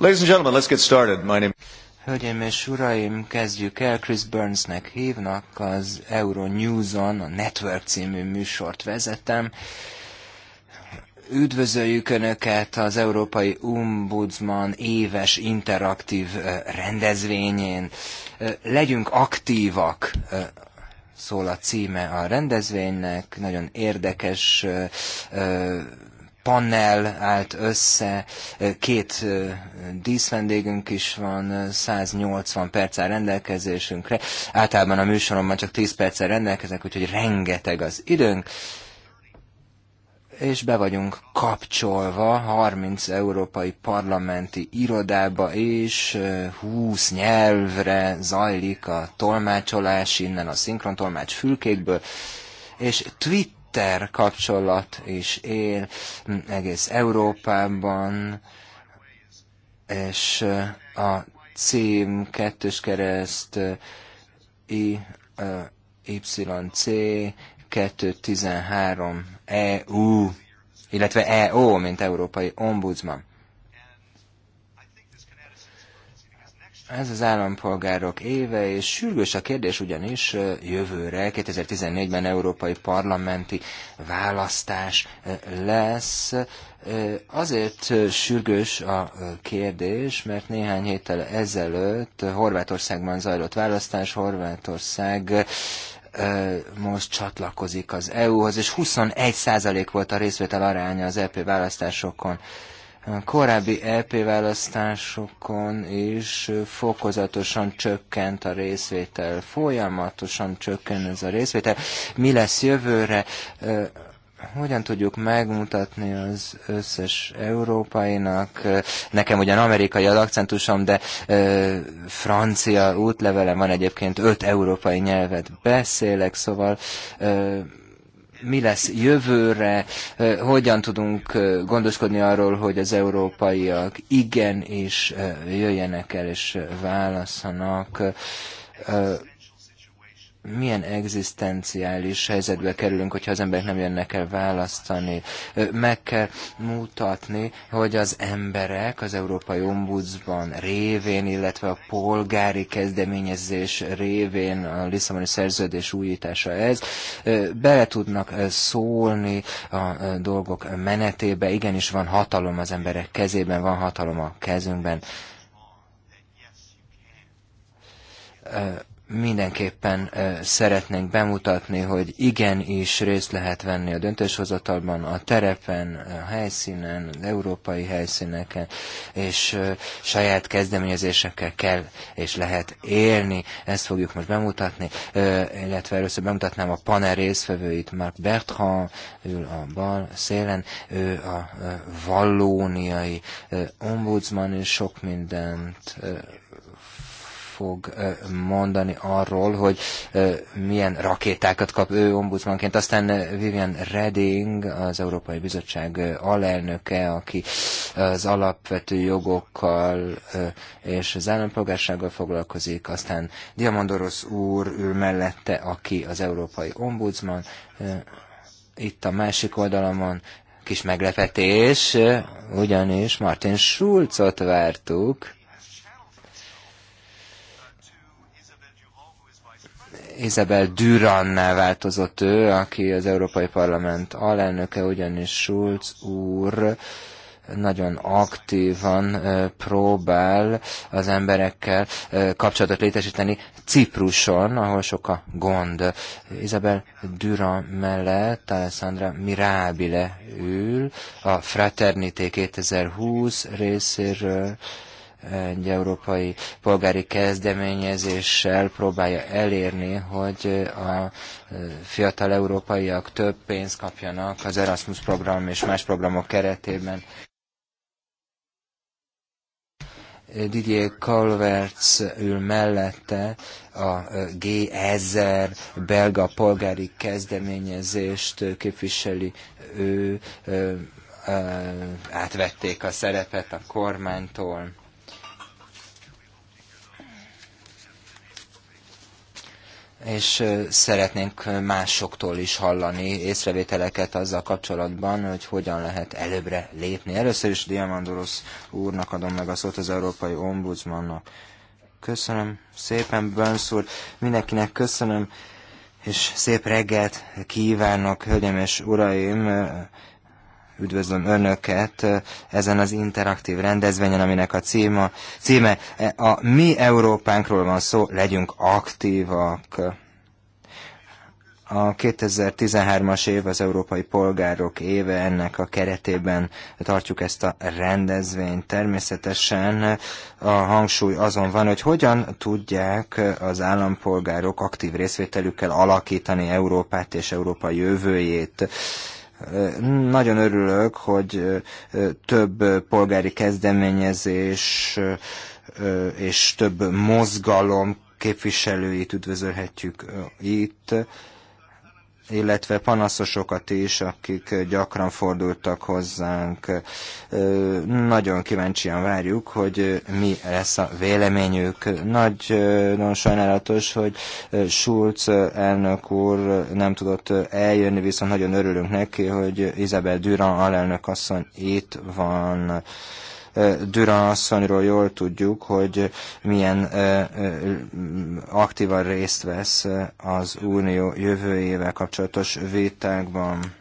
Ladies and gentlemen, let's get started. My name... Hölgyeim és uraim, kezdjük el. Chris Burnsnek hívnak, az Euro News-on, a Network című műsort vezetem. Üdvözöljük Önöket az Európai Ombudsman éves interaktív rendezvényén. Legyünk aktívak, szól a címe a rendezvénynek, nagyon érdekes panel állt össze, két díszvendégünk is van, 180 perc áll rendelkezésünkre. Általában a műsoromban csak 10 perccel rendelkezek, úgyhogy rengeteg az időnk és be vagyunk kapcsolva 30 európai parlamenti irodába, és 20 nyelvre zajlik a tolmácsolás, innen a szinkrontolmács fülkékből, és Twitter inter kapcsolat is él egész Európában, és a cím kettős kereszt I, YC 213 EU, illetve EO, mint Európai Ombudsman. Ez az állampolgárok éve, és sürgős a kérdés ugyanis jövőre, 2014-ben európai parlamenti választás lesz. Azért sürgős a kérdés, mert néhány héttel ezelőtt Horvátországban zajlott választás, Horvátország most csatlakozik az EU-hoz, és 21% volt a részvétel aránya az EP választásokon a korábbi EP választásokon is fokozatosan csökkent a részvétel, folyamatosan csökken ez a részvétel. Mi lesz jövőre? Hogyan tudjuk megmutatni az összes európainak? Nekem ugyan amerikai az akcentusom, de francia útlevelem van egyébként, öt európai nyelvet beszélek, szóval mi lesz jövőre, hogyan tudunk gondoskodni arról, hogy az európaiak igen is jöjjenek el és válaszanak milyen egzisztenciális helyzetbe kerülünk, hogyha az emberek nem jönnek el választani. Meg kell mutatni, hogy az emberek az Európai Ombudsman révén, illetve a polgári kezdeményezés révén, a Lisszaboni szerződés újítása ez, bele tudnak szólni a dolgok menetébe. Igenis van hatalom az emberek kezében, van hatalom a kezünkben mindenképpen szeretnénk bemutatni, hogy igenis részt lehet venni a döntéshozatalban, a terepen, a helyszínen, az európai helyszíneken, és saját kezdeményezésekkel kell és lehet élni. Ezt fogjuk most bemutatni, illetve először bemutatnám a panel részfevőit, már Bertrand ül a bal szélen, ő a vallóniai ombudsman, és sok mindent fog mondani arról, hogy milyen rakétákat kap ő ombudsmanként. Aztán Vivian Redding, az Európai Bizottság alelnöke, aki az alapvető jogokkal és az állampolgársággal foglalkozik, aztán Diamandoros úr ül mellette, aki az Európai Ombudsman, itt a másik oldalamon kis meglepetés, ugyanis Martin Schulzot vártuk, Isabel Duranná változott ő, aki az Európai Parlament alelnöke, ugyanis Schulz úr nagyon aktívan próbál az emberekkel kapcsolatot létesíteni Cipruson, ahol sok a gond. Isabel Durand mellett Alessandra Mirabile ül a Fraternité 2020 részéről egy európai polgári kezdeményezéssel próbálja elérni, hogy a fiatal európaiak több pénzt kapjanak az Erasmus program és más programok keretében. Didier Calverts ül mellette a G1000 belga polgári kezdeményezést képviseli ő, átvették a szerepet a kormánytól. és szeretnénk másoktól is hallani észrevételeket azzal kapcsolatban, hogy hogyan lehet előbbre lépni. Először is Diamandoros úrnak adom meg a szót az Európai Ombudsmannak. Köszönöm szépen, Bönsz úr. Mindenkinek köszönöm, és szép reggelt kívánok, hölgyeim és uraim üdvözlöm Önöket ezen az interaktív rendezvényen, aminek a címa, címe e, a Mi Európánkról van szó, legyünk aktívak. A 2013-as év az Európai Polgárok éve, ennek a keretében tartjuk ezt a rendezvényt. Természetesen a hangsúly azon van, hogy hogyan tudják az állampolgárok aktív részvételükkel alakítani Európát és Európa jövőjét nagyon örülök, hogy több polgári kezdeményezés és több mozgalom képviselőit üdvözölhetjük itt illetve panaszosokat is, akik gyakran fordultak hozzánk. Nagyon kíváncsian várjuk, hogy mi lesz a véleményük. Nagy, nagyon sajnálatos, hogy Schulz elnök úr nem tudott eljönni, viszont nagyon örülünk neki, hogy Isabel Durand alelnök asszony itt van. Düran asszonyról jól tudjuk, hogy milyen aktívan részt vesz az unió jövőjével kapcsolatos vétákban.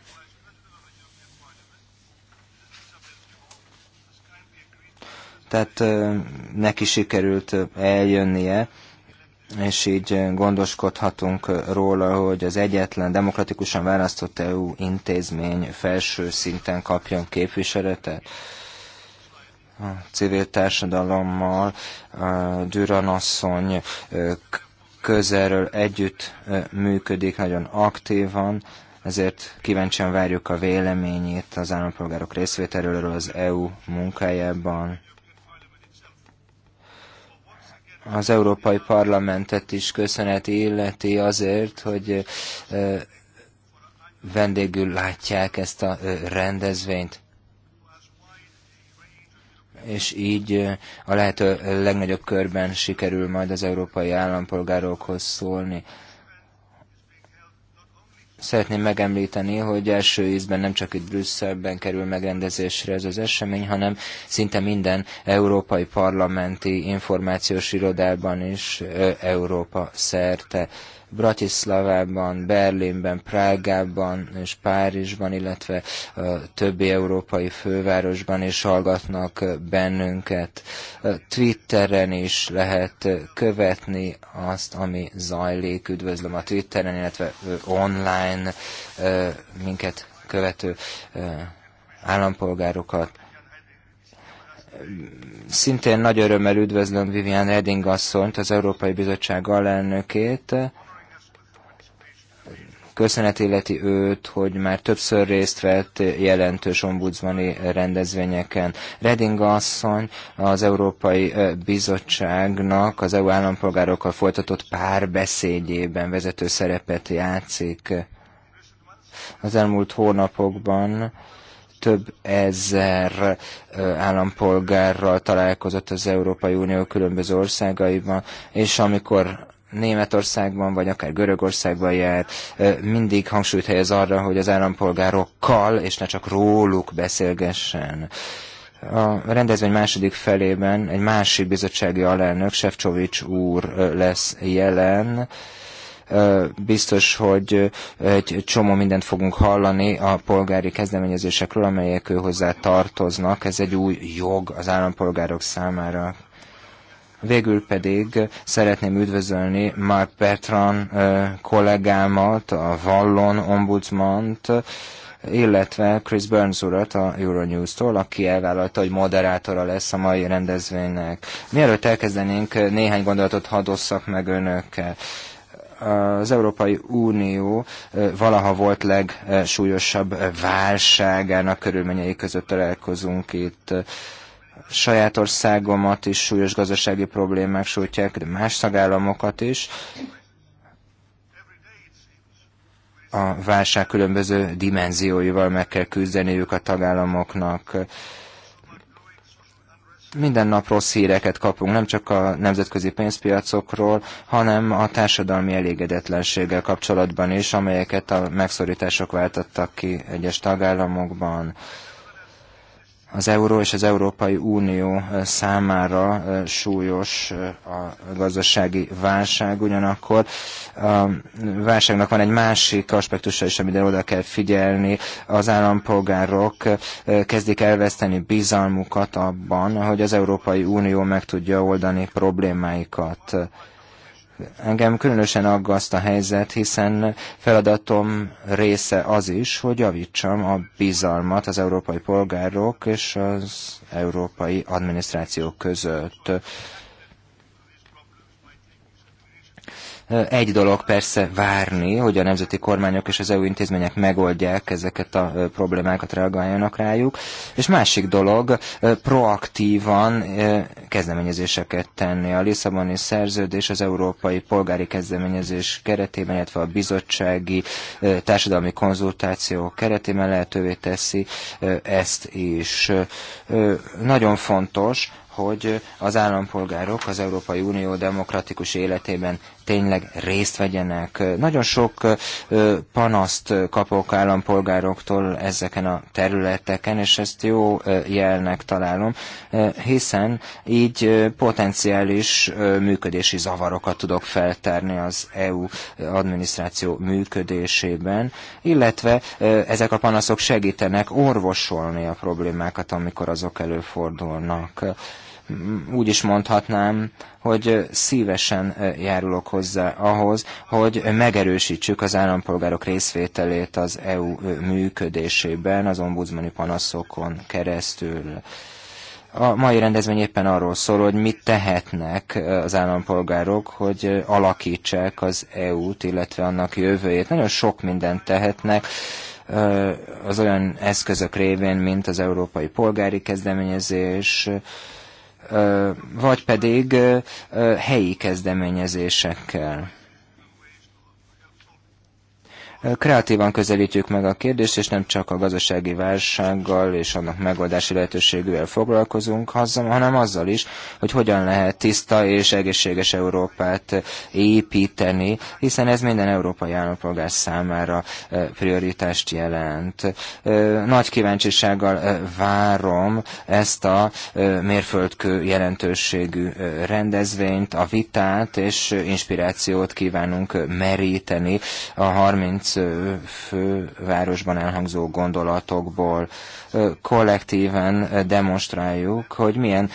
Tehát neki sikerült eljönnie, és így gondoskodhatunk róla, hogy az egyetlen demokratikusan választott EU intézmény felső szinten kapjon képviseletet a civil társadalommal, Düran asszony közelről együtt működik, nagyon aktívan, ezért kíváncsian várjuk a véleményét az állampolgárok részvételről az EU munkájában. Az Európai Parlamentet is köszönet illeti azért, hogy vendégül látják ezt a rendezvényt és így a lehető legnagyobb körben sikerül majd az európai állampolgárokhoz szólni. Szeretném megemlíteni, hogy első ízben nem csak itt Brüsszelben kerül megrendezésre ez az esemény, hanem szinte minden európai parlamenti információs irodában is Európa szerte Bratislavában, Berlinben, Prágában és Párizsban, illetve a többi európai fővárosban is hallgatnak bennünket. Twitteren is lehet követni azt, ami zajlik. Üdvözlöm a Twitteren, illetve online minket követő állampolgárokat. Szintén nagy örömmel üdvözlöm Vivian Redding asszonyt, az Európai Bizottság alelnökét, Köszönet illeti őt, hogy már többször részt vett jelentős ombudsmani rendezvényeken. Reding asszony az Európai Bizottságnak az EU állampolgárokkal folytatott párbeszédjében vezető szerepet játszik. Az elmúlt hónapokban több ezer állampolgárral találkozott az Európai Unió különböző országaiban, és amikor Németországban, vagy akár Görögországban járt, mindig hangsúlyt helyez arra, hogy az állampolgárokkal, és ne csak róluk beszélgessen. A rendezvény második felében egy másik bizottsági alelnök, Sefcsovics úr lesz jelen, biztos, hogy egy csomó mindent fogunk hallani a polgári kezdeményezésekről, amelyek hozzá tartoznak. Ez egy új jog az állampolgárok számára. Végül pedig szeretném üdvözölni Mark Petran kollégámat, a Vallon ombudsmant, illetve Chris Burns urat a Euronews-tól, aki elvállalta, hogy moderátora lesz a mai rendezvénynek. Mielőtt elkezdenénk, néhány gondolatot hadosszak meg önökkel az Európai Unió valaha volt legsúlyosabb válságának körülményei között találkozunk itt saját országomat is súlyos gazdasági problémák sújtják, de más tagállamokat is. A válság különböző dimenzióival meg kell küzdeniük a tagállamoknak. Minden nap rossz híreket kapunk, nem csak a nemzetközi pénzpiacokról, hanem a társadalmi elégedetlenséggel kapcsolatban is, amelyeket a megszorítások váltattak ki egyes tagállamokban az euró és az Európai Unió számára súlyos a gazdasági válság, ugyanakkor a válságnak van egy másik aspektusa is, amire oda kell figyelni. Az állampolgárok kezdik elveszteni bizalmukat abban, hogy az Európai Unió meg tudja oldani problémáikat. Engem különösen aggaszt a helyzet, hiszen feladatom része az is, hogy javítsam a bizalmat az európai polgárok és az európai adminisztrációk között Egy dolog persze várni, hogy a nemzeti kormányok és az EU intézmények megoldják ezeket a problémákat, reagáljanak rájuk, és másik dolog proaktívan kezdeményezéseket tenni. A Lisszaboni szerződés az európai polgári kezdeményezés keretében, illetve a bizottsági társadalmi konzultáció keretében lehetővé teszi ezt is. Nagyon fontos, hogy az állampolgárok az Európai Unió demokratikus életében tényleg részt vegyenek. Nagyon sok panaszt kapok állampolgároktól ezeken a területeken, és ezt jó jelnek találom, hiszen így potenciális működési zavarokat tudok feltárni az EU adminisztráció működésében, illetve ezek a panaszok segítenek orvosolni a problémákat, amikor azok előfordulnak úgy is mondhatnám, hogy szívesen járulok hozzá ahhoz, hogy megerősítsük az állampolgárok részvételét az EU működésében, az ombudsmani panaszokon keresztül. A mai rendezvény éppen arról szól, hogy mit tehetnek az állampolgárok, hogy alakítsák az EU-t, illetve annak jövőjét. Nagyon sok mindent tehetnek az olyan eszközök révén, mint az Európai Polgári Kezdeményezés, vagy pedig helyi kezdeményezésekkel. Kreatívan közelítjük meg a kérdést, és nem csak a gazdasági válsággal és annak megoldási lehetőségével foglalkozunk, hanem azzal is, hogy hogyan lehet tiszta és egészséges Európát építeni, hiszen ez minden európai állampolgár számára prioritást jelent. Nagy kíváncsisággal várom ezt a mérföldkő jelentőségű rendezvényt, a vitát, és inspirációt kívánunk meríteni a 30 fővárosban elhangzó gondolatokból kollektíven demonstráljuk, hogy milyen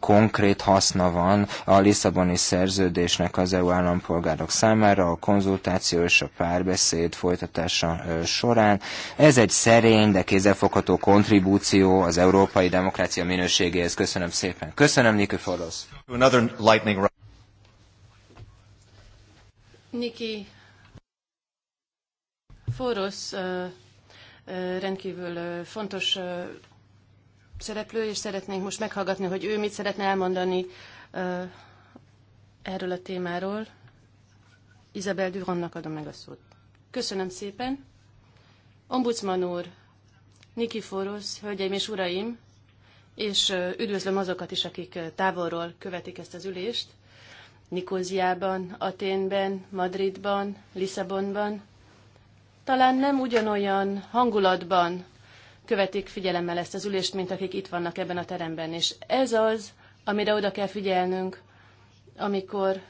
konkrét haszna van a Lisszaboni szerződésnek az EU állampolgárok számára a konzultáció és a párbeszéd folytatása során. Ez egy szerény, de kézzelfogható kontribúció az európai demokrácia minőségéhez. Köszönöm szépen. Köszönöm, Nikiforosz. Another Nikki Forosz rendkívül fontos szereplő, és szeretnénk most meghallgatni, hogy ő mit szeretne elmondani erről a témáról. Isabel Durannak adom meg a szót. Köszönöm szépen. Ombudsman úr, Nikiforos, hölgyeim és uraim, és üdvözlöm azokat is, akik távolról követik ezt az ülést. Nikóziában, Aténben, Madridban, Lisszabonban, talán nem ugyanolyan hangulatban követik figyelemmel ezt az ülést, mint akik itt vannak ebben a teremben. És ez az, amire oda kell figyelnünk, amikor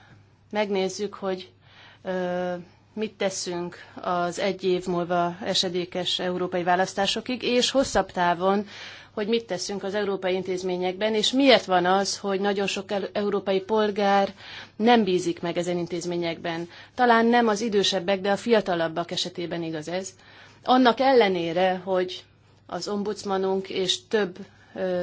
megnézzük, hogy ö, mit teszünk az egy év múlva esedékes európai választásokig, és hosszabb távon hogy mit teszünk az európai intézményekben, és miért van az, hogy nagyon sok európai polgár nem bízik meg ezen intézményekben. Talán nem az idősebbek, de a fiatalabbak esetében igaz ez. Annak ellenére, hogy az ombudsmanunk és több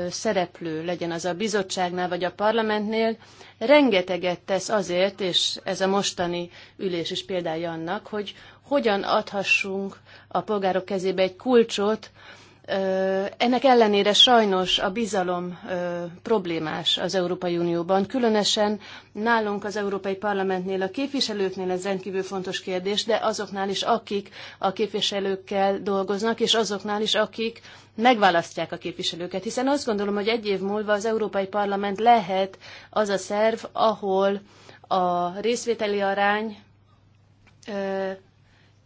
szereplő, legyen az a bizottságnál vagy a parlamentnél, rengeteget tesz azért, és ez a mostani ülés is példája annak, hogy hogyan adhassunk a polgárok kezébe egy kulcsot ennek ellenére sajnos a bizalom problémás az Európai Unióban, különösen nálunk az Európai Parlamentnél, a képviselőknél ez rendkívül fontos kérdés, de azoknál is, akik a képviselőkkel dolgoznak, és azoknál is, akik megválasztják a képviselőket. Hiszen azt gondolom, hogy egy év múlva az Európai Parlament lehet az a szerv, ahol a részvételi arány,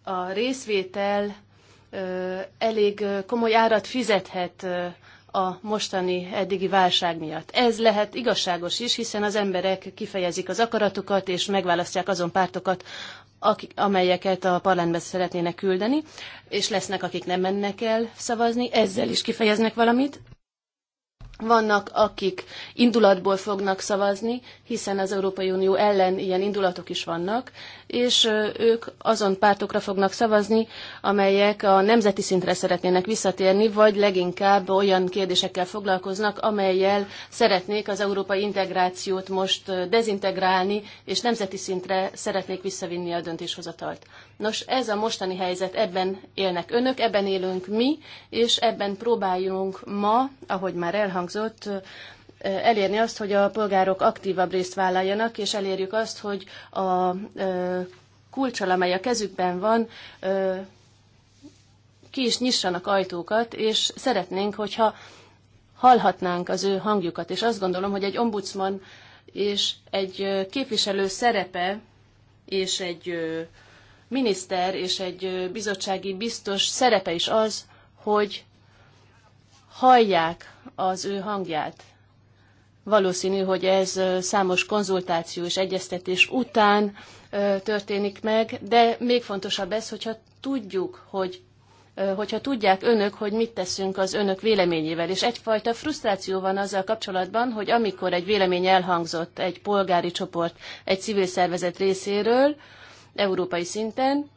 a részvétel elég komoly árat fizethet a mostani eddigi válság miatt. Ez lehet igazságos is, hiszen az emberek kifejezik az akaratukat, és megválasztják azon pártokat, akik, amelyeket a parlamentbe szeretnének küldeni, és lesznek, akik nem mennek el szavazni, ezzel is kifejeznek valamit. Vannak, akik indulatból fognak szavazni, hiszen az Európai Unió ellen ilyen indulatok is vannak, és ők azon pártokra fognak szavazni, amelyek a nemzeti szintre szeretnének visszatérni, vagy leginkább olyan kérdésekkel foglalkoznak, amelyel szeretnék az európai integrációt most dezintegrálni, és nemzeti szintre szeretnék visszavinni a döntéshozatalt. Nos, ez a mostani helyzet, ebben élnek önök, ebben élünk mi, és ebben próbáljunk ma, ahogy már elhangzott, elérni azt, hogy a polgárok aktívabb részt vállaljanak, és elérjük azt, hogy a kulcsal, amely a kezükben van, ki is nyissanak ajtókat, és szeretnénk, hogyha hallhatnánk az ő hangjukat. És azt gondolom, hogy egy ombudsman és egy képviselő szerepe, és egy miniszter és egy bizottsági biztos szerepe is az, hogy hallják az ő hangját. Valószínű, hogy ez számos konzultáció és egyeztetés után történik meg, de még fontosabb ez, hogyha tudjuk, hogy hogyha tudják önök, hogy mit teszünk az önök véleményével. És egyfajta frusztráció van azzal kapcsolatban, hogy amikor egy vélemény elhangzott egy polgári csoport, egy civil szervezet részéről, európai szinten,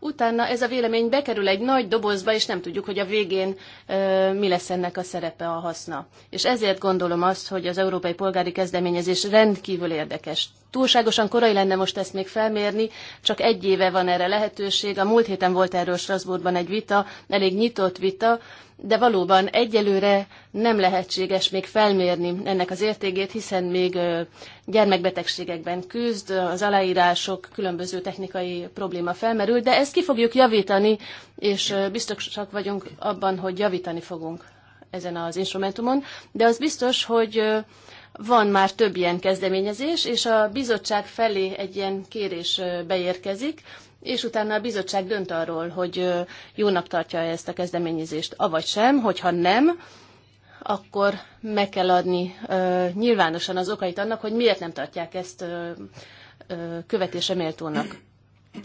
utána ez a vélemény bekerül egy nagy dobozba, és nem tudjuk, hogy a végén ö, mi lesz ennek a szerepe, a haszna. És ezért gondolom azt, hogy az Európai Polgári Kezdeményezés rendkívül érdekes túlságosan korai lenne most ezt még felmérni, csak egy éve van erre lehetőség. A múlt héten volt erről Strasbourgban egy vita, elég nyitott vita, de valóban egyelőre nem lehetséges még felmérni ennek az értékét, hiszen még gyermekbetegségekben küzd, az aláírások, különböző technikai probléma felmerül, de ezt ki fogjuk javítani, és biztosak vagyunk abban, hogy javítani fogunk ezen az instrumentumon, de az biztos, hogy van már több ilyen kezdeményezés, és a bizottság felé egy ilyen kérés beérkezik, és utána a bizottság dönt arról, hogy jónak tartja ezt a kezdeményezést, avagy sem, hogyha nem, akkor meg kell adni uh, nyilvánosan az okait annak, hogy miért nem tartják ezt uh, uh, követése méltónak.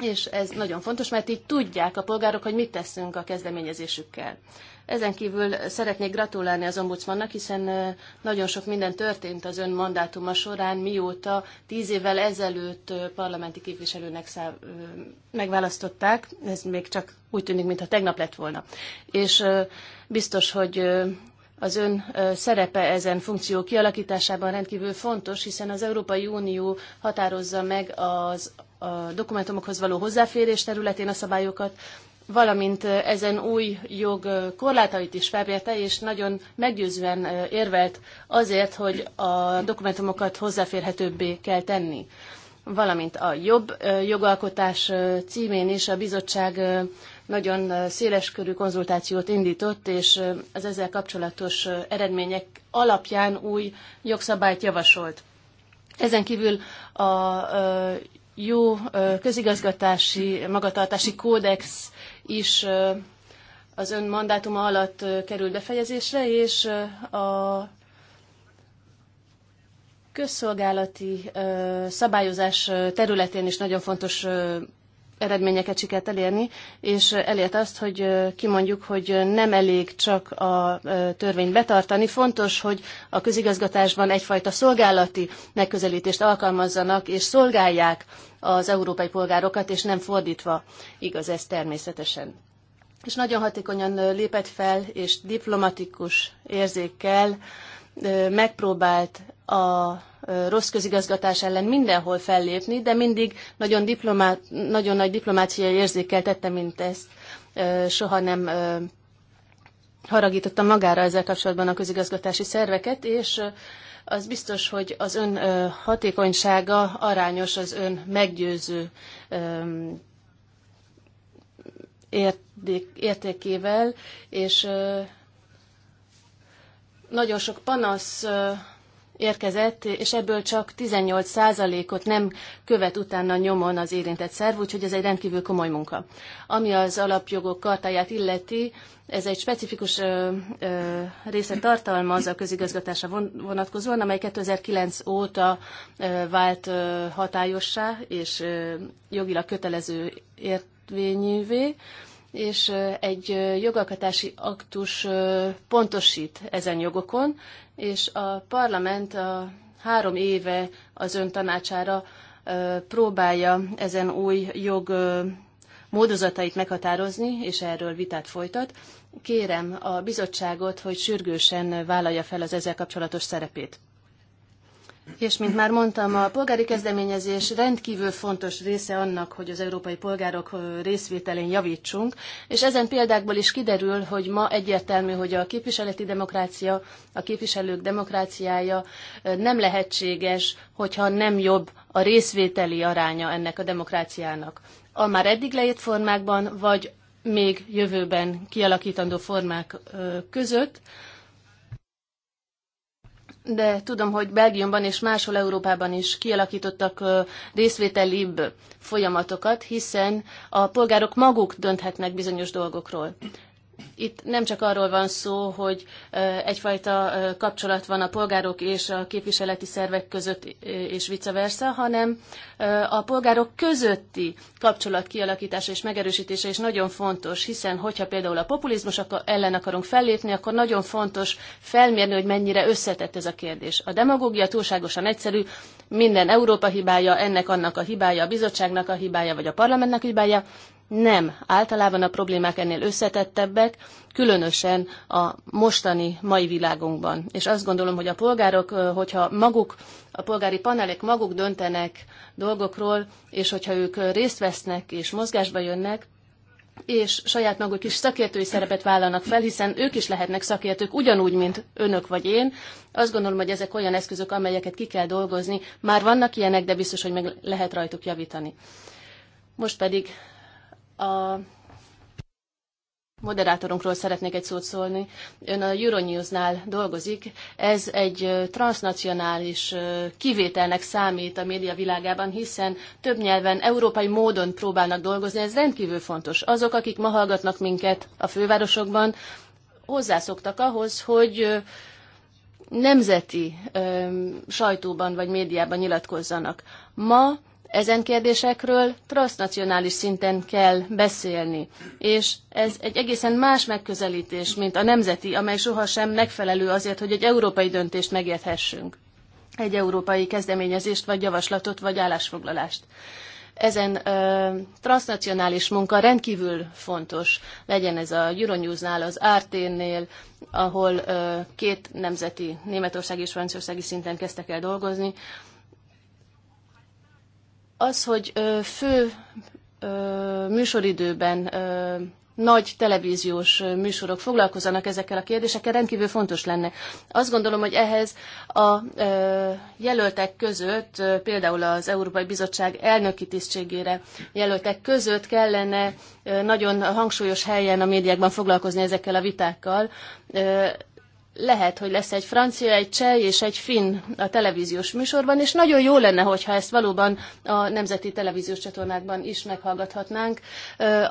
És ez nagyon fontos, mert így tudják a polgárok, hogy mit teszünk a kezdeményezésükkel. Ezen kívül szeretnék gratulálni az ombudsmannak, hiszen nagyon sok minden történt az ön mandátuma során, mióta tíz évvel ezelőtt parlamenti képviselőnek szá- megválasztották. Ez még csak úgy tűnik, mintha tegnap lett volna. És biztos, hogy az ön szerepe ezen funkció kialakításában rendkívül fontos, hiszen az Európai Unió határozza meg az a dokumentumokhoz való hozzáférés területén a szabályokat, valamint ezen új jog korlátait is felmérte, és nagyon meggyőzően érvelt azért, hogy a dokumentumokat hozzáférhetőbbé kell tenni. Valamint a jobb jogalkotás címén is a bizottság nagyon széleskörű konzultációt indított, és az ezzel kapcsolatos eredmények alapján új jogszabályt javasolt. Ezen kívül a jó közigazgatási, magatartási kódex is az ön mandátuma alatt kerül befejezésre, és a közszolgálati szabályozás területén is nagyon fontos eredményeket sikert elérni, és elért azt, hogy kimondjuk, hogy nem elég csak a törvényt betartani. Fontos, hogy a közigazgatásban egyfajta szolgálati megközelítést alkalmazzanak, és szolgálják az európai polgárokat, és nem fordítva. Igaz ez természetesen. És nagyon hatékonyan lépett fel, és diplomatikus érzékkel megpróbált a rossz közigazgatás ellen mindenhol fellépni, de mindig nagyon, diplomát, nagyon nagy diplomáciai érzékkel tette, mint ezt soha nem haragította magára ezzel kapcsolatban a közigazgatási szerveket, és az biztos, hogy az ön hatékonysága arányos az ön meggyőző értékével, és nagyon sok panasz érkezett, és ebből csak 18%-ot nem követ utána nyomon az érintett szerv, úgyhogy ez egy rendkívül komoly munka. Ami az alapjogok kartáját illeti, ez egy specifikus ö, ö, része tartalmaz a közigazgatásra vonatkozóan, amely 2009 óta ö, vált ö, hatályossá és ö, jogilag kötelező érvényűvé és egy jogalkotási aktus pontosít ezen jogokon, és a parlament a három éve az ön tanácsára próbálja ezen új jog módozatait meghatározni, és erről vitát folytat. Kérem a bizottságot, hogy sürgősen vállalja fel az ezzel kapcsolatos szerepét. És mint már mondtam, a polgári kezdeményezés rendkívül fontos része annak, hogy az európai polgárok részvételén javítsunk, és ezen példákból is kiderül, hogy ma egyértelmű, hogy a képviseleti demokrácia, a képviselők demokráciája nem lehetséges, hogyha nem jobb a részvételi aránya ennek a demokráciának. A már eddig leírt formákban, vagy még jövőben kialakítandó formák között, de tudom, hogy Belgiumban és máshol Európában is kialakítottak részvételibb folyamatokat, hiszen a polgárok maguk dönthetnek bizonyos dolgokról itt nem csak arról van szó, hogy egyfajta kapcsolat van a polgárok és a képviseleti szervek között, és vice versa, hanem a polgárok közötti kapcsolat kialakítása és megerősítése is nagyon fontos, hiszen hogyha például a populizmus ellen akarunk fellépni, akkor nagyon fontos felmérni, hogy mennyire összetett ez a kérdés. A demagógia túlságosan egyszerű, minden Európa hibája, ennek annak a hibája, a bizottságnak a hibája, vagy a parlamentnek a hibája, nem, általában a problémák ennél összetettebbek, különösen a mostani mai világunkban. És azt gondolom, hogy a polgárok, hogyha maguk, a polgári panelek maguk döntenek dolgokról, és hogyha ők részt vesznek és mozgásba jönnek, és saját maguk is szakértői szerepet vállalnak fel, hiszen ők is lehetnek szakértők, ugyanúgy, mint önök vagy én. Azt gondolom, hogy ezek olyan eszközök, amelyeket ki kell dolgozni. Már vannak ilyenek, de biztos, hogy meg lehet rajtuk javítani. Most pedig a moderátorunkról szeretnék egy szót szólni. Ön a Euronews-nál dolgozik. Ez egy transnacionális kivételnek számít a média világában, hiszen több nyelven, európai módon próbálnak dolgozni. Ez rendkívül fontos. Azok, akik ma hallgatnak minket a fővárosokban, hozzászoktak ahhoz, hogy nemzeti sajtóban vagy médiában nyilatkozzanak. Ma ezen kérdésekről transnacionális szinten kell beszélni, és ez egy egészen más megközelítés, mint a nemzeti, amely sohasem megfelelő azért, hogy egy európai döntést megérthessünk, egy európai kezdeményezést, vagy javaslatot, vagy állásfoglalást ezen ö, transnacionális munka rendkívül fontos, legyen ez a Euronews-nál, az Árténnél, nél ahol ö, két nemzeti, Németország és Franciaországi szinten kezdtek el dolgozni az, hogy fő műsoridőben nagy televíziós műsorok foglalkozanak ezekkel a kérdésekkel, rendkívül fontos lenne. Azt gondolom, hogy ehhez a jelöltek között, például az Európai Bizottság elnöki tisztségére jelöltek között kellene nagyon hangsúlyos helyen a médiákban foglalkozni ezekkel a vitákkal lehet, hogy lesz egy francia, egy cseh és egy finn a televíziós műsorban, és nagyon jó lenne, hogyha ezt valóban a nemzeti televíziós csatornákban is meghallgathatnánk,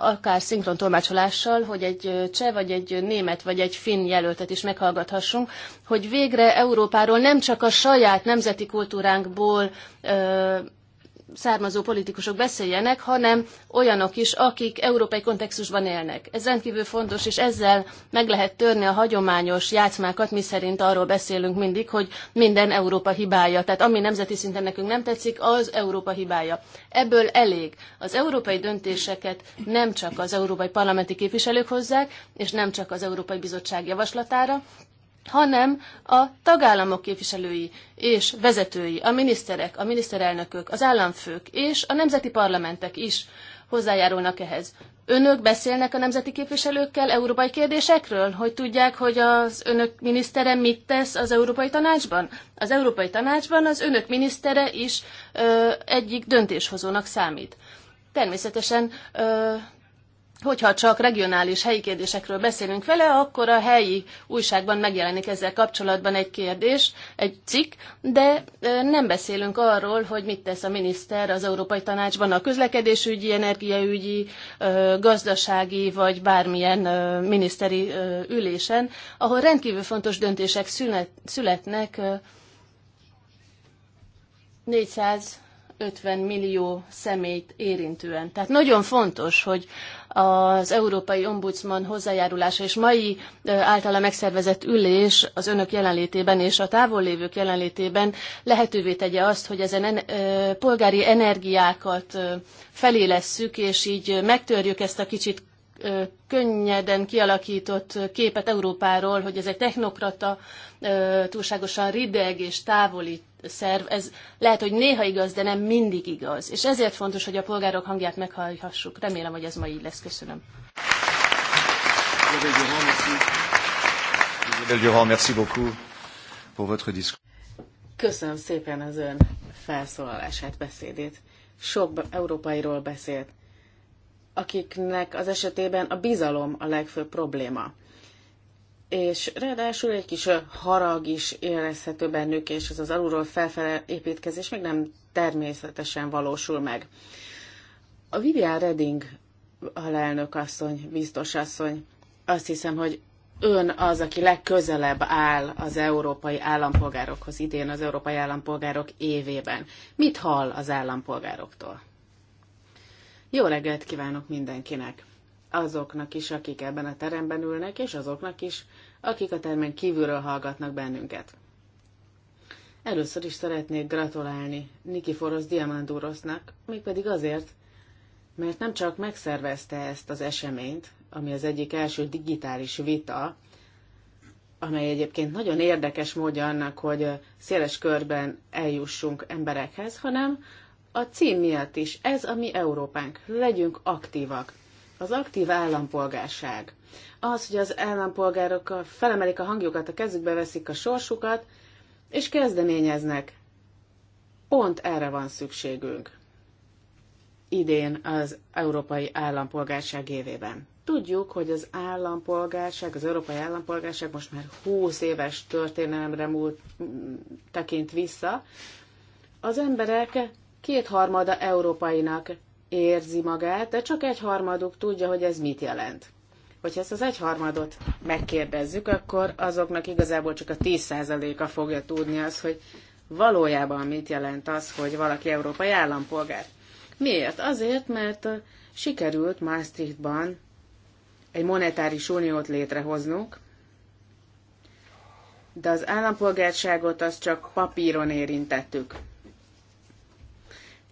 akár szinkron tolmácsolással, hogy egy cseh, vagy egy német, vagy egy finn jelöltet is meghallgathassunk, hogy végre Európáról nem csak a saját nemzeti kultúránkból származó politikusok beszéljenek, hanem olyanok is, akik európai kontextusban élnek. Ez rendkívül fontos, és ezzel meg lehet törni a hagyományos játszmákat, mi szerint arról beszélünk mindig, hogy minden Európa hibája. Tehát ami nemzeti szinten nekünk nem tetszik, az Európa hibája. Ebből elég. Az európai döntéseket nem csak az európai parlamenti képviselők hozzák, és nem csak az Európai Bizottság javaslatára, hanem a tagállamok képviselői és vezetői, a miniszterek, a miniszterelnökök, az államfők és a nemzeti parlamentek is hozzájárulnak ehhez. Önök beszélnek a nemzeti képviselőkkel európai kérdésekről, hogy tudják, hogy az önök minisztere mit tesz az Európai Tanácsban? Az Európai Tanácsban az önök minisztere is ö, egyik döntéshozónak számít. Természetesen ö, hogyha csak regionális helyi kérdésekről beszélünk vele, akkor a helyi újságban megjelenik ezzel kapcsolatban egy kérdés, egy cikk, de nem beszélünk arról, hogy mit tesz a miniszter az Európai Tanácsban a közlekedésügyi, energiaügyi, gazdasági vagy bármilyen miniszteri ülésen, ahol rendkívül fontos döntések születnek 450 millió személyt érintően. Tehát nagyon fontos, hogy az Európai Ombudsman hozzájárulása és mai általa megszervezett ülés az önök jelenlétében és a távollévők jelenlétében lehetővé tegye azt, hogy ezen polgári energiákat felélesszük, és így megtörjük ezt a kicsit könnyeden kialakított képet Európáról, hogy ez egy technokrata, túlságosan rideg és távoli szerv, ez lehet, hogy néha igaz, de nem mindig igaz. És ezért fontos, hogy a polgárok hangját meghallhassuk. Remélem, hogy ez ma így lesz. Köszönöm. Köszönöm szépen az ön felszólalását, beszédét. Sok európairól beszélt akiknek az esetében a bizalom a legfőbb probléma. És ráadásul egy kis harag is érezhető bennük, és ez az alulról felfele építkezés még nem természetesen valósul meg. A Vivian Redding alelnök asszony, biztos asszony, azt hiszem, hogy ön az, aki legközelebb áll az európai állampolgárokhoz idén, az európai állampolgárok évében. Mit hall az állampolgároktól? Jó reggelt kívánok mindenkinek! Azoknak is, akik ebben a teremben ülnek, és azoknak is, akik a termen kívülről hallgatnak bennünket. Először is szeretnék gratulálni Nikiforos Diamandurosnak, mégpedig azért, mert nem csak megszervezte ezt az eseményt, ami az egyik első digitális vita, amely egyébként nagyon érdekes módja annak, hogy széles körben eljussunk emberekhez, hanem a cím miatt is. Ez a mi Európánk. Legyünk aktívak. Az aktív állampolgárság. Az, hogy az állampolgárok felemelik a hangjukat, a kezükbe veszik a sorsukat, és kezdeményeznek. Pont erre van szükségünk idén az európai állampolgárság évében. Tudjuk, hogy az állampolgárság, az európai állampolgárság most már 20 éves történelemre múlt, tekint vissza. Az emberek kétharmada európainak érzi magát, de csak egyharmaduk tudja, hogy ez mit jelent. Hogyha ezt az egyharmadot megkérdezzük, akkor azoknak igazából csak a 10%-a fogja tudni az, hogy valójában mit jelent az, hogy valaki európai állampolgár. Miért? Azért, mert uh, sikerült Maastrichtban egy monetáris uniót létrehoznunk, de az állampolgárságot azt csak papíron érintettük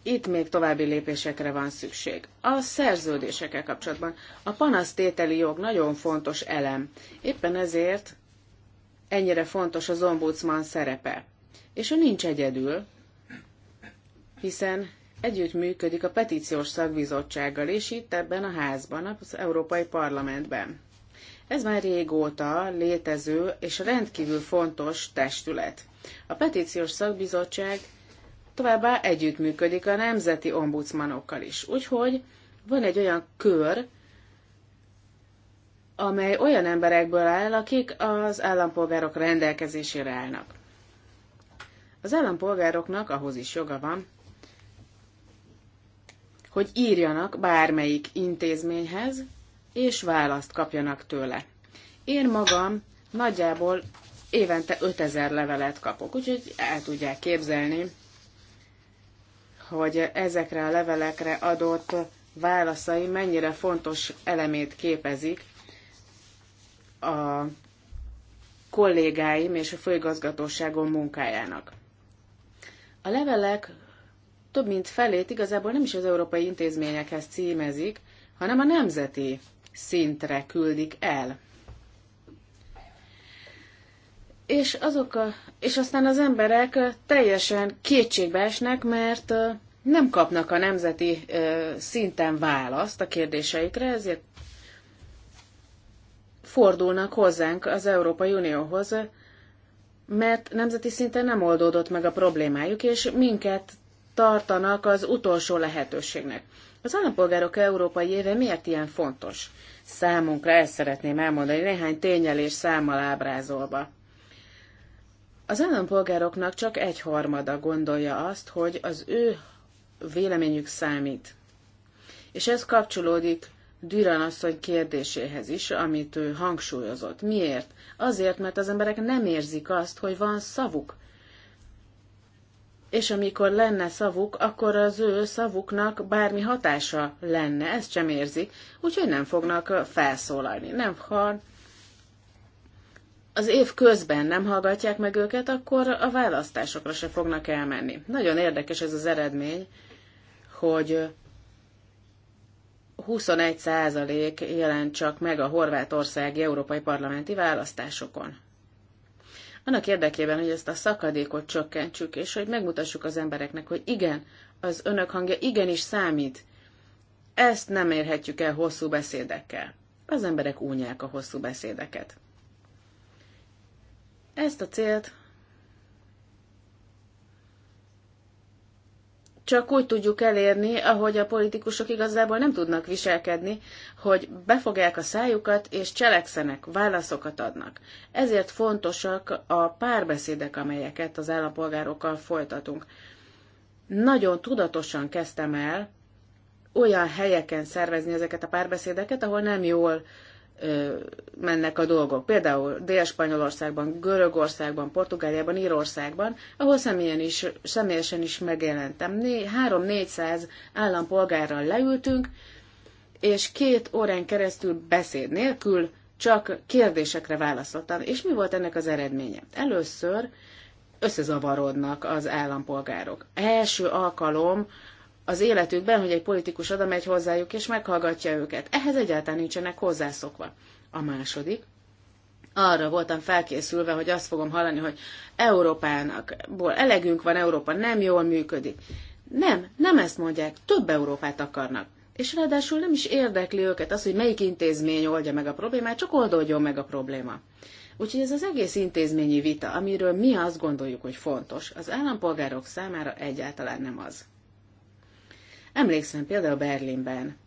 itt még további lépésekre van szükség. A szerződésekkel kapcsolatban a panasztételi jog nagyon fontos elem. Éppen ezért ennyire fontos az ombudsman szerepe. És ő nincs egyedül, hiszen együtt működik a petíciós szakbizottsággal is itt ebben a házban, az Európai Parlamentben. Ez már régóta létező és rendkívül fontos testület. A petíciós szakbizottság Továbbá együttműködik a nemzeti ombudsmanokkal is. Úgyhogy van egy olyan kör, amely olyan emberekből áll, akik az állampolgárok rendelkezésére állnak. Az állampolgároknak ahhoz is joga van, hogy írjanak bármelyik intézményhez, és választ kapjanak tőle. Én magam nagyjából évente 5000 levelet kapok, úgyhogy el tudják képzelni, hogy ezekre a levelekre adott válaszai mennyire fontos elemét képezik a kollégáim és a főigazgatóságom munkájának. A levelek több mint felét igazából nem is az európai intézményekhez címezik, hanem a nemzeti szintre küldik el és azok a, és aztán az emberek teljesen kétségbe esnek, mert nem kapnak a nemzeti szinten választ a kérdéseikre, ezért fordulnak hozzánk az Európai Unióhoz, mert nemzeti szinten nem oldódott meg a problémájuk, és minket tartanak az utolsó lehetőségnek. Az állampolgárok európai éve miért ilyen fontos? Számunkra ezt szeretném elmondani néhány tényel és számmal ábrázolva. Az állampolgároknak csak egy harmada gondolja azt, hogy az ő véleményük számít. És ez kapcsolódik Düran asszony kérdéséhez is, amit ő hangsúlyozott. Miért? Azért, mert az emberek nem érzik azt, hogy van szavuk. És amikor lenne szavuk, akkor az ő szavuknak bármi hatása lenne, ezt sem érzik, úgyhogy nem fognak felszólalni. Nem, ha az év közben nem hallgatják meg őket, akkor a választásokra se fognak elmenni. Nagyon érdekes ez az eredmény, hogy 21% jelent csak meg a horvátországi európai parlamenti választásokon. Annak érdekében, hogy ezt a szakadékot csökkentsük, és hogy megmutassuk az embereknek, hogy igen, az önök hangja igenis számít. Ezt nem érhetjük el hosszú beszédekkel. Az emberek únyák a hosszú beszédeket. Ezt a célt csak úgy tudjuk elérni, ahogy a politikusok igazából nem tudnak viselkedni, hogy befogják a szájukat és cselekszenek, válaszokat adnak. Ezért fontosak a párbeszédek, amelyeket az állampolgárokkal folytatunk. Nagyon tudatosan kezdtem el olyan helyeken szervezni ezeket a párbeszédeket, ahol nem jól mennek a dolgok. Például Dél-Spanyolországban, Görögországban, Portugáliában, Írországban, ahol személyen is, személyesen is megjelentem. 3-400 állampolgárral leültünk, és két órán keresztül beszéd nélkül csak kérdésekre válaszoltam. És mi volt ennek az eredménye? Először összezavarodnak az állampolgárok. Első alkalom az életükben, hogy egy politikus oda megy hozzájuk és meghallgatja őket. Ehhez egyáltalán nincsenek hozzászokva. A második, arra voltam felkészülve, hogy azt fogom hallani, hogy Európának ból elegünk van, Európa nem jól működik. Nem, nem ezt mondják, több Európát akarnak. És ráadásul nem is érdekli őket az, hogy melyik intézmény oldja meg a problémát, csak oldódjon meg a probléma. Úgyhogy ez az egész intézményi vita, amiről mi azt gondoljuk, hogy fontos, az állampolgárok számára egyáltalán nem az. Emlékszem például Berlinben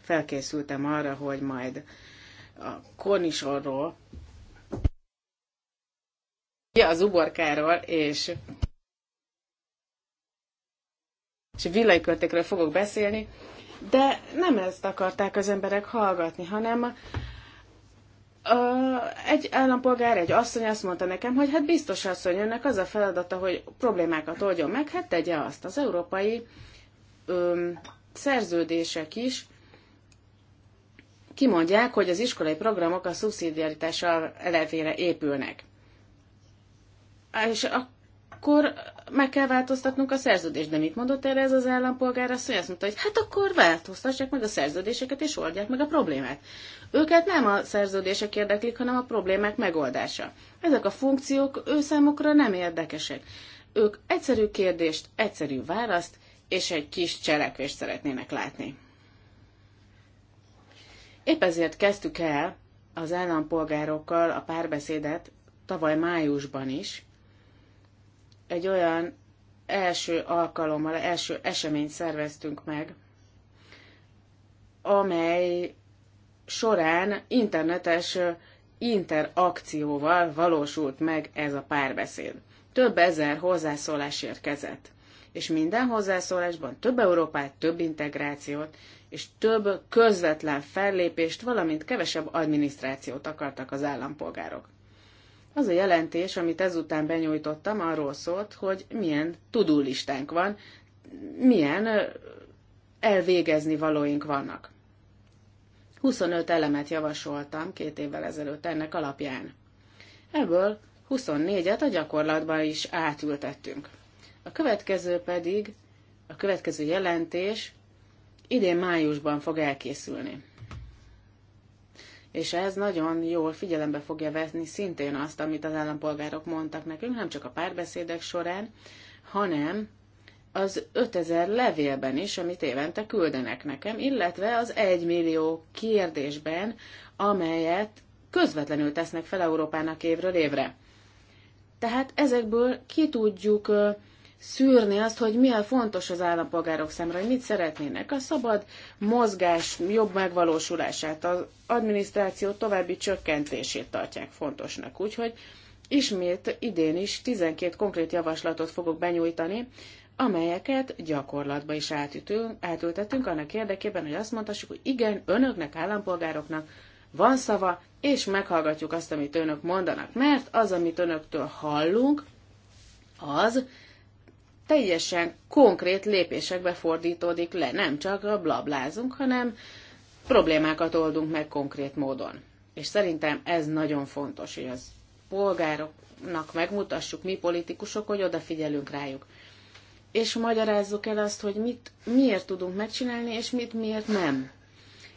felkészültem arra, hogy majd a konisorról, ja, az uborkáról és és költékről fogok beszélni, de nem ezt akarták az emberek hallgatni, hanem a, egy állampolgár, egy asszony azt mondta nekem, hogy hát biztos asszony, önnek az a feladata, hogy problémákat oldjon meg, hát tegye azt. Az európai ö, szerződések is kimondják, hogy az iskolai programok a szubszidiaritás elevére épülnek. És akkor meg kell változtatnunk a szerződést. De mit mondott erre ez az állampolgár? Azt, azt mondta, hogy hát akkor változtassák meg a szerződéseket, és oldják meg a problémát. Őket nem a szerződések érdeklik, hanem a problémák megoldása. Ezek a funkciók ő számukra nem érdekesek. Ők egyszerű kérdést, egyszerű választ, és egy kis cselekvést szeretnének látni. Épp ezért kezdtük el az állampolgárokkal a párbeszédet tavaly májusban is, egy olyan első alkalommal, első eseményt szerveztünk meg, amely során internetes interakcióval valósult meg ez a párbeszéd. Több ezer hozzászólás érkezett és minden hozzászólásban több Európát, több integrációt, és több közvetlen fellépést, valamint kevesebb adminisztrációt akartak az állampolgárok. Az a jelentés, amit ezután benyújtottam, arról szólt, hogy milyen tudulistánk van, milyen elvégezni valóink vannak. 25 elemet javasoltam két évvel ezelőtt ennek alapján. Ebből 24-et a gyakorlatban is átültettünk. A következő pedig, a következő jelentés idén májusban fog elkészülni. És ez nagyon jól figyelembe fogja vetni szintén azt, amit az állampolgárok mondtak nekünk, nem csak a párbeszédek során, hanem az 5000 levélben is, amit évente küldenek nekem, illetve az 1 millió kérdésben, amelyet közvetlenül tesznek fel Európának évről évre. Tehát ezekből ki tudjuk szűrni azt, hogy milyen fontos az állampolgárok számára, hogy mit szeretnének. A szabad mozgás jobb megvalósulását, az adminisztráció további csökkentését tartják fontosnak. Úgyhogy ismét idén is 12 konkrét javaslatot fogok benyújtani, amelyeket gyakorlatba is átütünk, átültetünk annak érdekében, hogy azt mondhassuk, hogy igen, önöknek, állampolgároknak van szava, és meghallgatjuk azt, amit önök mondanak. Mert az, amit önöktől hallunk, az, teljesen konkrét lépésekbe fordítódik le. Nem csak a blablázunk, hanem problémákat oldunk meg konkrét módon. És szerintem ez nagyon fontos, hogy az polgároknak megmutassuk, mi politikusok, hogy odafigyelünk rájuk. És magyarázzuk el azt, hogy mit miért tudunk megcsinálni, és mit miért nem.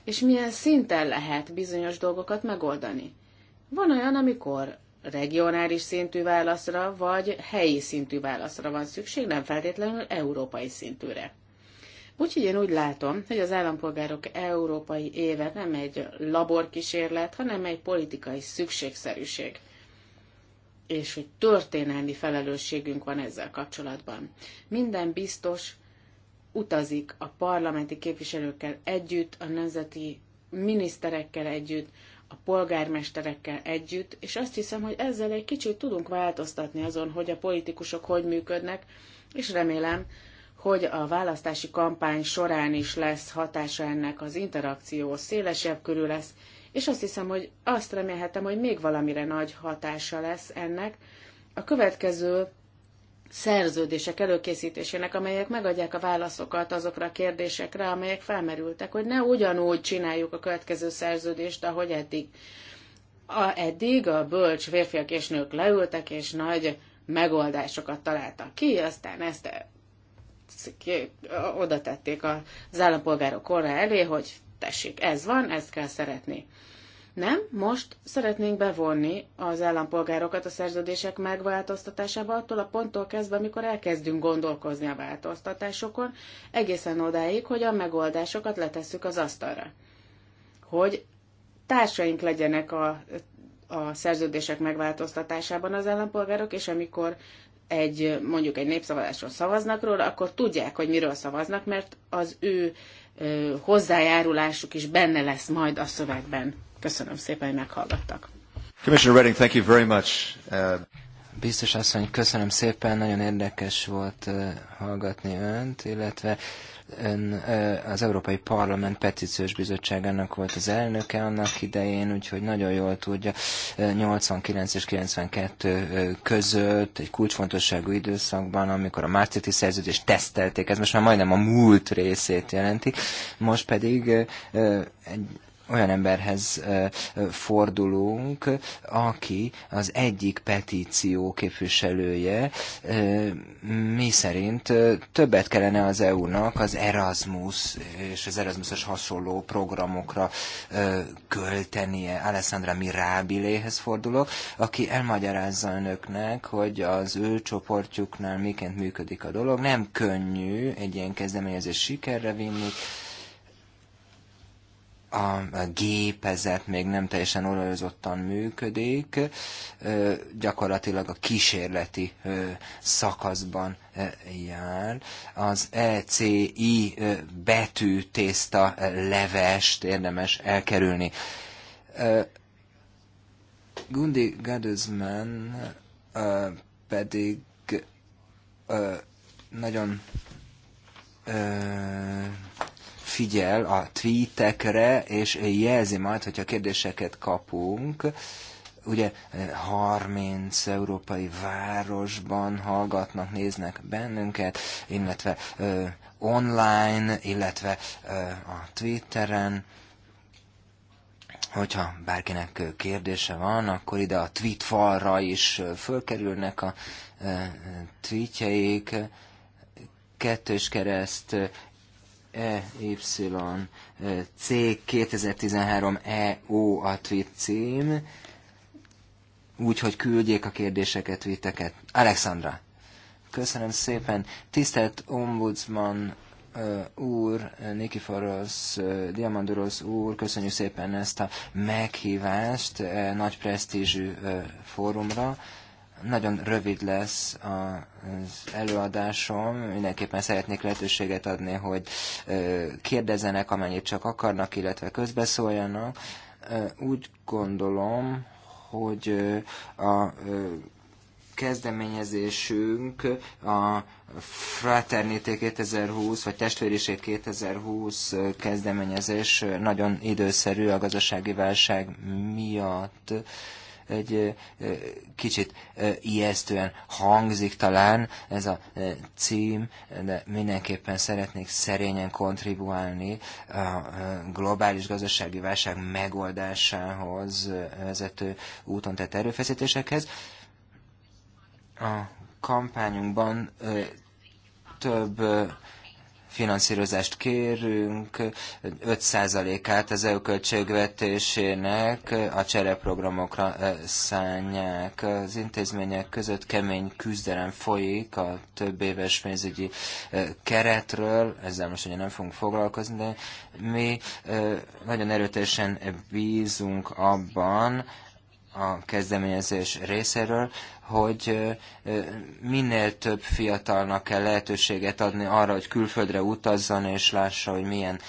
És milyen szinten lehet bizonyos dolgokat megoldani. Van olyan, amikor regionális szintű válaszra, vagy helyi szintű válaszra van szükség, nem feltétlenül európai szintűre. Úgyhogy én úgy látom, hogy az állampolgárok európai éve nem egy laborkísérlet, hanem egy politikai szükségszerűség. És hogy történelmi felelősségünk van ezzel kapcsolatban. Minden biztos utazik a parlamenti képviselőkkel együtt, a nemzeti miniszterekkel együtt, a polgármesterekkel együtt, és azt hiszem, hogy ezzel egy kicsit tudunk változtatni azon, hogy a politikusok hogy működnek, és remélem, hogy a választási kampány során is lesz hatása ennek az interakció, szélesebb körül lesz, és azt hiszem, hogy azt remélhetem, hogy még valamire nagy hatása lesz ennek. A következő szerződések előkészítésének, amelyek megadják a válaszokat azokra a kérdésekre, amelyek felmerültek, hogy ne ugyanúgy csináljuk a következő szerződést, ahogy eddig. A, eddig a bölcs férfiak és nők leültek, és nagy megoldásokat találtak ki, aztán ezt oda tették az állampolgárok korra elé, hogy tessék, ez van, ezt kell szeretni. Nem, most szeretnénk bevonni az állampolgárokat a szerződések megváltoztatásába attól a ponttól kezdve, amikor elkezdünk gondolkozni a változtatásokon, egészen odáig, hogy a megoldásokat letesszük az asztalra. Hogy társaink legyenek a, a szerződések megváltoztatásában az állampolgárok, és amikor egy, mondjuk egy népszavazásról szavaznak róla, akkor tudják, hogy miről szavaznak, mert az ő ö, hozzájárulásuk is benne lesz majd a szövegben. Köszönöm szépen, hogy meghallgattak. Commissioner Redding, thank you very much. Uh... Biztos asszony, köszönöm szépen, nagyon érdekes volt uh, hallgatni önt, illetve ön uh, az Európai Parlament Petíciós Bizottságának volt az elnöke annak idején, úgyhogy nagyon jól tudja, uh, 89 és 92 uh, között, egy kulcsfontosságú időszakban, amikor a Márciti szerződést tesztelték, ez most már majdnem a múlt részét jelenti, most pedig uh, uh, egy olyan emberhez fordulunk, aki az egyik petíció képviselője, mi szerint többet kellene az EU-nak az Erasmus és az Erasmusos hasonló programokra költenie. Alessandra Mirabiléhez fordulok, aki elmagyarázza önöknek, hogy az ő csoportjuknál miként működik a dolog. Nem könnyű egy ilyen kezdeményezés sikerre vinni, a gépezet még nem teljesen olajozottan működik, gyakorlatilag a kísérleti szakaszban jár. Az ECI betű tészta levest érdemes elkerülni. Gundi Gadözman pedig nagyon figyel a tweetekre, és jelzi majd, hogyha kérdéseket kapunk. Ugye 30 európai városban hallgatnak, néznek bennünket, illetve ö, online, illetve ö, a Twitteren hogyha bárkinek kérdése van, akkor ide a tweet falra is fölkerülnek a tweetjeik, kettős kereszt EYC 2013 EO a tweet cím, úgyhogy küldjék a kérdéseket, tweeteket. Alexandra, köszönöm szépen. Tisztelt Ombudsman úr, Nikiforos Diamandoros úr, köszönjük szépen ezt a meghívást e, nagy presztízsű fórumra nagyon rövid lesz az előadásom, mindenképpen szeretnék lehetőséget adni, hogy kérdezenek, amennyit csak akarnak, illetve közbeszóljanak. Úgy gondolom, hogy a kezdeményezésünk a Fraternité 2020, vagy Testvériség 2020 kezdeményezés nagyon időszerű a gazdasági válság miatt egy kicsit ijesztően hangzik talán ez a cím, de mindenképpen szeretnék szerényen kontribuálni a globális gazdasági válság megoldásához vezető úton tett erőfeszítésekhez. A kampányunkban több finanszírozást kérünk, 5%-át az EU költségvetésének a csereprogramokra szánják. Az intézmények között kemény küzdelem folyik a több éves pénzügyi keretről, ezzel most ugye nem fogunk foglalkozni, de mi nagyon erőteljesen bízunk abban, a kezdeményezés részéről, hogy minél több fiatalnak kell lehetőséget adni arra, hogy külföldre utazzon és lássa, hogy milyen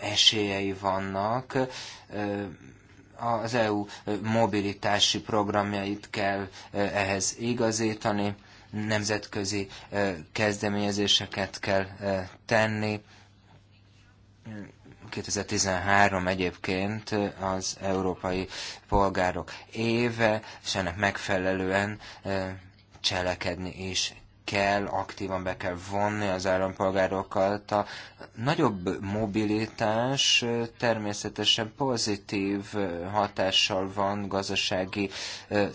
esélyei vannak. Az EU mobilitási programjait kell ehhez igazítani, nemzetközi kezdeményezéseket kell tenni 2013 egyébként az európai polgárok éve, és ennek megfelelően eh, cselekedni is kell, aktívan be kell vonni az állampolgárokat. A nagyobb mobilitás természetesen pozitív hatással van gazdasági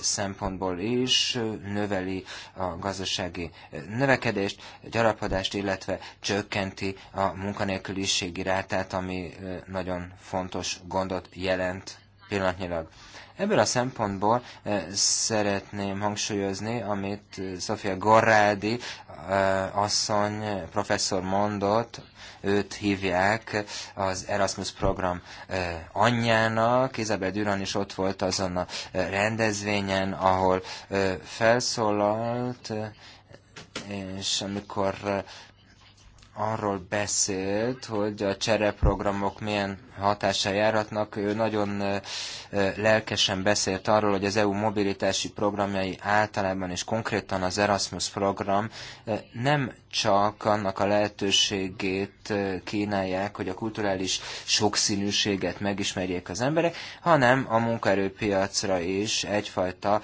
szempontból is, növeli a gazdasági növekedést, gyarapodást, illetve csökkenti a munkanélküliségi rátát, ami nagyon fontos gondot jelent pillanatnyilag. Ebből a szempontból eh, szeretném hangsúlyozni, amit eh, Sofia Gorrádi eh, asszony, professzor mondott, őt hívják az Erasmus program anyjának. Izabel Düran is ott volt azon a rendezvényen, ahol felszólalt, és amikor arról beszélt, hogy a csereprogramok milyen hatással járhatnak. Ő nagyon lelkesen beszélt arról, hogy az EU mobilitási programjai általában és konkrétan az Erasmus program nem csak annak a lehetőségét kínálják, hogy a kulturális sokszínűséget megismerjék az emberek, hanem a munkaerőpiacra is egyfajta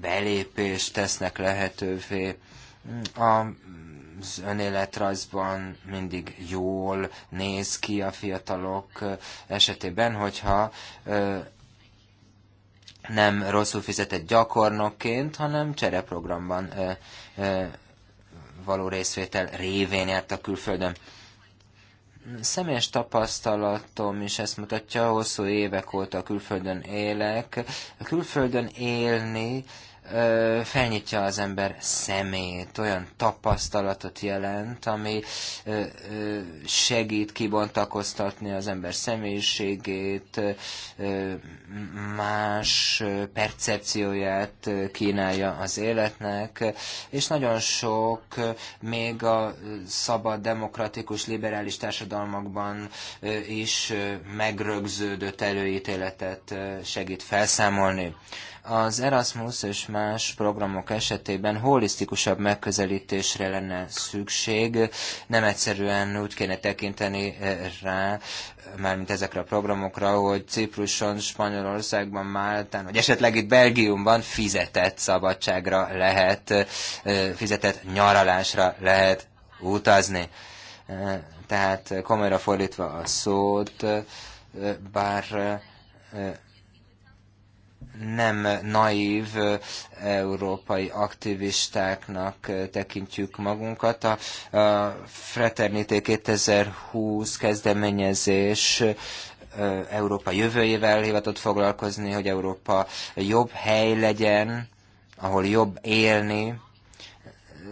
belépést tesznek lehetővé a az önéletrajzban mindig jól néz ki a fiatalok esetében, hogyha nem rosszul fizetett gyakornokként, hanem csereprogramban való részvétel révén járt a külföldön. Személyes tapasztalatom is ezt mutatja, hosszú évek óta a külföldön élek. A külföldön élni felnyitja az ember szemét, olyan tapasztalatot jelent, ami segít kibontakoztatni az ember személyiségét, más percepcióját kínálja az életnek, és nagyon sok még a szabad, demokratikus, liberális társadalmakban is megrögződött előítéletet segít felszámolni. Az Erasmus és más programok esetében holisztikusabb megközelítésre lenne szükség, nem egyszerűen úgy kéne tekinteni eh, rá, mármint ezekre a programokra, hogy Cipruson, Spanyolországban, Máltán, vagy esetleg itt Belgiumban fizetett szabadságra lehet, eh, fizetett nyaralásra lehet utazni. Eh, tehát komolyra fordítva a szót, bár nem naív európai aktivistáknak tekintjük magunkat. A, a Fraternité 2020 kezdeményezés Európa jövőjével hivatott foglalkozni, hogy Európa jobb hely legyen, ahol jobb élni,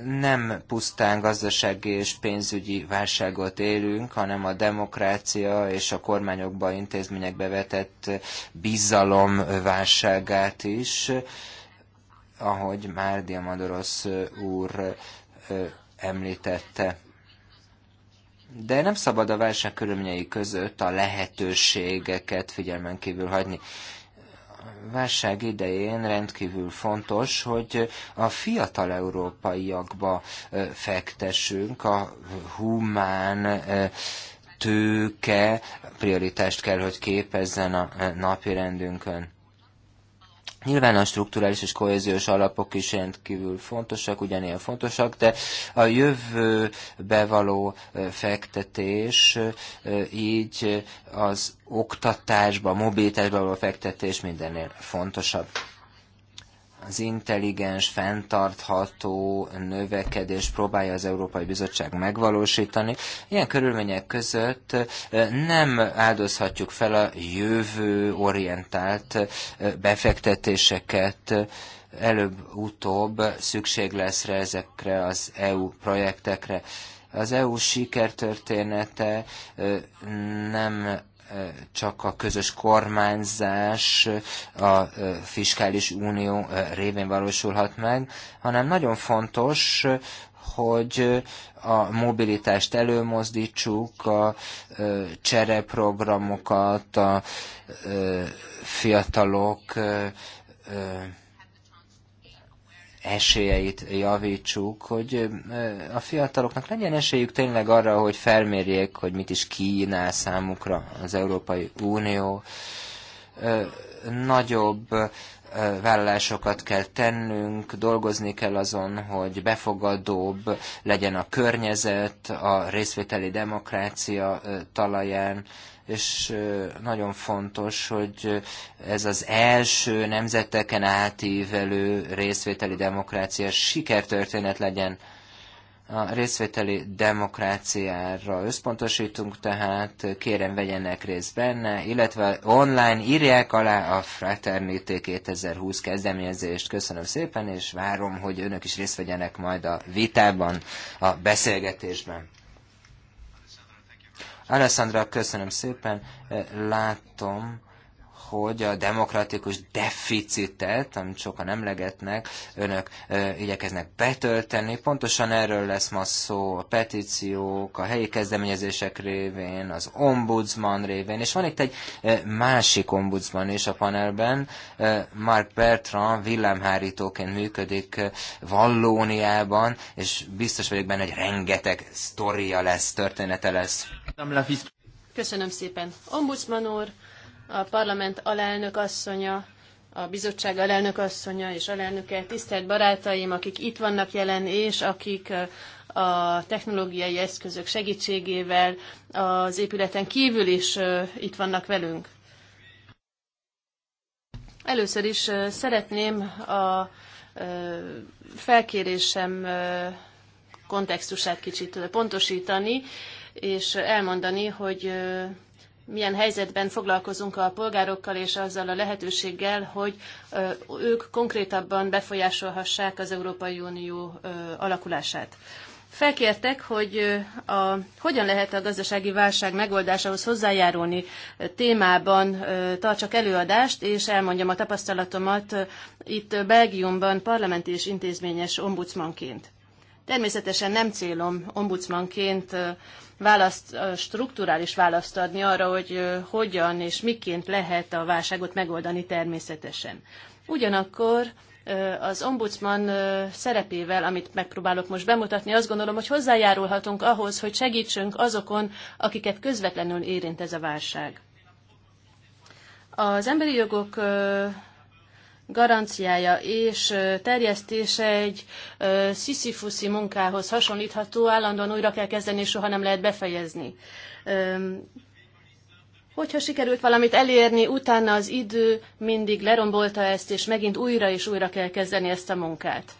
nem pusztán gazdasági és pénzügyi válságot élünk, hanem a demokrácia és a kormányokba, intézményekbe vetett bizalom válságát is, ahogy már Diamandorosz úr említette. De nem szabad a válság körülményei között a lehetőségeket figyelmen kívül hagyni válság idején rendkívül fontos, hogy a fiatal európaiakba fektessünk, a humán tőke prioritást kell, hogy képezzen a napi rendünkön. Nyilván a strukturális és kohéziós alapok is rendkívül fontosak, ugyanilyen fontosak, de a jövőbe való fektetés, így az oktatásba, mobilitásba való fektetés mindennél fontosabb az intelligens, fenntartható növekedés próbálja az Európai Bizottság megvalósítani. Ilyen körülmények között nem áldozhatjuk fel a jövő orientált befektetéseket, előbb-utóbb szükség lesz rá ezekre az EU projektekre. Az EU sikertörténete nem csak a közös kormányzás a fiskális unió révén valósulhat meg, hanem nagyon fontos, hogy a mobilitást előmozdítsuk, a csereprogramokat, a fiatalok esélyeit javítsuk, hogy a fiataloknak legyen esélyük tényleg arra, hogy felmérjék, hogy mit is kínál számukra az Európai Unió. Nagyobb vállalásokat kell tennünk, dolgozni kell azon, hogy befogadóbb legyen a környezet, a részvételi demokrácia talaján, és nagyon fontos, hogy ez az első nemzeteken átívelő részvételi demokrácia sikertörténet legyen. A részvételi demokráciára összpontosítunk, tehát kérem vegyenek részt benne, illetve online írják alá a Fraternité 2020 kezdeményezést. Köszönöm szépen, és várom, hogy önök is részt vegyenek majd a vitában, a beszélgetésben. Alessandra, köszönöm szépen. Látom, hogy a demokratikus deficitet, amit sokan emlegetnek, önök ö, igyekeznek betölteni. Pontosan erről lesz ma szó a petíciók, a helyi kezdeményezések révén, az ombudsman révén, és van itt egy ö, másik ombudsman is a panelben, ö, Mark Bertrand villámhárítóként működik ö, Vallóniában, és biztos vagyok benne, hogy rengeteg sztoria lesz, története lesz. Köszönöm szépen. Ombudsman úr, a parlament alelnök asszonya, a bizottság alelnök asszonya és alelnöke, tisztelt barátaim, akik itt vannak jelen, és akik a technológiai eszközök segítségével az épületen kívül is itt vannak velünk. Először is szeretném a felkérésem kontextusát kicsit pontosítani és elmondani, hogy milyen helyzetben foglalkozunk a polgárokkal és azzal a lehetőséggel, hogy ők konkrétabban befolyásolhassák az Európai Unió alakulását. Felkértek, hogy a, hogyan lehet a gazdasági válság megoldásához hozzájárulni témában tartsak előadást, és elmondjam a tapasztalatomat itt Belgiumban parlamenti és intézményes ombudsmanként. Természetesen nem célom ombudsmanként választ, strukturális választ adni arra, hogy hogyan és miként lehet a válságot megoldani természetesen. Ugyanakkor az ombudsman szerepével, amit megpróbálok most bemutatni, azt gondolom, hogy hozzájárulhatunk ahhoz, hogy segítsünk azokon, akiket közvetlenül érint ez a válság. Az emberi jogok garanciája és terjesztése egy sziszifuszi munkához hasonlítható, állandóan újra kell kezdeni, és soha nem lehet befejezni. Hogyha sikerült valamit elérni, utána az idő mindig lerombolta ezt, és megint újra és újra kell kezdeni ezt a munkát.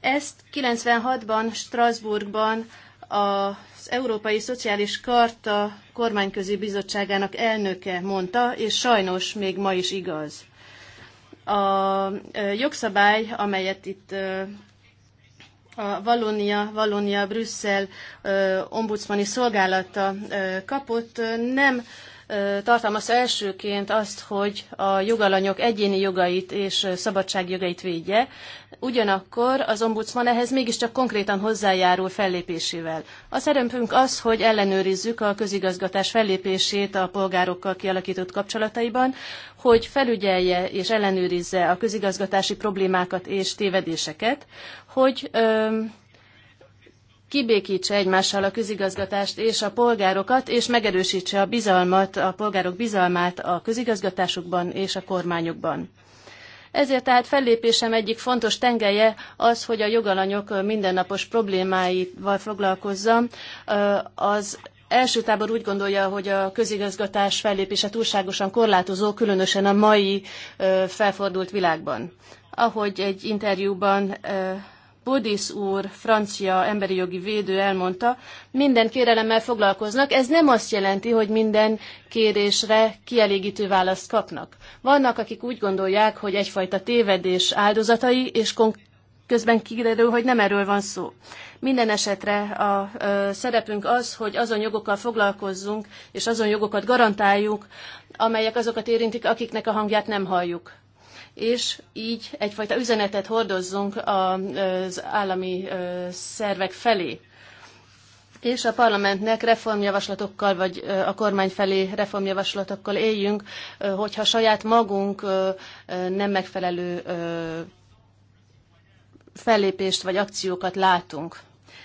Ezt 96-ban Strasbourgban az Európai Szociális Karta kormányközi bizottságának elnöke mondta, és sajnos még ma is igaz. A jogszabály, amelyet itt a Valónia, Valónia Brüsszel ombudsmani szolgálata kapott, nem tartalmaz elsőként azt, hogy a jogalanyok egyéni jogait és szabadságjogait védje, ugyanakkor az ombudsman ehhez mégiscsak konkrétan hozzájárul fellépésével. A szerepünk az, hogy ellenőrizzük a közigazgatás fellépését a polgárokkal kialakított kapcsolataiban, hogy felügyelje és ellenőrizze a közigazgatási problémákat és tévedéseket, hogy ö, kibékítse egymással a közigazgatást és a polgárokat, és megerősítse a bizalmat, a polgárok bizalmát a közigazgatásukban és a kormányokban. Ezért tehát fellépésem egyik fontos tengelye az, hogy a jogalanyok mindennapos problémáival foglalkozzam. Az első tábor úgy gondolja, hogy a közigazgatás fellépése túlságosan korlátozó, különösen a mai felfordult világban. Ahogy egy interjúban Budis úr, francia emberi jogi védő elmondta, minden kérelemmel foglalkoznak, ez nem azt jelenti, hogy minden kérésre kielégítő választ kapnak. Vannak, akik úgy gondolják, hogy egyfajta tévedés áldozatai, és közben kiderül, hogy nem erről van szó. Minden esetre a ö, szerepünk az, hogy azon jogokkal foglalkozzunk, és azon jogokat garantáljuk, amelyek azokat érintik, akiknek a hangját nem halljuk és így egyfajta üzenetet hordozzunk az állami szervek felé. És a parlamentnek reformjavaslatokkal, vagy a kormány felé reformjavaslatokkal éljünk, hogyha saját magunk nem megfelelő fellépést vagy akciókat látunk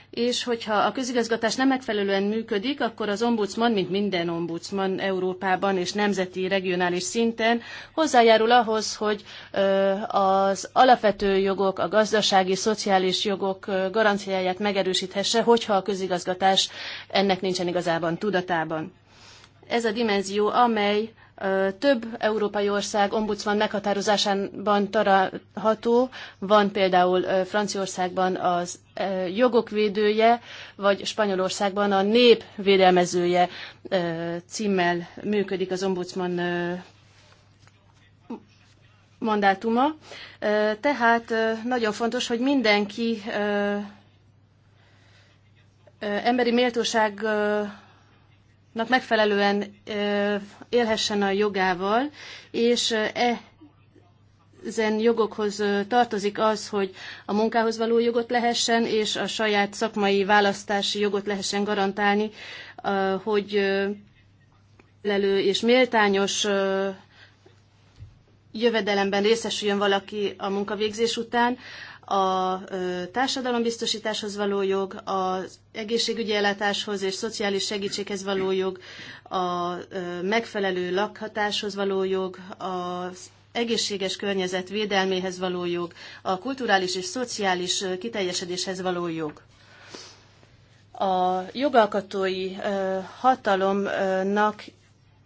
és hogyha a közigazgatás nem megfelelően működik, akkor az ombudsman, mint minden ombudsman Európában és nemzeti, regionális szinten hozzájárul ahhoz, hogy az alapvető jogok, a gazdasági, szociális jogok garanciáját megerősíthesse, hogyha a közigazgatás ennek nincsen igazában tudatában. Ez a dimenzió, amely több európai ország ombudsman meghatározásában található, van például Franciaországban az jogok védője, vagy Spanyolországban a nép védelmezője címmel működik az ombudsman mandátuma. Tehát nagyon fontos, hogy mindenki emberi méltóság megfelelően élhessen a jogával, és e ezen jogokhoz tartozik az, hogy a munkához való jogot lehessen, és a saját szakmai választási jogot lehessen garantálni, hogy lelő és méltányos jövedelemben részesüljön valaki a munkavégzés után a társadalombiztosításhoz való jog, az egészségügyi ellátáshoz és szociális segítséghez való jog, a megfelelő lakhatáshoz való jog, az egészséges környezet védelméhez való jog, a kulturális és szociális kiteljesedéshez való jog. A jogalkotói hatalomnak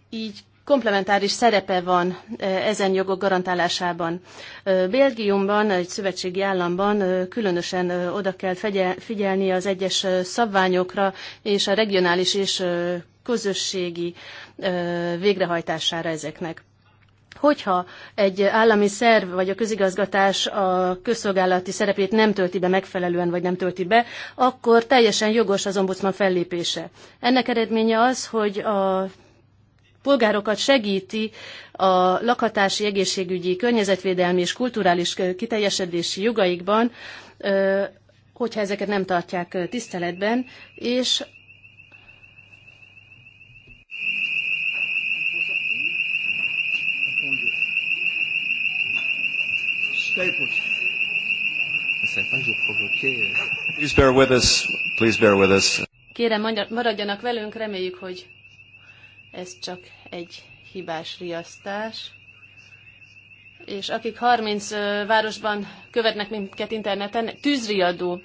így komplementáris szerepe van e, ezen jogok garantálásában. E, Belgiumban, egy szövetségi államban e, különösen oda kell figyelni az egyes szabványokra és a regionális és közösségi végrehajtására ezeknek hogyha egy állami szerv vagy a közigazgatás a közszolgálati szerepét nem tölti be megfelelően, vagy nem tölti be, akkor teljesen jogos az ombudsman fellépése. Ennek eredménye az, hogy a polgárokat segíti a lakhatási, egészségügyi, környezetvédelmi és kulturális kiteljesedési jogaikban, hogyha ezeket nem tartják tiszteletben, és Please bear with us. Please bear with us. Kérem, maradjanak velünk, reméljük, hogy ez csak egy hibás riasztás. És akik 30 városban követnek minket interneten, tűzriadó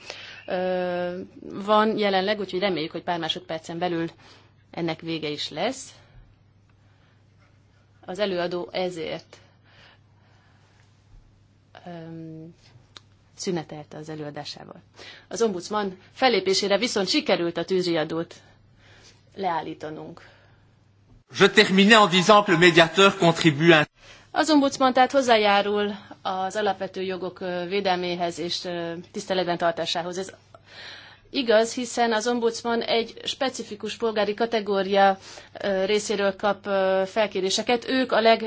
van jelenleg, úgyhogy reméljük, hogy pár másodpercen belül ennek vége is lesz. Az előadó ezért szünetelte az előadásával. Az ombudsman felépésére viszont sikerült a tűzriadót leállítanunk. Je terminais en disant que le médiateur contribue à... Az ombudsman tehát hozzájárul az alapvető jogok védelméhez és tiszteletben tartásához. Ez igaz, hiszen az ombudsman egy specifikus polgári kategória részéről kap felkéréseket. Ők a leg...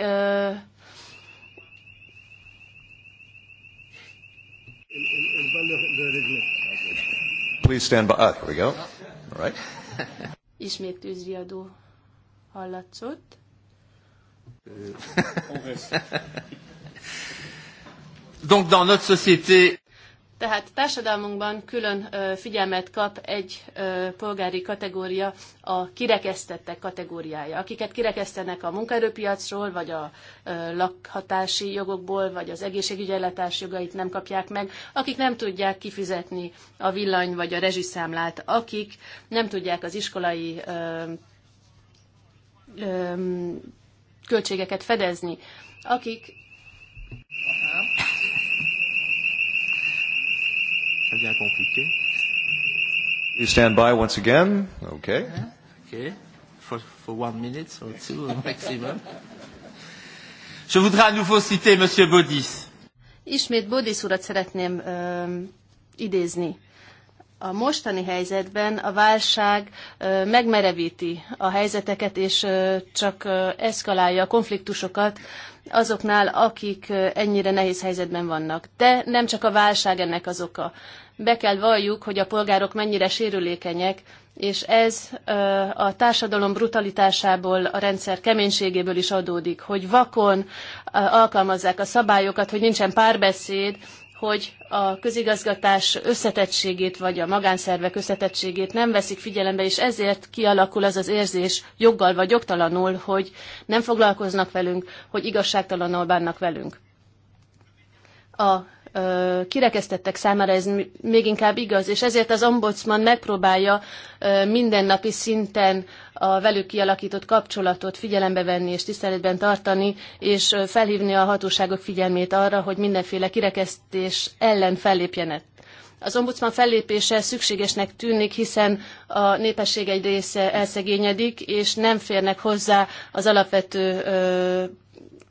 Please stand by. Ah, here we go. All right. Ismét tűzriadó hallatszott. Donc dans notre société... Tehát társadalmunkban külön ö, figyelmet kap egy ö, polgári kategória, a kirekesztettek kategóriája, akiket kirekesztenek a munkaerőpiacról, vagy a ö, lakhatási jogokból, vagy az egészségügyi ellátás jogait nem kapják meg, akik nem tudják kifizetni a villany vagy a rezsiszámlát, akik nem tudják az iskolai ö, öm, költségeket fedezni, akik You stand by once again. Okay. Okay. For, for one minute or two maximum. Je voudrais à nouveau citer Monsieur Baudis. Ismét Baudis urat szeretném um, idézni a mostani helyzetben a válság megmerevíti a helyzeteket, és csak eszkalálja a konfliktusokat azoknál, akik ennyire nehéz helyzetben vannak. De nem csak a válság ennek az oka. Be kell valljuk, hogy a polgárok mennyire sérülékenyek, és ez a társadalom brutalitásából, a rendszer keménységéből is adódik, hogy vakon alkalmazzák a szabályokat, hogy nincsen párbeszéd, hogy a közigazgatás összetettségét vagy a magánszervek összetettségét nem veszik figyelembe, és ezért kialakul az az érzés joggal vagy jogtalanul, hogy nem foglalkoznak velünk, hogy igazságtalanul bánnak velünk. A kirekesztettek számára ez még inkább igaz, és ezért az ombudsman megpróbálja mindennapi szinten a velük kialakított kapcsolatot figyelembe venni és tiszteletben tartani, és felhívni a hatóságok figyelmét arra, hogy mindenféle kirekesztés ellen fellépjenek. Az ombudsman fellépése szükségesnek tűnik, hiszen a népesség egy része elszegényedik, és nem férnek hozzá az alapvető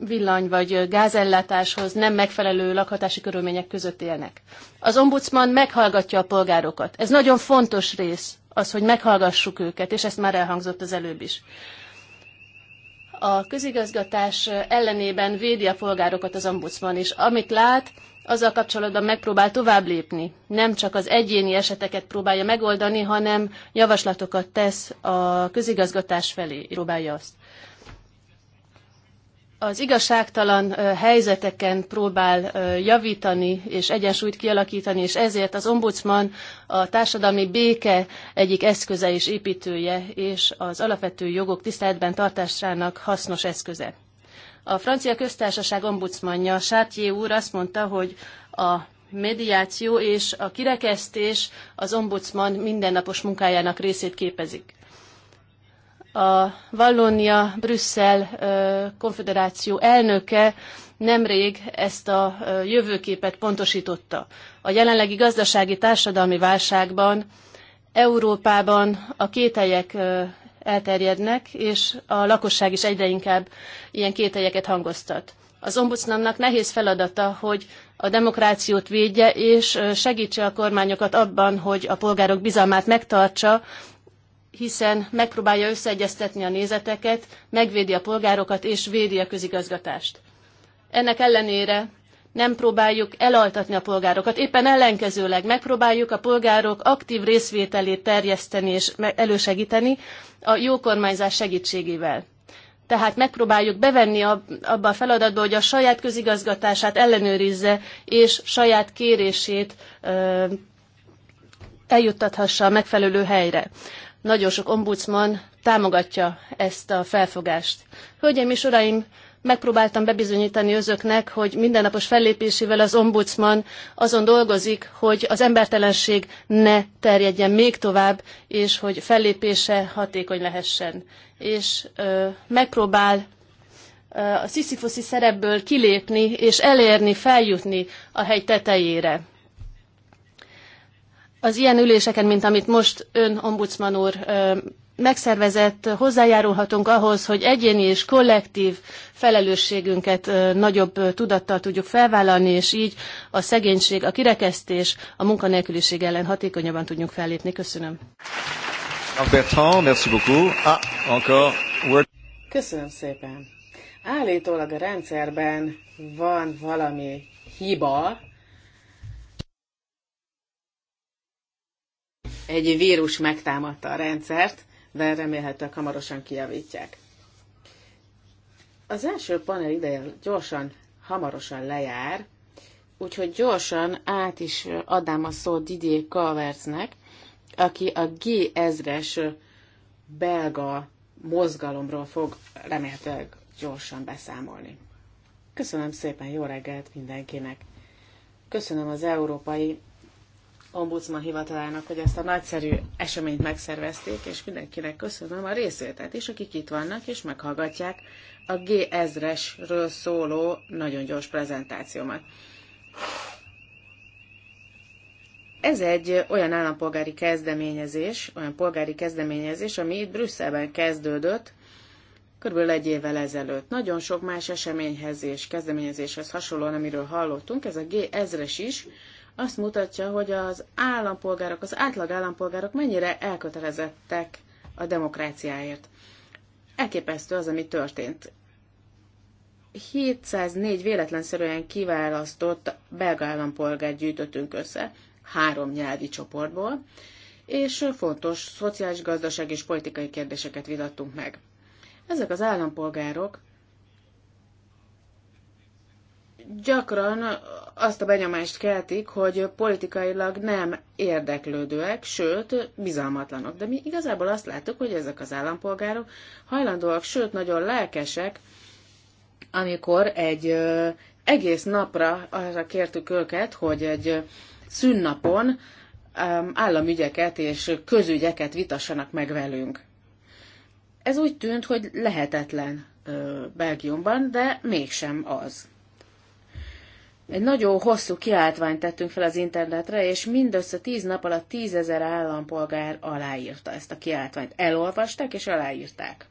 villany vagy gázellátáshoz nem megfelelő lakhatási körülmények között élnek. Az ombudsman meghallgatja a polgárokat. Ez nagyon fontos rész, az, hogy meghallgassuk őket, és ezt már elhangzott az előbb is. A közigazgatás ellenében védi a polgárokat az ombudsman, és amit lát, azzal kapcsolatban megpróbál tovább lépni. Nem csak az egyéni eseteket próbálja megoldani, hanem javaslatokat tesz a közigazgatás felé, próbálja azt az igazságtalan helyzeteken próbál javítani és egyensúlyt kialakítani, és ezért az ombudsman a társadalmi béke egyik eszköze és építője, és az alapvető jogok tiszteletben tartásának hasznos eszköze. A francia köztársaság ombudsmanja Sátyé úr azt mondta, hogy a mediáció és a kirekesztés az ombudsman mindennapos munkájának részét képezik. A Vallónia-Brüsszel konfederáció elnöke nemrég ezt a jövőképet pontosította. A jelenlegi gazdasági társadalmi válságban Európában a kételyek elterjednek, és a lakosság is egyre inkább ilyen kételyeket hangoztat. Az ombudsmannak nehéz feladata, hogy a demokrációt védje, és segítse a kormányokat abban, hogy a polgárok bizalmát megtartsa, hiszen megpróbálja összeegyeztetni a nézeteket, megvédi a polgárokat és védi a közigazgatást. Ennek ellenére nem próbáljuk elaltatni a polgárokat, éppen ellenkezőleg megpróbáljuk a polgárok aktív részvételét terjeszteni és elősegíteni a jó kormányzás segítségével. Tehát megpróbáljuk bevenni abba a feladatba, hogy a saját közigazgatását ellenőrizze, és saját kérését eljuttathassa a megfelelő helyre nagyon sok ombudsman támogatja ezt a felfogást. Hölgyeim és uraim, megpróbáltam bebizonyítani özöknek, hogy mindennapos fellépésével az ombudsman azon dolgozik, hogy az embertelenség ne terjedjen még tovább, és hogy fellépése hatékony lehessen. És ö, megpróbál ö, a sziszifoszi szerepből kilépni és elérni, feljutni a hegy tetejére az ilyen üléseken, mint amit most ön, ombudsman úr, megszervezett, hozzájárulhatunk ahhoz, hogy egyéni és kollektív felelősségünket nagyobb tudattal tudjuk felvállalni, és így a szegénység, a kirekesztés, a munkanélküliség ellen hatékonyabban tudjunk fellépni. Köszönöm. Ah, Köszönöm szépen. Állítólag a rendszerben van valami hiba, egy vírus megtámadta a rendszert, de remélhetőleg hamarosan kijavítják. Az első panel ideje gyorsan, hamarosan lejár, úgyhogy gyorsan át is adnám a szót Didier Kavercnek, aki a G1000-es belga mozgalomról fog remélhetőleg gyorsan beszámolni. Köszönöm szépen, jó reggelt mindenkinek! Köszönöm az Európai ombudsman hivatalának, hogy ezt a nagyszerű eseményt megszervezték, és mindenkinek köszönöm a részvételt is, akik itt vannak és meghallgatják a G1000-esről szóló nagyon gyors prezentációmat. Ez egy olyan állampolgári kezdeményezés, olyan polgári kezdeményezés, ami itt Brüsszelben kezdődött, Körülbelül egy évvel ezelőtt. Nagyon sok más eseményhez és kezdeményezéshez hasonlóan, amiről hallottunk, ez a G1000-es is, azt mutatja, hogy az állampolgárok, az átlag állampolgárok mennyire elkötelezettek a demokráciáért. Elképesztő az, ami történt. 704 véletlenszerűen kiválasztott belga állampolgárt gyűjtöttünk össze három nyelvi csoportból, és fontos szociális, gazdaság és politikai kérdéseket vitattunk meg. Ezek az állampolgárok gyakran azt a benyomást keltik, hogy politikailag nem érdeklődőek, sőt, bizalmatlanok. De mi igazából azt láttuk, hogy ezek az állampolgárok hajlandóak, sőt, nagyon lelkesek, amikor egy ö, egész napra arra kértük őket, hogy egy szünnapon államügyeket és közügyeket vitassanak meg velünk. Ez úgy tűnt, hogy lehetetlen ö, Belgiumban, de mégsem az. Egy nagyon hosszú kiáltványt tettünk fel az internetre, és mindössze tíz nap alatt tízezer állampolgár aláírta ezt a kiáltványt. Elolvasták és aláírták.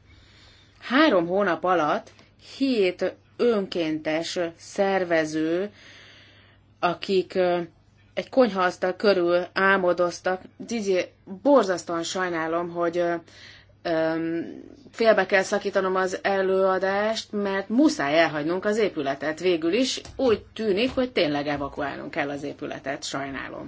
Három hónap alatt hét önkéntes szervező, akik egy konyhaasztal körül álmodoztak. Dizi, borzasztóan sajnálom, hogy félbe kell szakítanom az előadást, mert muszáj elhagynunk az épületet végül is. Úgy tűnik, hogy tényleg evakuálnunk kell az épületet, sajnálom.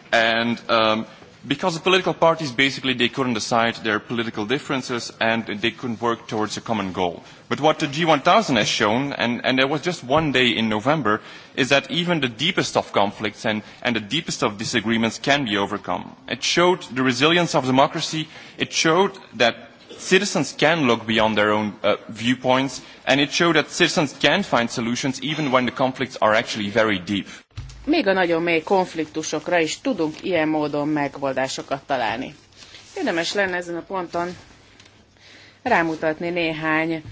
And um, because the political parties basically they couldn't decide their political differences and they couldn't work towards a common goal. But what the G1000 has shown, and, and there was just one day in November, is that even the deepest of conflicts and, and the deepest of disagreements can be overcome. It showed the resilience of democracy. It showed that citizens can look beyond their own uh, viewpoints, and it showed that citizens can find solutions even when the conflicts are actually very deep még a nagyon mély konfliktusokra is tudunk ilyen módon megoldásokat találni. Érdemes lenne ezen a ponton rámutatni néhány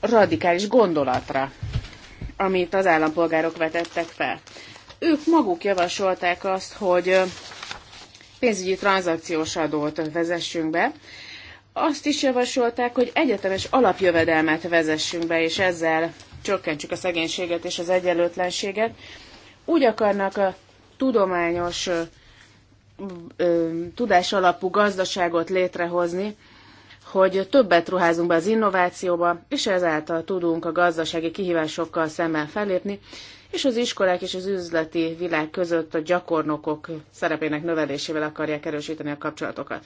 radikális gondolatra, amit az állampolgárok vetettek fel. Ők maguk javasolták azt, hogy pénzügyi tranzakciós adót vezessünk be. Azt is javasolták, hogy egyetemes alapjövedelmet vezessünk be, és ezzel csökkentsük a szegénységet és az egyenlőtlenséget, úgy akarnak a tudományos tudás alapú gazdaságot létrehozni, hogy többet ruházunk be az innovációba, és ezáltal tudunk a gazdasági kihívásokkal szemmel felépni, és az iskolák és az üzleti világ között a gyakornokok szerepének növelésével akarják erősíteni a kapcsolatokat.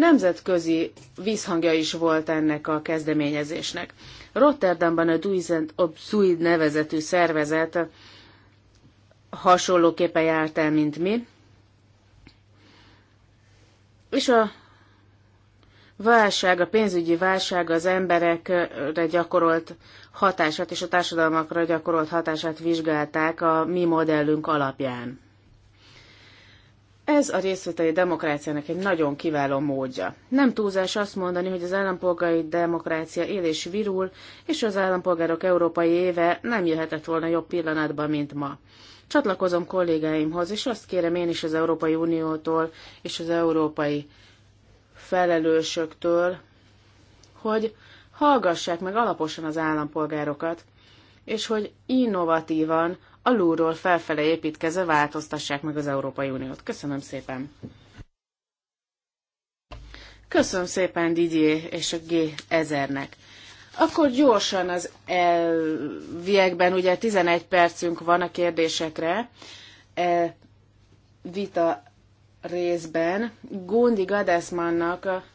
Nemzetközi vízhangja is volt ennek a kezdeményezésnek. Rotterdamban a Duizend Obsuid nevezetű szervezet hasonlóképpen járt el, mint mi, és a válság, a pénzügyi válság az emberekre gyakorolt hatását és a társadalmakra gyakorolt hatását vizsgálták a mi modellünk alapján. Ez a részvételi demokráciának egy nagyon kiváló módja. Nem túlzás azt mondani, hogy az állampolgári demokrácia él és virul, és az állampolgárok európai éve nem jöhetett volna jobb pillanatban, mint ma. Csatlakozom kollégáimhoz, és azt kérem én is az Európai Uniótól és az európai felelősöktől, hogy hallgassák meg alaposan az állampolgárokat, és hogy innovatívan alulról felfele építkezve változtassák meg az Európai Uniót. Köszönöm szépen! Köszönöm szépen Didier és a G1000-nek. Akkor gyorsan az elviekben, ugye 11 percünk van a kérdésekre, e, vita részben Gondi Gadesmannak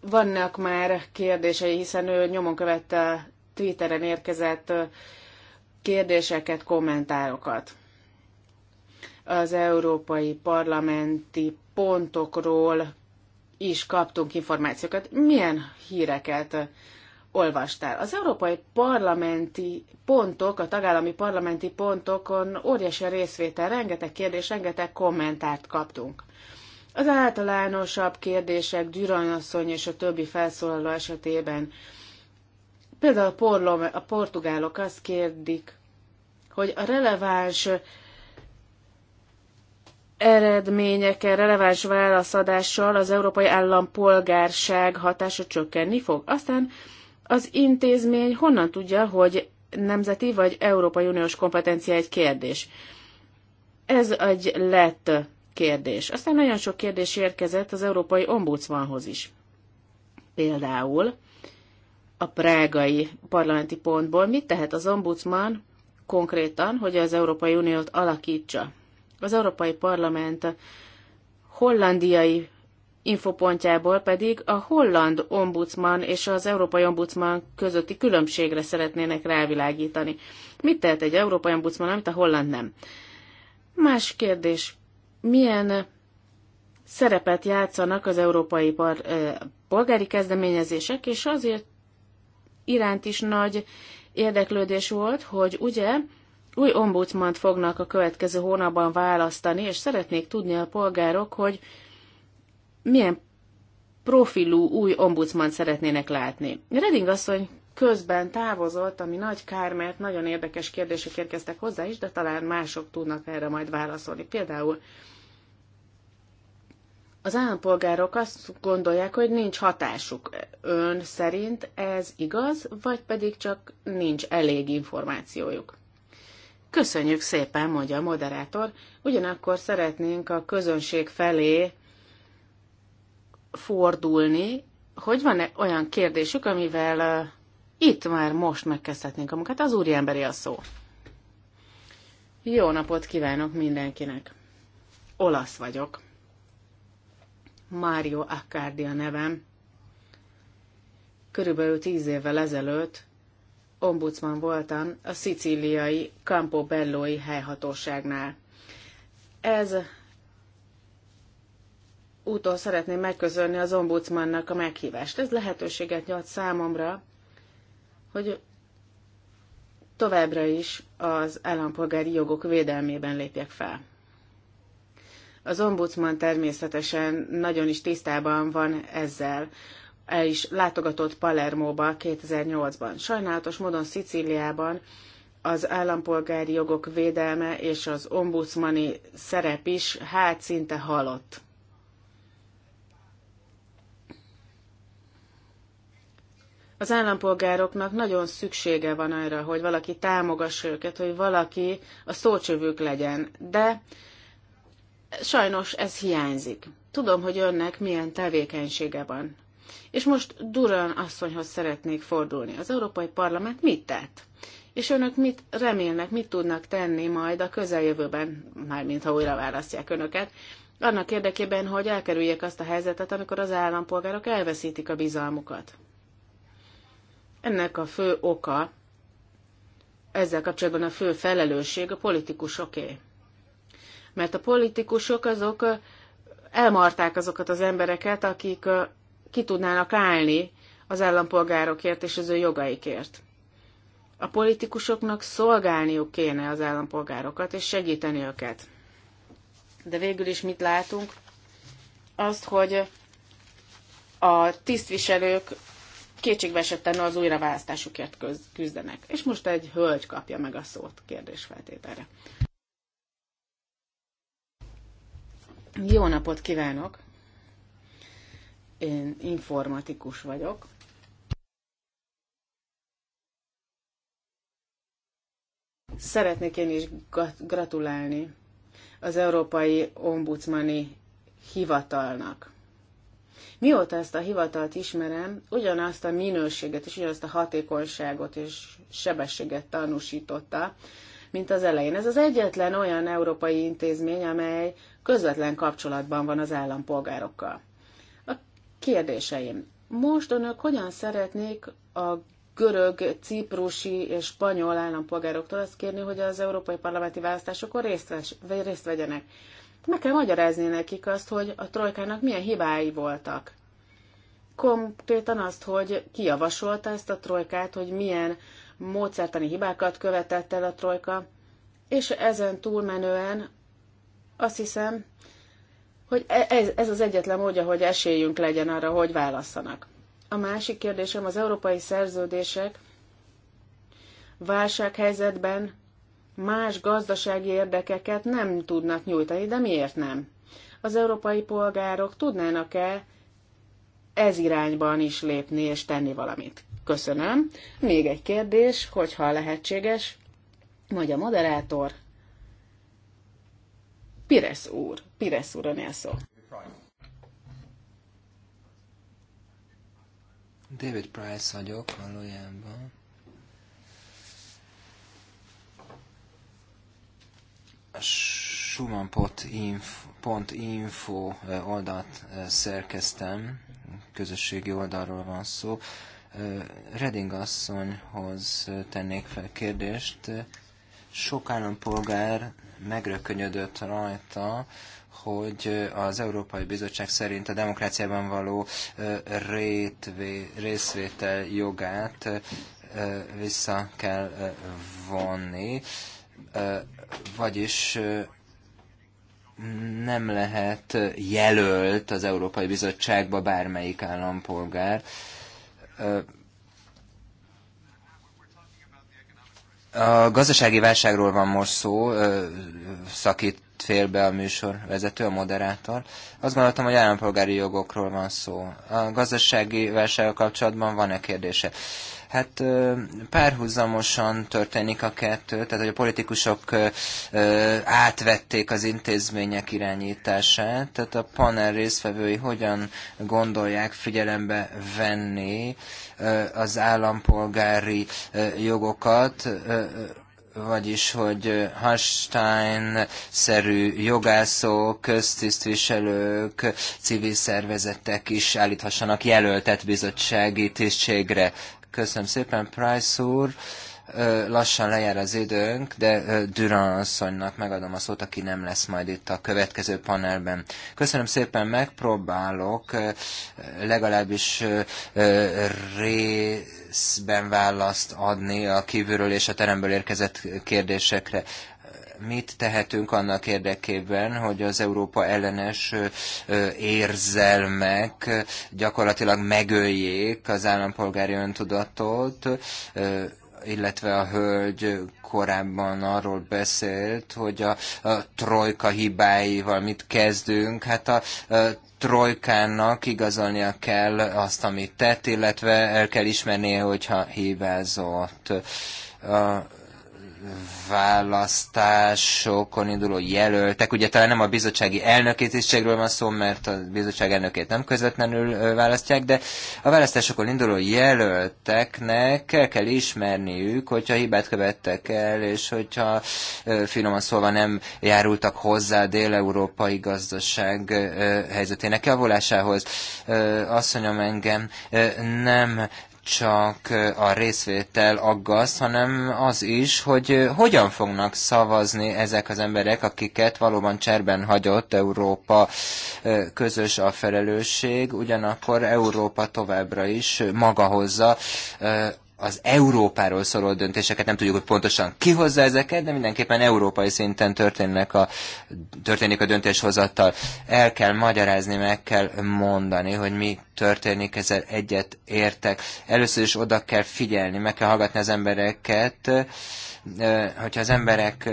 vannak már kérdései, hiszen ő nyomon követte Twitteren érkezett kérdéseket, kommentárokat. Az európai parlamenti pontokról is kaptunk információkat. Milyen híreket olvastál? Az európai parlamenti pontok, a tagállami parlamenti pontokon óriási a részvétel, rengeteg kérdés, rengeteg kommentárt kaptunk. Az általánosabb kérdések Gyurany asszony és a többi felszólaló esetében Például a, porlom, a portugálok azt kérdik, hogy a releváns eredményekkel, releváns válaszadással az európai állampolgárság hatása csökkenni fog. Aztán az intézmény honnan tudja, hogy nemzeti vagy Európai Uniós kompetencia egy kérdés? Ez egy lett kérdés. Aztán nagyon sok kérdés érkezett az Európai Ombudsmanhoz is. Például a prágai parlamenti pontból. Mit tehet az ombudsman konkrétan, hogy az Európai Uniót alakítsa? Az Európai Parlament hollandiai infopontjából pedig a holland ombudsman és az európai ombudsman közötti különbségre szeretnének rávilágítani. Mit tehet egy európai ombudsman, amit a holland nem? Más kérdés, milyen szerepet játszanak az európai par, eh, polgári kezdeményezések, és azért iránt is nagy érdeklődés volt, hogy ugye új ombudsmant fognak a következő hónapban választani, és szeretnék tudni a polgárok, hogy milyen profilú új ombudsman szeretnének látni. Reding asszony közben távozott, ami nagy kár, mert nagyon érdekes kérdések érkeztek hozzá is, de talán mások tudnak erre majd válaszolni. Például az állampolgárok azt gondolják, hogy nincs hatásuk. Ön szerint ez igaz, vagy pedig csak nincs elég információjuk? Köszönjük szépen, mondja a moderátor. Ugyanakkor szeretnénk a közönség felé fordulni, hogy van-e olyan kérdésük, amivel uh, itt már most megkezdhetnénk a munkát. Az úriemberi a szó. Jó napot kívánok mindenkinek! Olasz vagyok. Mário Accardi a nevem. Körülbelül tíz évvel ezelőtt ombudsman voltam a szicíliai Campo Bellói helyhatóságnál. Ez úton szeretném megközölni az ombudsmannak a meghívást. Ez lehetőséget nyújt számomra, hogy továbbra is az állampolgári jogok védelmében lépjek fel. Az ombudsman természetesen nagyon is tisztában van ezzel. El is látogatott Palermóba 2008-ban. Sajnálatos módon Szicíliában az állampolgári jogok védelme és az ombudsmani szerep is hát szinte halott. Az állampolgároknak nagyon szüksége van arra, hogy valaki támogassa őket, hogy valaki a szócsövük legyen, de Sajnos ez hiányzik. Tudom, hogy önnek milyen tevékenysége van. És most Duran asszonyhoz szeretnék fordulni. Az Európai Parlament mit tett? És önök mit remélnek, mit tudnak tenni majd a közeljövőben, mármint ha újra választják önöket, annak érdekében, hogy elkerüljék azt a helyzetet, amikor az állampolgárok elveszítik a bizalmukat. Ennek a fő oka, ezzel kapcsolatban a fő felelősség a politikusoké mert a politikusok azok elmarták azokat az embereket, akik ki tudnának állni az állampolgárokért és az ő jogaikért. A politikusoknak szolgálniuk kéne az állampolgárokat, és segíteni őket. De végül is mit látunk? Azt, hogy a tisztviselők kétségbeesetten az újraválasztásukért küzdenek. És most egy hölgy kapja meg a szót kérdésfeltételre. Jó napot kívánok! Én informatikus vagyok. Szeretnék én is gratulálni az Európai Ombudsmani Hivatalnak. Mióta ezt a hivatalt ismerem, ugyanazt a minőséget és ugyanazt a hatékonyságot és sebességet tanúsította, mint az elején. Ez az egyetlen olyan európai intézmény, amely közvetlen kapcsolatban van az állampolgárokkal. A kérdéseim. Most önök hogyan szeretnék a görög, ciprusi és spanyol állampolgároktól azt kérni, hogy az európai parlamenti választásokon részt, vagy részt vegyenek. Meg kell magyarázni nekik azt, hogy a trojkának milyen hibái voltak. Konkrétan azt, hogy ki javasolta ezt a trojkát, hogy milyen módszertani hibákat követett el a trojka, és ezen túlmenően azt hiszem, hogy e- ez, ez az egyetlen módja, hogy esélyünk legyen arra, hogy válasszanak. A másik kérdésem az európai szerződések válsághelyzetben más gazdasági érdekeket nem tudnak nyújtani, de miért nem? Az európai polgárok tudnának-e ez irányban is lépni és tenni valamit? Köszönöm. Még egy kérdés, hogyha lehetséges, mondja a moderátor, Pires úr, Pires úr a szó. David Price vagyok valójában. A schumann.info eh, oldalt eh, szerkeztem, közösségi oldalról van szó. Eh, Reding asszonyhoz tennék fel kérdést. Sok állampolgár megrökönyödött rajta, hogy az Európai Bizottság szerint a demokráciában való rétvé, részvétel jogát vissza kell vonni, vagyis nem lehet jelölt az Európai Bizottságba bármelyik állampolgár. A gazdasági válságról van most szó, szakít félbe a műsor vezető, a moderátor. Azt gondoltam, hogy állampolgári jogokról van szó. A gazdasági válsággal kapcsolatban van-e kérdése? Hát párhuzamosan történik a kettő, tehát hogy a politikusok átvették az intézmények irányítását, tehát a panel részfevői hogyan gondolják figyelembe venni az állampolgári jogokat, vagyis hogy hastein szerű jogászok, köztisztviselők, civil szervezetek is állíthassanak jelöltet bizottsági tisztségre. Köszönöm szépen, Price úr. Lassan lejár az időnk, de durán asszonynak megadom a szót, aki nem lesz majd itt a következő panelben. Köszönöm szépen, megpróbálok legalábbis részben választ adni a kívülről és a teremből érkezett kérdésekre mit tehetünk annak érdekében, hogy az Európa ellenes érzelmek gyakorlatilag megöljék az állampolgári öntudatot, illetve a hölgy korábban arról beszélt, hogy a, a trojka hibáival mit kezdünk. Hát a, a trojkának igazolnia kell azt, amit tett, illetve el kell ismernie, hogyha hibázott. A, választásokon induló jelöltek, ugye talán nem a bizottsági elnöki tisztségről van szó, mert a bizottság elnökét nem közvetlenül választják, de a választásokon induló jelölteknek el kell ismerniük, hogyha hibát követtek el, és hogyha finoman szólva nem járultak hozzá a dél-európai gazdaság helyzetének javulásához. Azt mondjam engem, nem csak a részvétel aggaszt, hanem az is, hogy hogyan fognak szavazni ezek az emberek, akiket valóban cserben hagyott Európa közös a felelősség, ugyanakkor Európa továbbra is maga hozza az Európáról szóló döntéseket, nem tudjuk, hogy pontosan ki hozza ezeket, de mindenképpen európai szinten történnek a, történik a döntéshozattal. El kell magyarázni, meg kell mondani, hogy mi történik, ezzel egyet értek. Először is oda kell figyelni, meg kell hallgatni az embereket, hogyha az emberek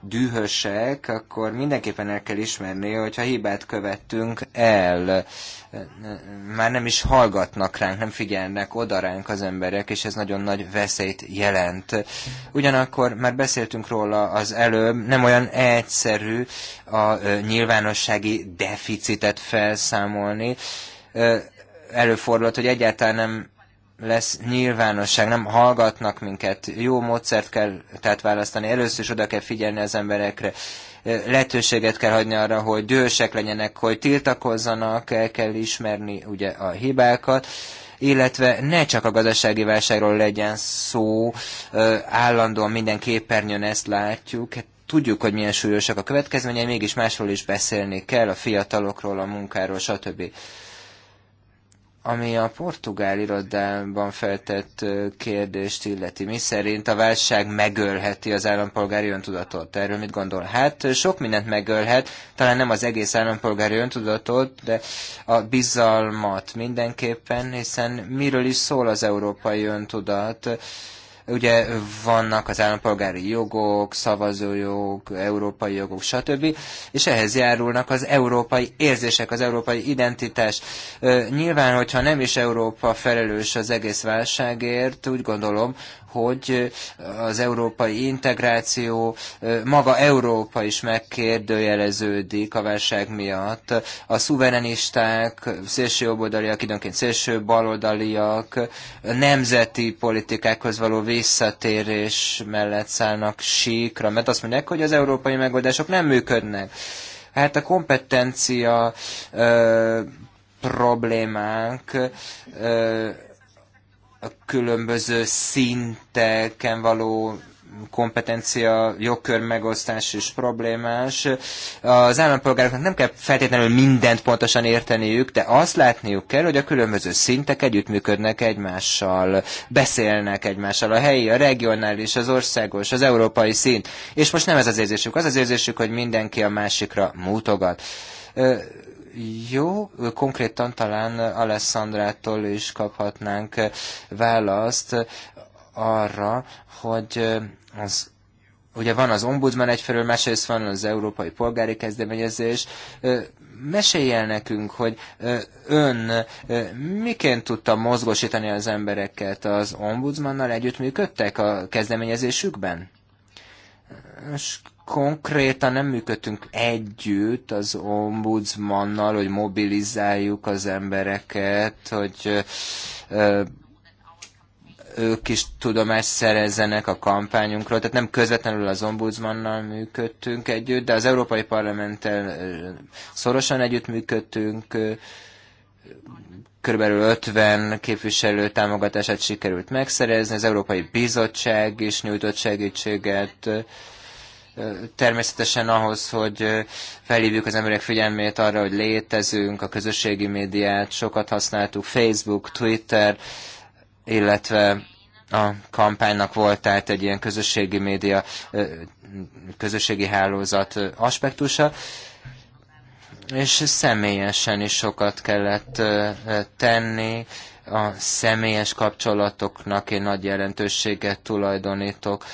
dühösek, akkor mindenképpen el kell ismerni, hogyha hibát követtünk el, már nem is hallgatnak ránk, nem figyelnek oda ránk az emberek, és ez nagyon nagy veszélyt jelent. Ugyanakkor már beszéltünk róla az előbb, nem olyan egyszerű a nyilvánossági deficitet felszámolni, előfordulhat, hogy egyáltalán nem lesz nyilvánosság, nem hallgatnak minket, jó módszert kell tehát választani, először is oda kell figyelni az emberekre, lehetőséget kell hagyni arra, hogy dühösek legyenek, hogy tiltakozzanak, el kell ismerni ugye a hibákat, illetve ne csak a gazdasági válságról legyen szó, állandóan minden képernyőn ezt látjuk, hát tudjuk, hogy milyen súlyosak a következményei, mégis másról is beszélni kell, a fiatalokról, a munkáról, stb. Ami a portugál irodában feltett kérdést illeti, mi szerint a válság megölheti az állampolgári öntudatot? Erről mit gondol? Hát sok mindent megölhet, talán nem az egész állampolgári öntudatot, de a bizalmat mindenképpen, hiszen miről is szól az európai öntudat? Ugye vannak az állampolgári jogok, szavazójog, európai jogok, stb. És ehhez járulnak az európai érzések, az európai identitás. Nyilván, hogyha nem is Európa felelős az egész válságért, úgy gondolom, hogy az európai integráció, maga Európa is megkérdőjeleződik a válság miatt. A szuverenisták, szélső jobboldaliak, időnként szélső baloldaliak nemzeti politikákhoz való visszatérés mellett szállnak síkra, mert azt mondják, hogy az európai megoldások nem működnek. Hát a kompetencia ö, problémánk ö, különböző szinteken való kompetencia, jogkör megosztás is problémás. Az állampolgároknak nem kell feltétlenül mindent pontosan érteniük, de azt látniuk kell, hogy a különböző szintek együttműködnek egymással, beszélnek egymással, a helyi, a regionális, az országos, az európai szint. És most nem ez az érzésük, az az érzésük, hogy mindenki a másikra mutogat jó, konkrétan talán Alessandrától is kaphatnánk választ arra, hogy az ugye van az ombudsman egyfelől, másrészt van az európai polgári kezdeményezés. Meséljen nekünk, hogy ön miként tudta mozgósítani az embereket az ombudsmannal, együttműködtek a kezdeményezésükben? Most konkrétan nem működtünk együtt az ombudsmannal, hogy mobilizáljuk az embereket, hogy ők is tudomást szerezzenek a kampányunkról. Tehát nem közvetlenül az ombudsmannal működtünk együtt, de az Európai Parlamenttel szorosan együtt működtünk. Körülbelül 50 képviselő támogatását sikerült megszerezni, az Európai Bizottság is nyújtott segítséget, természetesen ahhoz, hogy felhívjuk az emberek figyelmét arra, hogy létezünk, a közösségi médiát sokat használtuk, Facebook, Twitter, illetve a kampánynak volt tehát egy ilyen közösségi média, közösségi hálózat aspektusa, és személyesen is sokat kellett tenni, a személyes kapcsolatoknak én nagy jelentőséget tulajdonítok.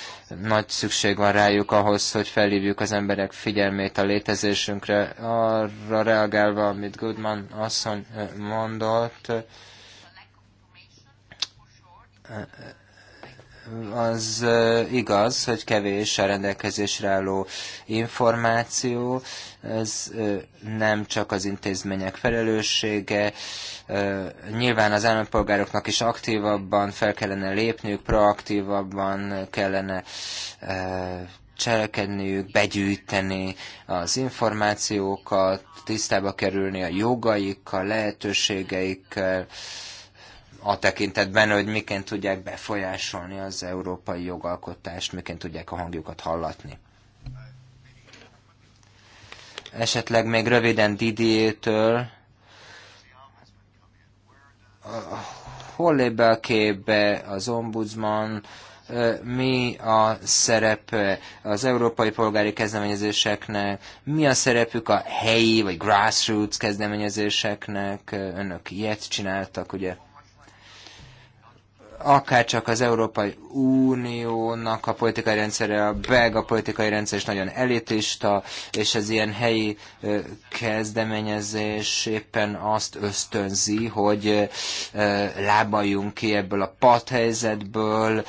Nagy szükség van rájuk ahhoz, hogy felhívjuk az emberek figyelmét a létezésünkre. Arra reagálva, amit Goodman asszony mondott, az eh, igaz, hogy kevés a rendelkezésre álló információ, ez eh, nem csak az intézmények felelőssége, eh, nyilván az állampolgároknak is aktívabban fel kellene lépniük, proaktívabban kellene cselekedniük, begyűjteni az információkat, tisztába kerülni a jogaikkal, lehetőségeikkel, a tekintetben, hogy miként tudják befolyásolni az európai jogalkotást, miként tudják a hangjukat hallatni. Esetleg még röviden Didiétől, hol lép be a képbe az ombudsman, mi a szerepe az európai polgári kezdeményezéseknek, mi a szerepük a helyi vagy grassroots kezdeményezéseknek, önök ilyet csináltak, ugye? csak az Európai Uniónak a politikai rendszere, a belga politikai rendszer is nagyon elitista, és az ilyen helyi kezdeményezés éppen azt ösztönzi, hogy lábaljunk ki ebből a padhelyzetből,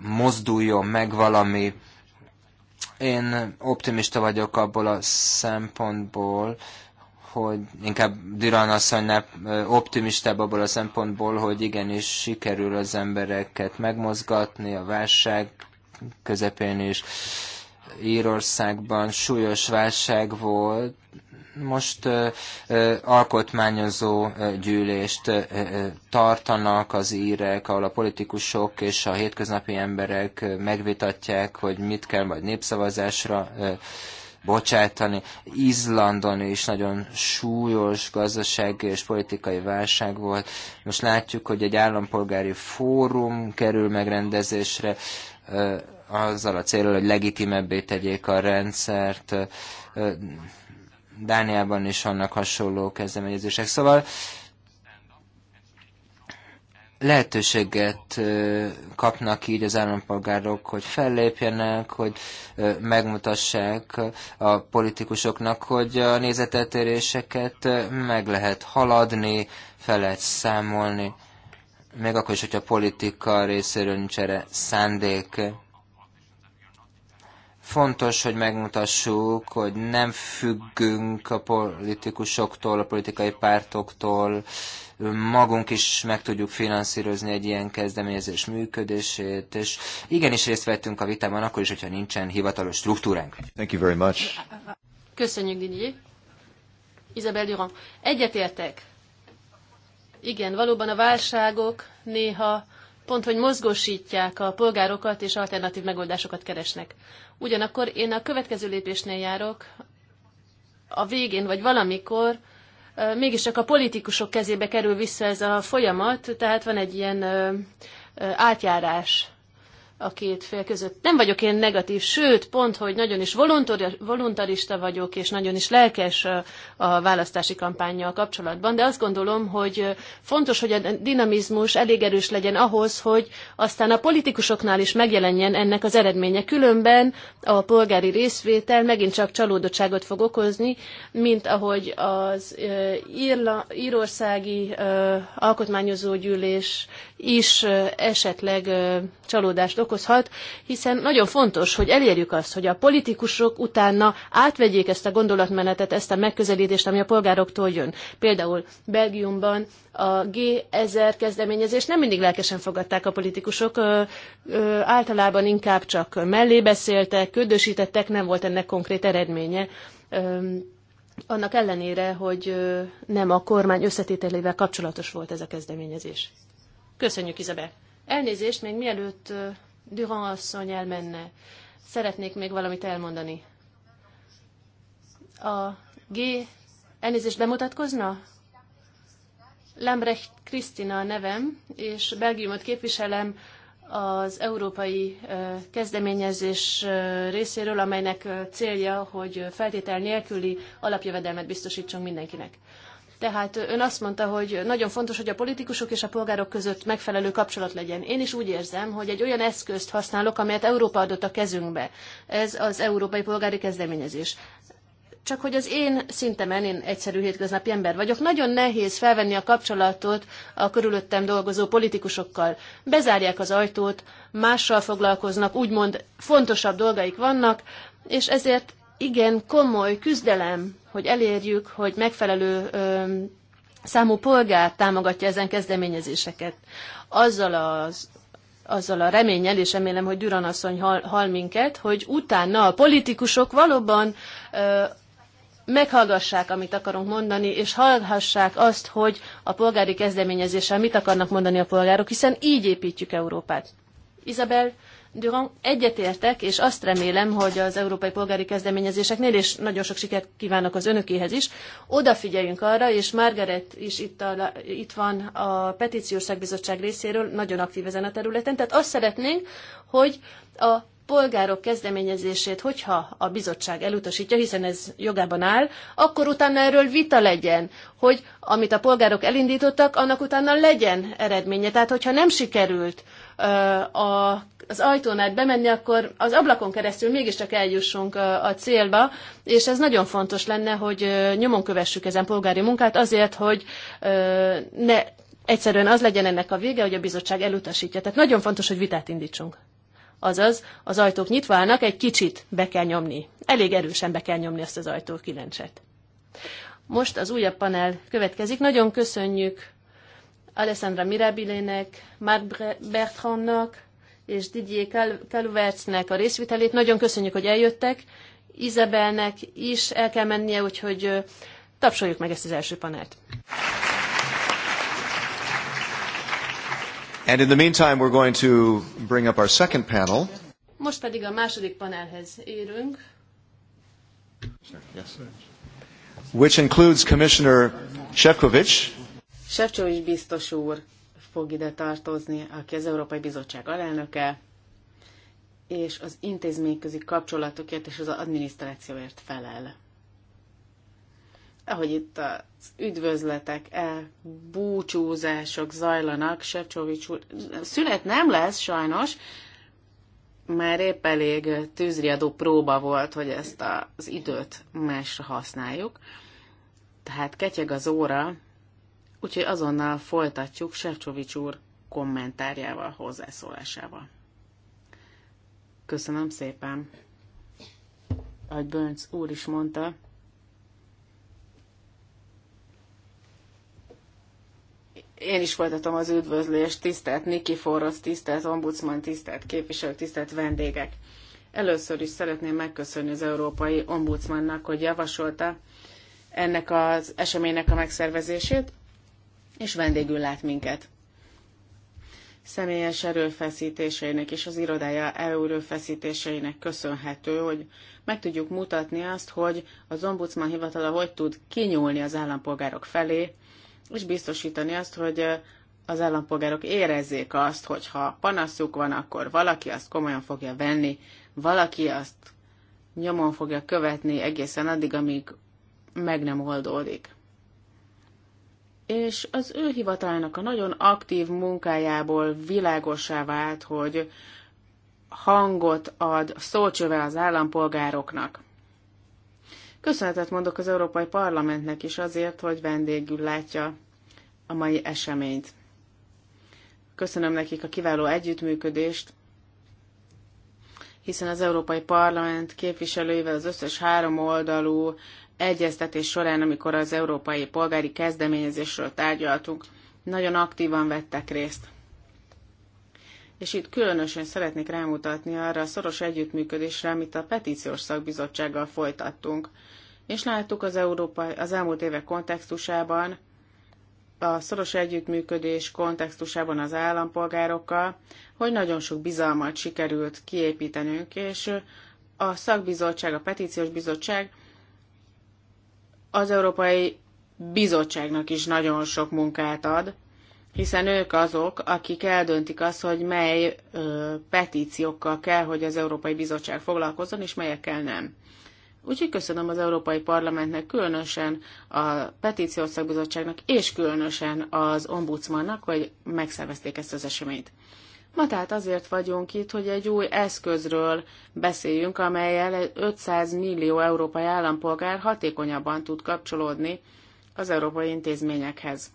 mozduljon meg valami. Én optimista vagyok abból a szempontból, hogy inkább Duran asszonynál optimistább abból a szempontból, hogy igenis sikerül az embereket megmozgatni a válság közepén is. Írországban súlyos válság volt, most ö, ö, alkotmányozó gyűlést ö, tartanak az írek, ahol a politikusok és a hétköznapi emberek megvitatják, hogy mit kell majd népszavazásra bocsátani. Izlandon is nagyon súlyos gazdasági és politikai válság volt. Most látjuk, hogy egy állampolgári fórum kerül megrendezésre azzal a célral, hogy legitimebbé tegyék a rendszert. Dániában is vannak hasonló kezdeményezések. Szóval lehetőséget kapnak így az állampolgárok, hogy fellépjenek, hogy megmutassák a politikusoknak, hogy a nézeteltéréseket meg lehet haladni, fel lehet számolni, még akkor is, hogyha a politika részéről nincs erre szándék. Fontos, hogy megmutassuk, hogy nem függünk a politikusoktól, a politikai pártoktól, magunk is meg tudjuk finanszírozni egy ilyen kezdeményezés működését, és igenis részt vettünk a vitában akkor is, hogyha nincsen hivatalos struktúránk. Thank you very much. Köszönjük, Didier. Isabel Durand. Egyetértek. Igen, valóban a válságok néha pont, hogy mozgósítják a polgárokat és alternatív megoldásokat keresnek. Ugyanakkor én a következő lépésnél járok, a végén vagy valamikor mégis csak a politikusok kezébe kerül vissza ez a folyamat, tehát van egy ilyen átjárás a két fél között. Nem vagyok én negatív, sőt, pont, hogy nagyon is voluntarista vagyok, és nagyon is lelkes a választási kampányjal kapcsolatban, de azt gondolom, hogy fontos, hogy a dinamizmus elég erős legyen ahhoz, hogy aztán a politikusoknál is megjelenjen ennek az eredménye. Különben a polgári részvétel megint csak csalódottságot fog okozni, mint ahogy az írla, írországi alkotmányozógyűlés is esetleg csalódást okozhat, hiszen nagyon fontos, hogy elérjük azt, hogy a politikusok utána átvegyék ezt a gondolatmenetet, ezt a megközelítést, ami a polgároktól jön. Például Belgiumban a G1000 kezdeményezést nem mindig lelkesen fogadták a politikusok, általában inkább csak mellé beszéltek, ködösítettek, nem volt ennek konkrét eredménye annak ellenére, hogy nem a kormány összetételével kapcsolatos volt ez a kezdeményezés. Köszönjük, Izabe. Elnézést, még mielőtt Durand asszony elmenne, szeretnék még valamit elmondani. A G... Elnézést, bemutatkozna? Lambrecht Krisztina a nevem, és Belgiumot képviselem az európai kezdeményezés részéről, amelynek célja, hogy feltétel nélküli alapjövedelmet biztosítson mindenkinek. Tehát ön azt mondta, hogy nagyon fontos, hogy a politikusok és a polgárok között megfelelő kapcsolat legyen. Én is úgy érzem, hogy egy olyan eszközt használok, amelyet Európa adott a kezünkbe. Ez az európai polgári kezdeményezés. Csak hogy az én szintemen, én egyszerű hétköznapi ember vagyok, nagyon nehéz felvenni a kapcsolatot a körülöttem dolgozó politikusokkal. Bezárják az ajtót, mással foglalkoznak, úgymond fontosabb dolgaik vannak, és ezért igen komoly küzdelem hogy elérjük, hogy megfelelő számú polgár támogatja ezen kezdeményezéseket. Azzal az azzal a reményel, és remélem, hogy Duran asszony hal, hal minket, hogy utána a politikusok valóban ö, meghallgassák, amit akarunk mondani, és hallhassák azt, hogy a polgári kezdeményezéssel mit akarnak mondani a polgárok, hiszen így építjük Európát. Izabel, Durand, egyetértek, és azt remélem, hogy az európai polgári kezdeményezéseknél, és nagyon sok sikert kívánok az önökéhez is, odafigyeljünk arra, és Margaret is itt, a, itt van a petíciós szakbizottság részéről, nagyon aktív ezen a területen, tehát azt szeretnénk, hogy a polgárok kezdeményezését, hogyha a bizottság elutasítja, hiszen ez jogában áll, akkor utána erről vita legyen, hogy amit a polgárok elindítottak, annak utána legyen eredménye. Tehát, hogyha nem sikerült a az ajtón át bemenni, akkor az ablakon keresztül mégiscsak eljussunk a célba, és ez nagyon fontos lenne, hogy nyomon kövessük ezen polgári munkát azért, hogy ne egyszerűen az legyen ennek a vége, hogy a bizottság elutasítja. Tehát nagyon fontos, hogy vitát indítsunk. Azaz, az ajtók nyitva állnak, egy kicsit be kell nyomni. Elég erősen be kell nyomni ezt az ajtó kilencset. Most az újabb panel következik. Nagyon köszönjük Alessandra Mirabilének, Marc Bertrandnak, és Didier Kaluvercnek a részvitelét. Nagyon köszönjük, hogy eljöttek. Izabelnek is el kell mennie, úgyhogy tapsoljuk meg ezt az első panelt. And in the meantime, we're going to bring up our second panel. Most pedig a második panelhez érünk. Yes. Which includes Commissioner Shevkovich. Shevkovich biztos úr fog ide tartozni, aki az Európai Bizottság alelnöke, és az intézményközi kapcsolatokért és az adminisztrációért felel. Ahogy itt az üdvözletek, el, búcsúzások zajlanak, Sepcsovics úr, szünet nem lesz sajnos, mert épp elég tűzriadó próba volt, hogy ezt az időt másra használjuk. Tehát ketyeg az óra, Úgyhogy azonnal folytatjuk Sefcsovics úr kommentárjával, hozzászólásával. Köszönöm szépen. Ahogy Bönc úr is mondta, én is folytatom az üdvözlést, tisztelt Nikiforosz, tisztelt ombudsman, tisztelt képviselők, tisztelt vendégek. Először is szeretném megköszönni az Európai Ombudsmannak, hogy javasolta ennek az eseménynek a megszervezését és vendégül lát minket. Személyes erőfeszítéseinek és az irodája erőfeszítéseinek köszönhető, hogy meg tudjuk mutatni azt, hogy az ombudsman hivatala hogy tud kinyúlni az állampolgárok felé, és biztosítani azt, hogy az állampolgárok érezzék azt, hogy ha panaszuk van, akkor valaki azt komolyan fogja venni, valaki azt nyomon fogja követni egészen addig, amíg meg nem oldódik és az ő hivatalának a nagyon aktív munkájából világosá vált, hogy hangot ad szócsöve az állampolgároknak. Köszönetet mondok az Európai Parlamentnek is azért, hogy vendégül látja a mai eseményt. Köszönöm nekik a kiváló együttműködést, hiszen az Európai Parlament képviselőivel az összes három oldalú egyeztetés során, amikor az európai polgári kezdeményezésről tárgyaltunk, nagyon aktívan vettek részt. És itt különösen szeretnék rámutatni arra a szoros együttműködésre, amit a petíciós szakbizottsággal folytattunk. És láttuk az, európai, az elmúlt évek kontextusában, a szoros együttműködés kontextusában az állampolgárokkal, hogy nagyon sok bizalmat sikerült kiépítenünk, és a szakbizottság, a petíciós bizottság az Európai Bizottságnak is nagyon sok munkát ad, hiszen ők azok, akik eldöntik azt, hogy mely ö, petíciókkal kell, hogy az Európai Bizottság foglalkozzon, és melyekkel nem. Úgyhogy köszönöm az Európai Parlamentnek, különösen a Petíciószakbizottságnak, és különösen az Ombudsmannak, hogy megszervezték ezt az eseményt. Ma tehát azért vagyunk itt, hogy egy új eszközről beszéljünk, amelyel 500 millió európai állampolgár hatékonyabban tud kapcsolódni az európai intézményekhez.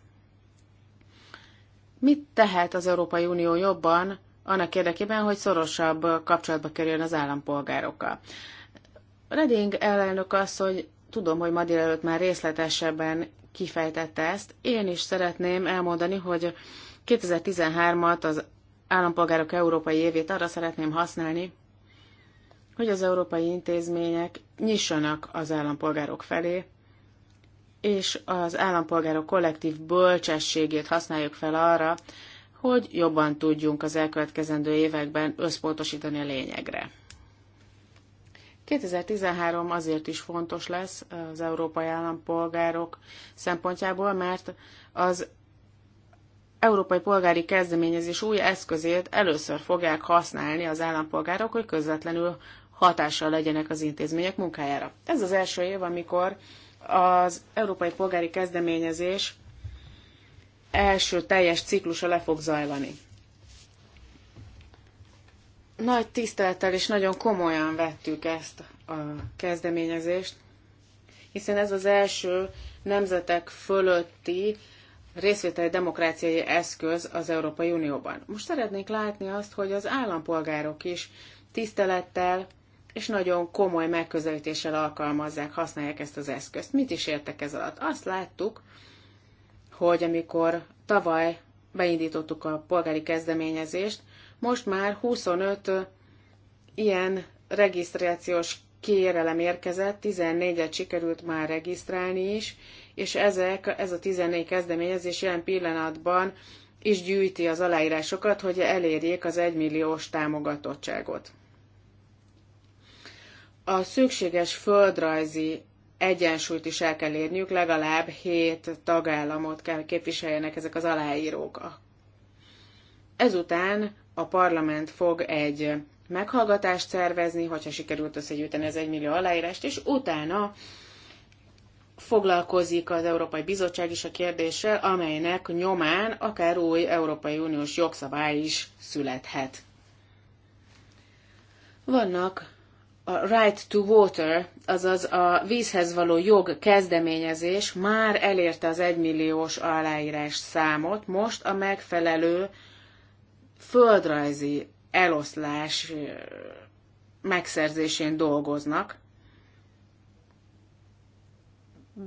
Mit tehet az Európai Unió jobban annak érdekében, hogy szorosabb kapcsolatba kerüljön az állampolgárokkal? Reding az, hogy tudom, hogy ma délelőtt már részletesebben kifejtette ezt. Én is szeretném elmondani, hogy 2013-at az állampolgárok európai évét arra szeretném használni, hogy az európai intézmények nyissanak az állampolgárok felé, és az állampolgárok kollektív bölcsességét használjuk fel arra, hogy jobban tudjunk az elkövetkezendő években összpontosítani a lényegre. 2013 azért is fontos lesz az európai állampolgárok szempontjából, mert az európai polgári kezdeményezés új eszközét először fogják használni az állampolgárok, hogy közvetlenül hatással legyenek az intézmények munkájára. Ez az első év, amikor az európai polgári kezdeményezés első teljes ciklusa le fog zajlani. Nagy tisztelettel és nagyon komolyan vettük ezt a kezdeményezést, hiszen ez az első nemzetek fölötti részvételi demokráciai eszköz az Európai Unióban. Most szeretnék látni azt, hogy az állampolgárok is tisztelettel és nagyon komoly megközelítéssel alkalmazzák, használják ezt az eszközt. Mit is értek ez alatt? Azt láttuk, hogy amikor tavaly beindítottuk a polgári kezdeményezést, most már 25 ilyen regisztrációs kérelem érkezett, 14-et sikerült már regisztrálni is, és ezek, ez a 14 kezdeményezés jelen pillanatban is gyűjti az aláírásokat, hogy elérjék az egymilliós támogatottságot. A szükséges földrajzi egyensúlyt is el kell érniük, legalább 7 tagállamot kell képviseljenek ezek az aláírók. Ezután a parlament fog egy meghallgatást szervezni, hogyha sikerült összegyűjteni az egymillió aláírást, és utána foglalkozik az Európai Bizottság is a kérdéssel, amelynek nyomán akár új Európai Uniós jogszabály is születhet. Vannak a Right to Water, azaz a vízhez való jog kezdeményezés már elérte az egymilliós aláírás számot, most a megfelelő földrajzi eloszlás megszerzésén dolgoznak,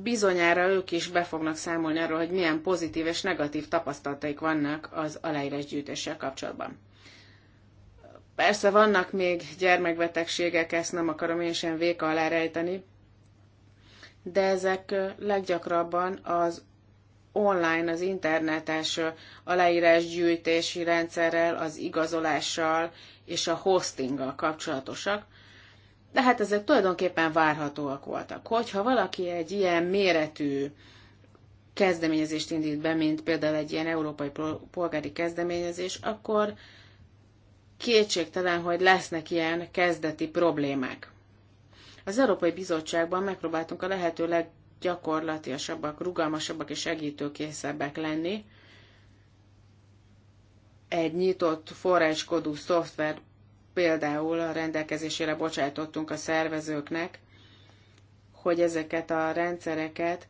bizonyára ők is be fognak számolni arról, hogy milyen pozitív és negatív tapasztalataik vannak az aláírás gyűjtéssel kapcsolatban. Persze vannak még gyermekbetegségek, ezt nem akarom én sem véka alá rejteni, de ezek leggyakrabban az online, az internetes aláírásgyűjtési rendszerrel, az igazolással és a hostinggal kapcsolatosak, de hát ezek tulajdonképpen várhatóak voltak. Hogyha valaki egy ilyen méretű kezdeményezést indít be, mint például egy ilyen európai polgári kezdeményezés, akkor kétségtelen, hogy lesznek ilyen kezdeti problémák. Az Európai Bizottságban megpróbáltunk a lehető leggyakorlatiasabbak, rugalmasabbak és segítőkészebbek lenni. Egy nyitott forráskodú szoftver például a rendelkezésére bocsájtottunk a szervezőknek, hogy ezeket a rendszereket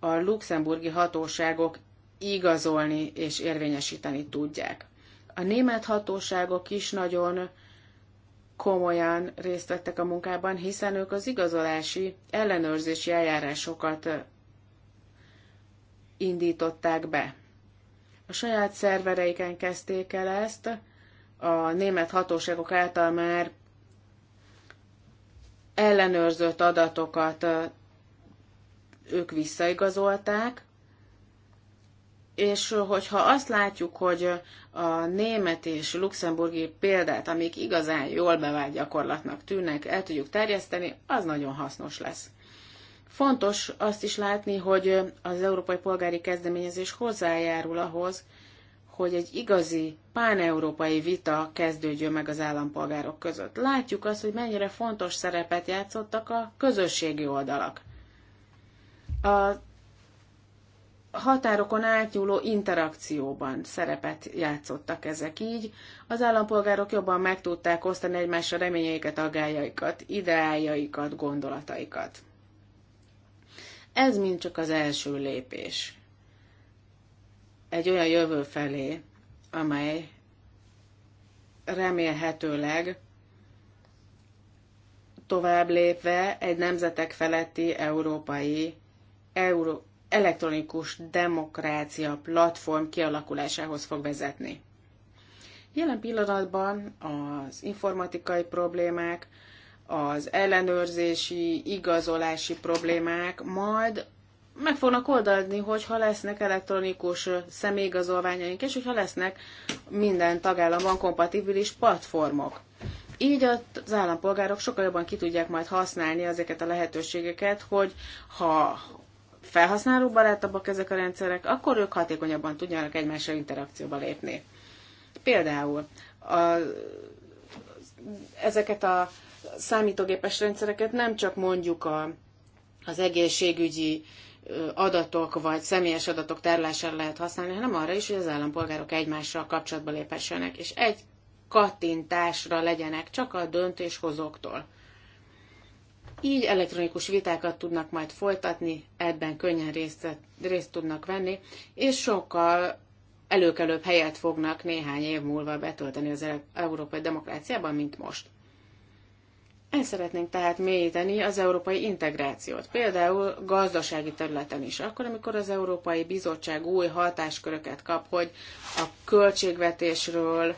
a luxemburgi hatóságok igazolni és érvényesíteni tudják. A német hatóságok is nagyon komolyan részt vettek a munkában, hiszen ők az igazolási ellenőrzési eljárásokat indították be. A saját szervereiken kezdték el ezt, a német hatóságok által már ellenőrzött adatokat ők visszaigazolták, és hogyha azt látjuk, hogy a német és luxemburgi példát, amik igazán jól bevált gyakorlatnak tűnnek, el tudjuk terjeszteni, az nagyon hasznos lesz. Fontos azt is látni, hogy az európai polgári kezdeményezés hozzájárul ahhoz, hogy egy igazi páneurópai vita kezdődjön meg az állampolgárok között. Látjuk azt, hogy mennyire fontos szerepet játszottak a közösségi oldalak. A határokon átnyúló interakcióban szerepet játszottak ezek így. Az állampolgárok jobban meg tudták osztani egymásra reményeiket, agályaikat, ideájaikat, gondolataikat. Ez mind csak az első lépés egy olyan jövő felé, amely remélhetőleg tovább lépve egy nemzetek feletti európai euró, elektronikus demokrácia platform kialakulásához fog vezetni. Jelen pillanatban az informatikai problémák, az ellenőrzési, igazolási problémák, majd meg fognak oldalni, hogyha lesznek elektronikus személyigazolványaink, és hogyha lesznek minden tagállamban kompatibilis platformok. Így az állampolgárok sokkal jobban ki tudják majd használni ezeket a lehetőségeket, hogy ha barátabbak ezek a rendszerek, akkor ők hatékonyabban tudjanak egymással interakcióba lépni. Például a, ezeket a számítógépes rendszereket nem csak mondjuk a, az egészségügyi adatok vagy személyes adatok tárolására lehet használni, hanem arra is, hogy az állampolgárok egymással kapcsolatba léphessenek, és egy kattintásra legyenek csak a döntéshozóktól. Így elektronikus vitákat tudnak majd folytatni, ebben könnyen részt, részt tudnak venni, és sokkal előkelőbb helyet fognak néhány év múlva betölteni az európai demokráciában, mint most. El szeretnénk tehát mélyíteni az európai integrációt, például gazdasági területen is. Akkor, amikor az Európai Bizottság új hatásköröket kap, hogy a költségvetésről,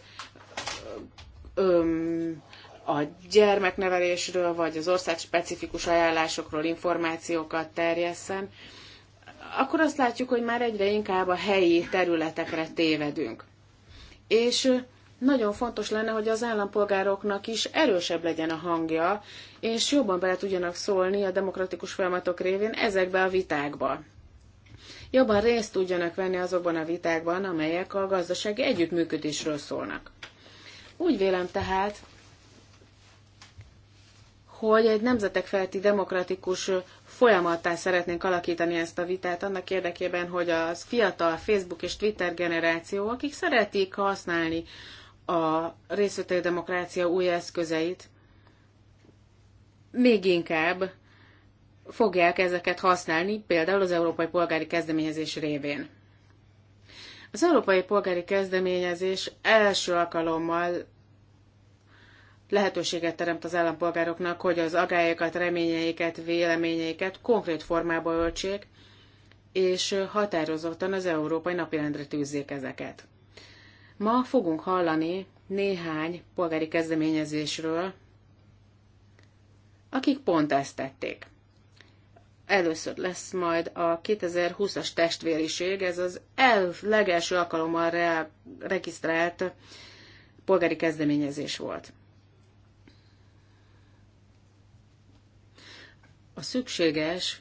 öm, a gyermeknevelésről, vagy az ország specifikus ajánlásokról információkat terjesszen, akkor azt látjuk, hogy már egyre inkább a helyi területekre tévedünk. És nagyon fontos lenne, hogy az állampolgároknak is erősebb legyen a hangja, és jobban bele tudjanak szólni a demokratikus folyamatok révén ezekbe a vitákba. Jobban részt tudjanak venni azokban a vitákban, amelyek a gazdasági együttműködésről szólnak. Úgy vélem tehát, hogy egy nemzetek felti demokratikus folyamattá szeretnénk alakítani ezt a vitát annak érdekében, hogy az fiatal Facebook és Twitter generáció, akik szeretik használni a részvételi demokrácia új eszközeit, még inkább fogják ezeket használni, például az Európai Polgári Kezdeményezés révén. Az Európai Polgári Kezdeményezés első alkalommal lehetőséget teremt az állampolgároknak, hogy az agályokat, reményeiket, véleményeiket konkrét formába öltsék, és határozottan az európai napirendre tűzzék ezeket. Ma fogunk hallani néhány polgári kezdeményezésről, akik pont ezt tették. Először lesz majd a 2020-as testvériség, ez az el, legelső alkalommal re, regisztrált polgári kezdeményezés volt. A szükséges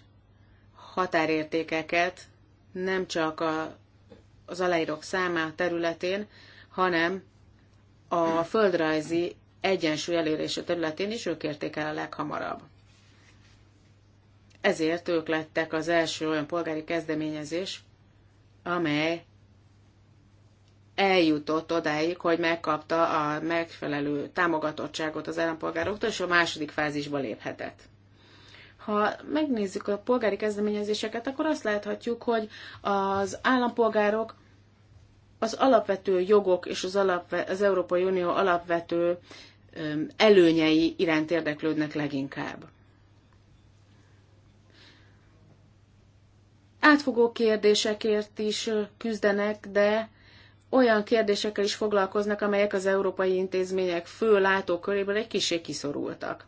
határértékeket nem csak a az aláírók száma területén, hanem a földrajzi egyensúly elérése területén is ők érték el a leghamarabb. Ezért ők lettek az első olyan polgári kezdeményezés, amely eljutott odáig, hogy megkapta a megfelelő támogatottságot az állampolgároktól, és a második fázisba léphetett. Ha megnézzük a polgári kezdeményezéseket, akkor azt láthatjuk, hogy az állampolgárok az alapvető jogok és az, alapve, az Európai Unió alapvető előnyei iránt érdeklődnek leginkább. Átfogó kérdésekért is küzdenek, de olyan kérdésekkel is foglalkoznak, amelyek az európai intézmények fő látóköréből egy kicsit kiszorultak.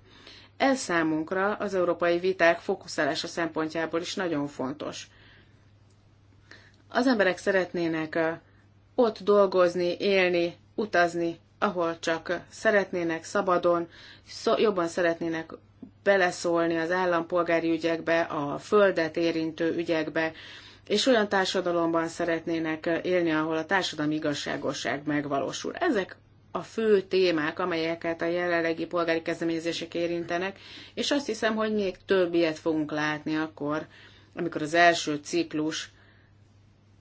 Ez számunkra az európai viták fókuszálása szempontjából is nagyon fontos. Az emberek szeretnének ott dolgozni, élni, utazni, ahol csak szeretnének szabadon, jobban szeretnének beleszólni az állampolgári ügyekbe, a földet érintő ügyekbe, és olyan társadalomban szeretnének élni, ahol a társadalmi igazságosság megvalósul. Ezek a fő témák, amelyeket a jelenlegi polgári kezdeményezések érintenek, és azt hiszem, hogy még több ilyet fogunk látni akkor, amikor az első ciklus,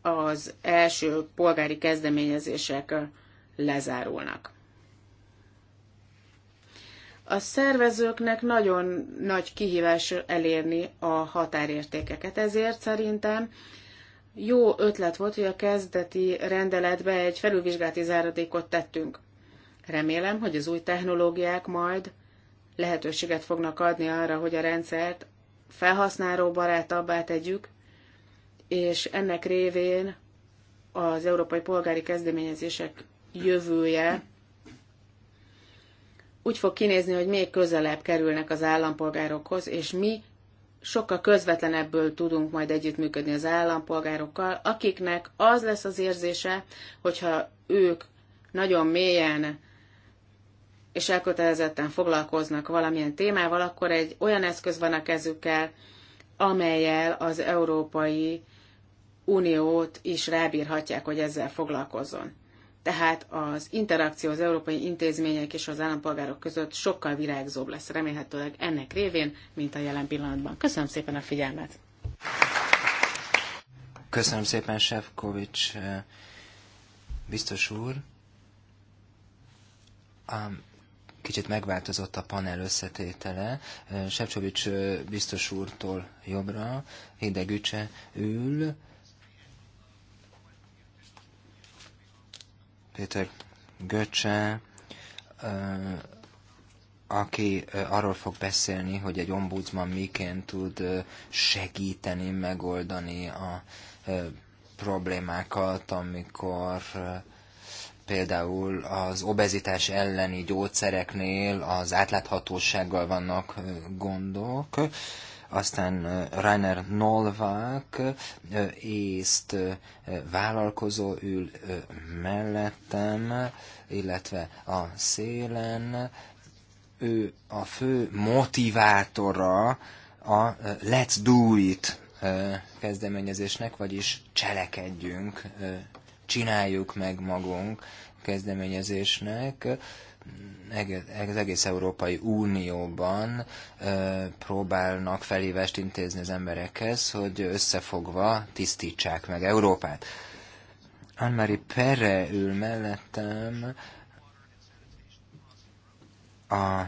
az első polgári kezdeményezések lezárulnak. A szervezőknek nagyon nagy kihívás elérni a határértékeket, ezért szerintem jó ötlet volt, hogy a kezdeti rendeletbe egy felülvizsgálati záradékot tettünk. Remélem, hogy az új technológiák majd lehetőséget fognak adni arra, hogy a rendszert felhasználóbarátabbá tegyük, és ennek révén az európai polgári kezdeményezések jövője úgy fog kinézni, hogy még közelebb kerülnek az állampolgárokhoz, és mi sokkal közvetlenebből tudunk majd együttműködni az állampolgárokkal, akiknek az lesz az érzése, hogyha ők nagyon mélyen és elkötelezetten foglalkoznak valamilyen témával, akkor egy olyan eszköz van a kezükkel, amelyel az Európai Uniót is rábírhatják, hogy ezzel foglalkozzon. Tehát az interakció az európai intézmények és az állampolgárok között sokkal virágzóbb lesz remélhetőleg ennek révén, mint a jelen pillanatban. Köszönöm szépen a figyelmet! Köszönöm szépen, Sefkovics eh, biztos úr. Um, Kicsit megváltozott a panel összetétele. Sepcsovics biztos úrtól jobbra, Hidegücse ül, Péter Göcse, aki arról fog beszélni, hogy egy ombudsman miként tud segíteni, megoldani a problémákat, amikor például az obezitás elleni gyógyszereknél az átláthatósággal vannak gondok, aztán Rainer Nolvák, észt vállalkozó ül mellettem, illetve a szélen. Ő a fő motivátora a Let's Do It kezdeményezésnek, vagyis cselekedjünk csináljuk meg magunk kezdeményezésnek, az egész Európai Unióban próbálnak felhívást intézni az emberekhez, hogy összefogva tisztítsák meg Európát. Anmari Perre ül mellettem a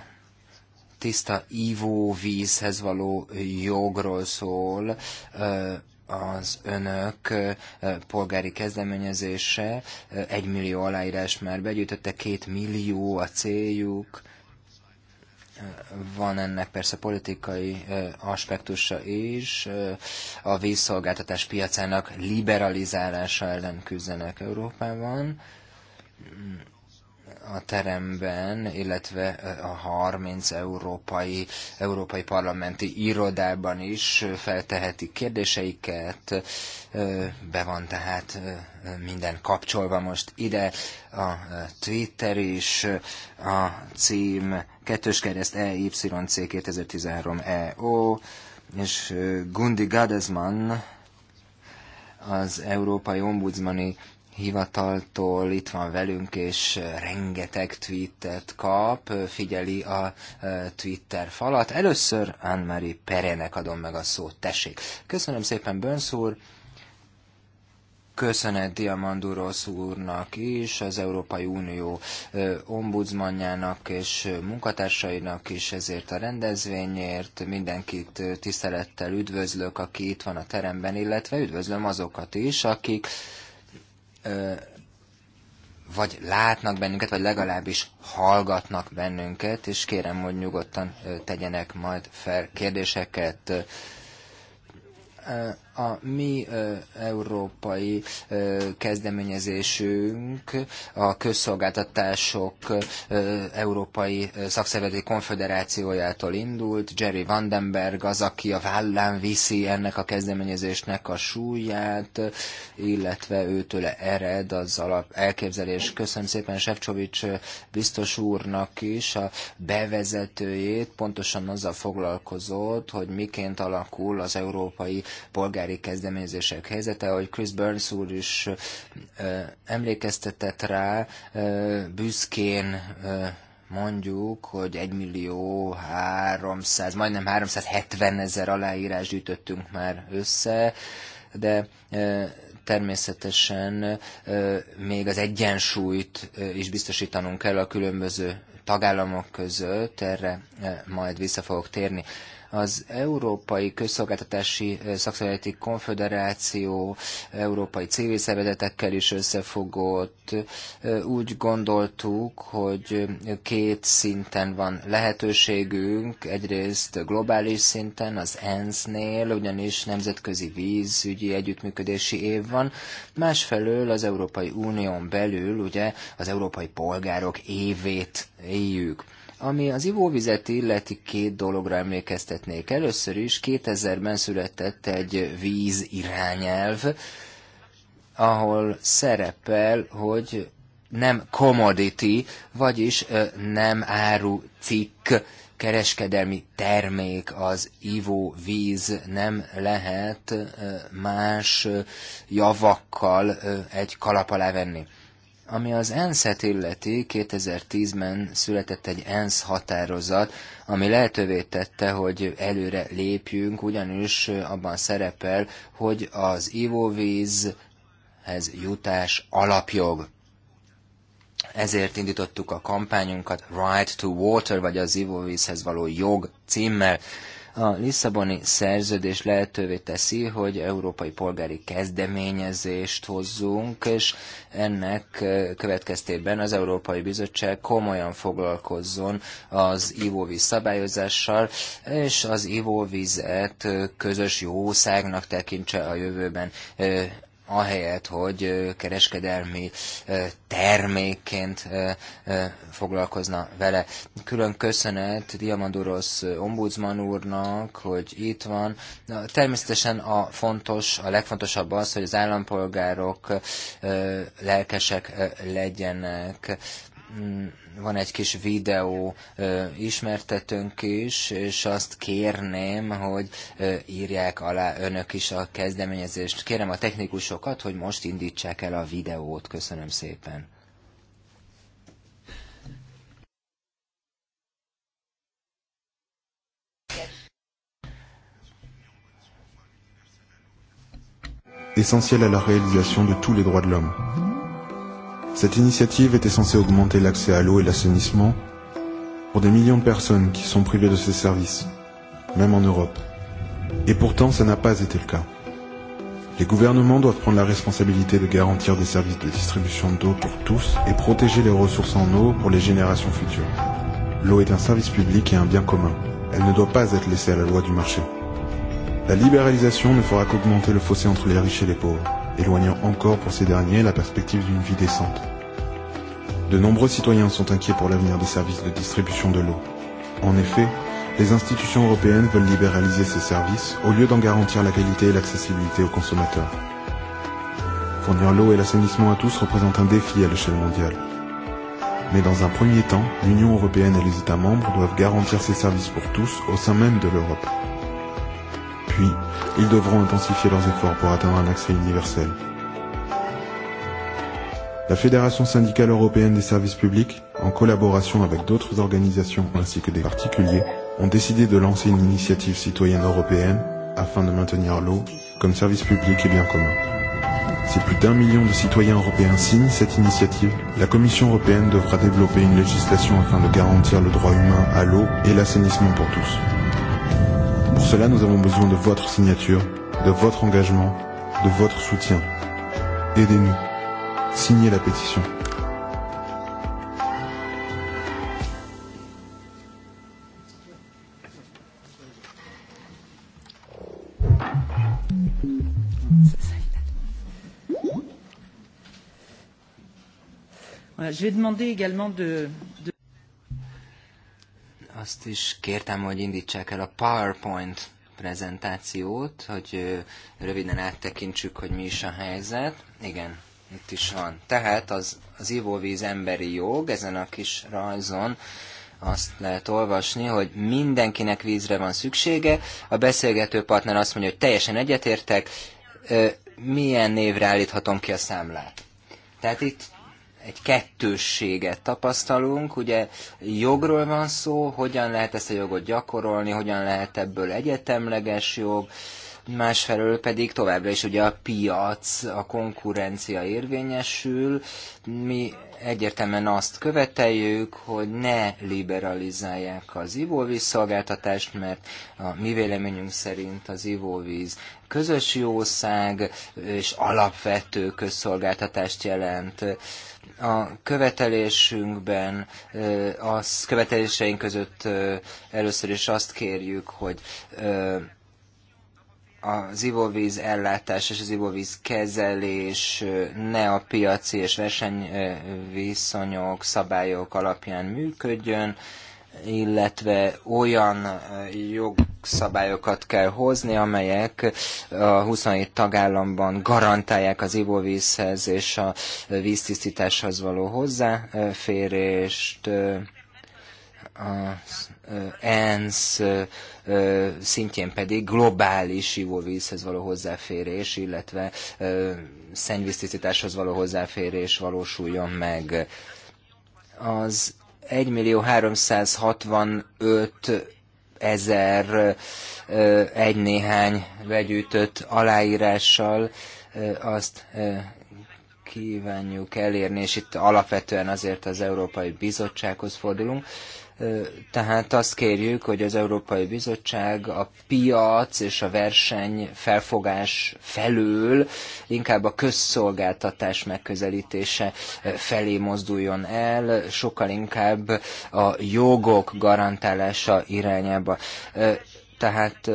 tiszta ivóvízhez való jogról szól, az önök polgári kezdeményezése, egy millió aláírás már begyűjtötte, két millió a céljuk, van ennek persze politikai aspektusa is, a vízszolgáltatás piacának liberalizálása ellen küzdenek Európában, a teremben, illetve a 30 európai, európai parlamenti irodában is feltehetik kérdéseiket. Be van tehát minden kapcsolva most ide. A Twitter is, a cím kettős kereszt EYC 2013 EO, és Gundi Gadesman, az Európai Ombudsmani hivataltól itt van velünk, és eh, rengeteg tweetet kap, eh, figyeli a eh, Twitter falat. Először Anne-Marie Perének adom meg a szót, tessék. Köszönöm szépen, Bönsz úr. Köszönet Diamandurosz úrnak is, az Európai Unió ombudsmanjának és munkatársainak is ezért a rendezvényért. Mindenkit tisztelettel üdvözlök, aki itt van a teremben, illetve üdvözlöm azokat is, akik vagy látnak bennünket, vagy legalábbis hallgatnak bennünket, és kérem, hogy nyugodtan tegyenek majd fel kérdéseket a mi ö, európai ö, kezdeményezésünk a közszolgáltatások ö, európai szakszervezeti konfederációjától indult. Jerry Vandenberg az, aki a vállán viszi ennek a kezdeményezésnek a súlyát, illetve őtőle ered az alap elképzelés. Köszönöm szépen Sefcsovics biztos úrnak is a bevezetőjét, pontosan azzal foglalkozott, hogy miként alakul az európai polgár polgári kezdeményezések helyzete, ahogy Chris Burns úr is emlékeztetett rá, büszkén mondjuk, hogy 1 millió 300, majdnem 370 ezer aláírás gyűjtöttünk már össze, de természetesen még az egyensúlyt is biztosítanunk kell a különböző tagállamok között, erre majd vissza fogok térni. Az Európai Közszolgáltatási Szakszervezeti Konfederáció európai civil szervezetekkel is összefogott. Úgy gondoltuk, hogy két szinten van lehetőségünk, egyrészt globális szinten, az ENSZ-nél, ugyanis nemzetközi vízügyi együttműködési év van, másfelől az Európai Unión belül ugye az európai polgárok évét éljük. Ami az ivóvizet illeti, két dologra emlékeztetnék. Először is 2000-ben született egy víz irányelv, ahol szerepel, hogy nem commodity, vagyis nem áru cikk, kereskedelmi termék az ivóvíz nem lehet más javakkal egy kalap alá venni. Ami az ENSZ-et illeti, 2010-ben született egy ENSZ határozat, ami lehetővé tette, hogy előre lépjünk, ugyanis abban szerepel, hogy az ivóvízhez jutás alapjog. Ezért indítottuk a kampányunkat Right to Water, vagy az ivóvízhez való jog címmel. A Lisszaboni szerződés lehetővé teszi, hogy európai polgári kezdeményezést hozzunk, és ennek következtében az Európai Bizottság komolyan foglalkozzon az ivóvíz szabályozással, és az ivóvizet közös jószágnak tekintse a jövőben ahelyett, hogy kereskedelmi termékként foglalkozna vele. Külön köszönet Diamandoros ombudsman úrnak, hogy itt van. Természetesen a fontos, a legfontosabb az, hogy az állampolgárok lelkesek legyenek, Mm, van egy kis videó ismertetőnk is, és azt kérném, hogy írják alá önök is a kezdeményezést. Kérem a technikusokat, hogy most indítsák el a videót. Köszönöm szépen. essentiel à la réalisation de tous les droits de l'homme. Cette initiative était censée augmenter l'accès à l'eau et l'assainissement pour des millions de personnes qui sont privées de ces services, même en Europe. Et pourtant, ça n'a pas été le cas. Les gouvernements doivent prendre la responsabilité de garantir des services de distribution d'eau pour tous et protéger les ressources en eau pour les générations futures. L'eau est un service public et un bien commun. Elle ne doit pas être laissée à la loi du marché. La libéralisation ne fera qu'augmenter le fossé entre les riches et les pauvres éloignant encore pour ces derniers la perspective d'une vie décente. De nombreux citoyens sont inquiets pour l'avenir des services de distribution de l'eau. En effet, les institutions européennes veulent libéraliser ces services au lieu d'en garantir la qualité et l'accessibilité aux consommateurs. Fournir l'eau et l'assainissement à tous représente un défi à l'échelle mondiale. Mais dans un premier temps, l'Union européenne et les États membres doivent garantir ces services pour tous au sein même de l'Europe. Puis, ils devront intensifier leurs efforts pour atteindre un accès universel. La Fédération syndicale européenne des services publics, en collaboration avec d'autres organisations ainsi que des particuliers, ont décidé de lancer une initiative citoyenne européenne afin de maintenir l'eau comme service public et bien commun. Si plus d'un million de citoyens européens signent cette initiative, la Commission européenne devra développer une législation afin de garantir le droit humain à l'eau et l'assainissement pour tous. Pour cela, nous avons besoin de votre signature, de votre engagement, de votre soutien. Aidez-nous. Signez la pétition. Voilà, je vais demander également de, de... Azt is kértem, hogy indítsák el a PowerPoint prezentációt, hogy röviden áttekintsük, hogy mi is a helyzet. Igen, itt is van. Tehát az, az ivóvíz emberi jog, ezen a kis rajzon azt lehet olvasni, hogy mindenkinek vízre van szüksége. A beszélgető partner azt mondja, hogy teljesen egyetértek, milyen névre állíthatom ki a számlát. Tehát itt egy kettősséget tapasztalunk. Ugye jogról van szó, hogyan lehet ezt a jogot gyakorolni, hogyan lehet ebből egyetemleges jog, másfelől pedig továbbra is ugye a piac, a konkurencia érvényesül. Mi egyértelműen azt követeljük, hogy ne liberalizálják az ivóvízszolgáltatást, mert a mi véleményünk szerint az ivóvíz közös jószág és alapvető közszolgáltatást jelent a követelésünkben, a követeléseink között először is azt kérjük, hogy az ivóvíz ellátás és az ivóvíz kezelés ne a piaci és versenyviszonyok, szabályok alapján működjön, illetve olyan eh, jogszabályokat kell hozni, amelyek a 27 tagállamban garantálják az ivóvízhez és a víztisztításhoz való hozzáférést, eh, az eh, ENSZ szintjén pedig globális ivóvízhez való hozzáférés, illetve szennyvíztisztításhoz való hozzáférés valósuljon meg. Az 1 millió 365 ezer egy néhány begyűjtött aláírással azt kívánjuk elérni, és itt alapvetően azért az Európai Bizottsághoz fordulunk. Tehát azt kérjük, hogy az Európai Bizottság a piac és a verseny felfogás felől inkább a közszolgáltatás megközelítése felé mozduljon el, sokkal inkább a jogok garantálása irányába. Tehát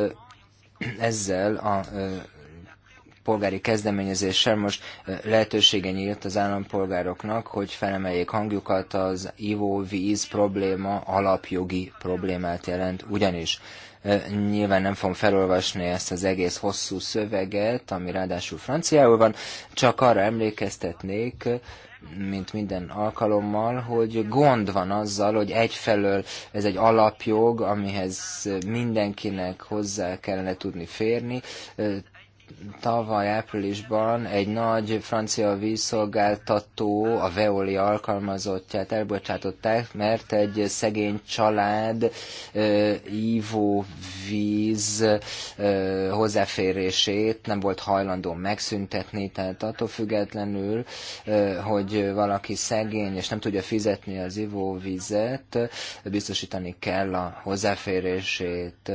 ezzel a polgári kezdeményezéssel most lehetősége nyílt az állampolgároknak, hogy felemeljék hangjukat az ivóvíz probléma alapjogi problémát jelent ugyanis. Nyilván nem fogom felolvasni ezt az egész hosszú szöveget, ami ráadásul franciául van, csak arra emlékeztetnék, mint minden alkalommal, hogy gond van azzal, hogy egyfelől ez egy alapjog, amihez mindenkinek hozzá kellene tudni férni, tavaly áprilisban egy nagy francia vízszolgáltató, a Veoli alkalmazottját elbocsátották, mert egy szegény család ívó ivóvíz hozzáférését nem volt hajlandó megszüntetni, tehát attól függetlenül, hogy valaki szegény és nem tudja fizetni az ivóvizet, biztosítani kell a hozzáférését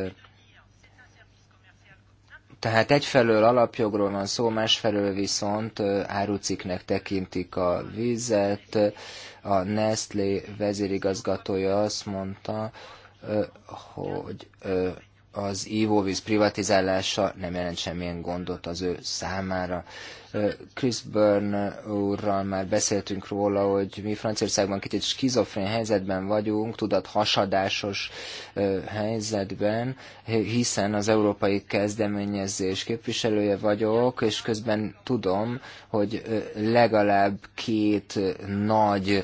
tehát egyfelől alapjogról van szó, másfelől viszont áruciknek tekintik a vizet. A Nestlé vezérigazgatója azt mondta, hogy az ivóvíz privatizálása nem jelent semmilyen gondot az ő számára. Chris Byrne úrral már beszéltünk róla, hogy mi Franciaországban kicsit skizofrén helyzetben vagyunk, tudat hasadásos helyzetben, hiszen az európai kezdeményezés képviselője vagyok, és közben tudom, hogy legalább két nagy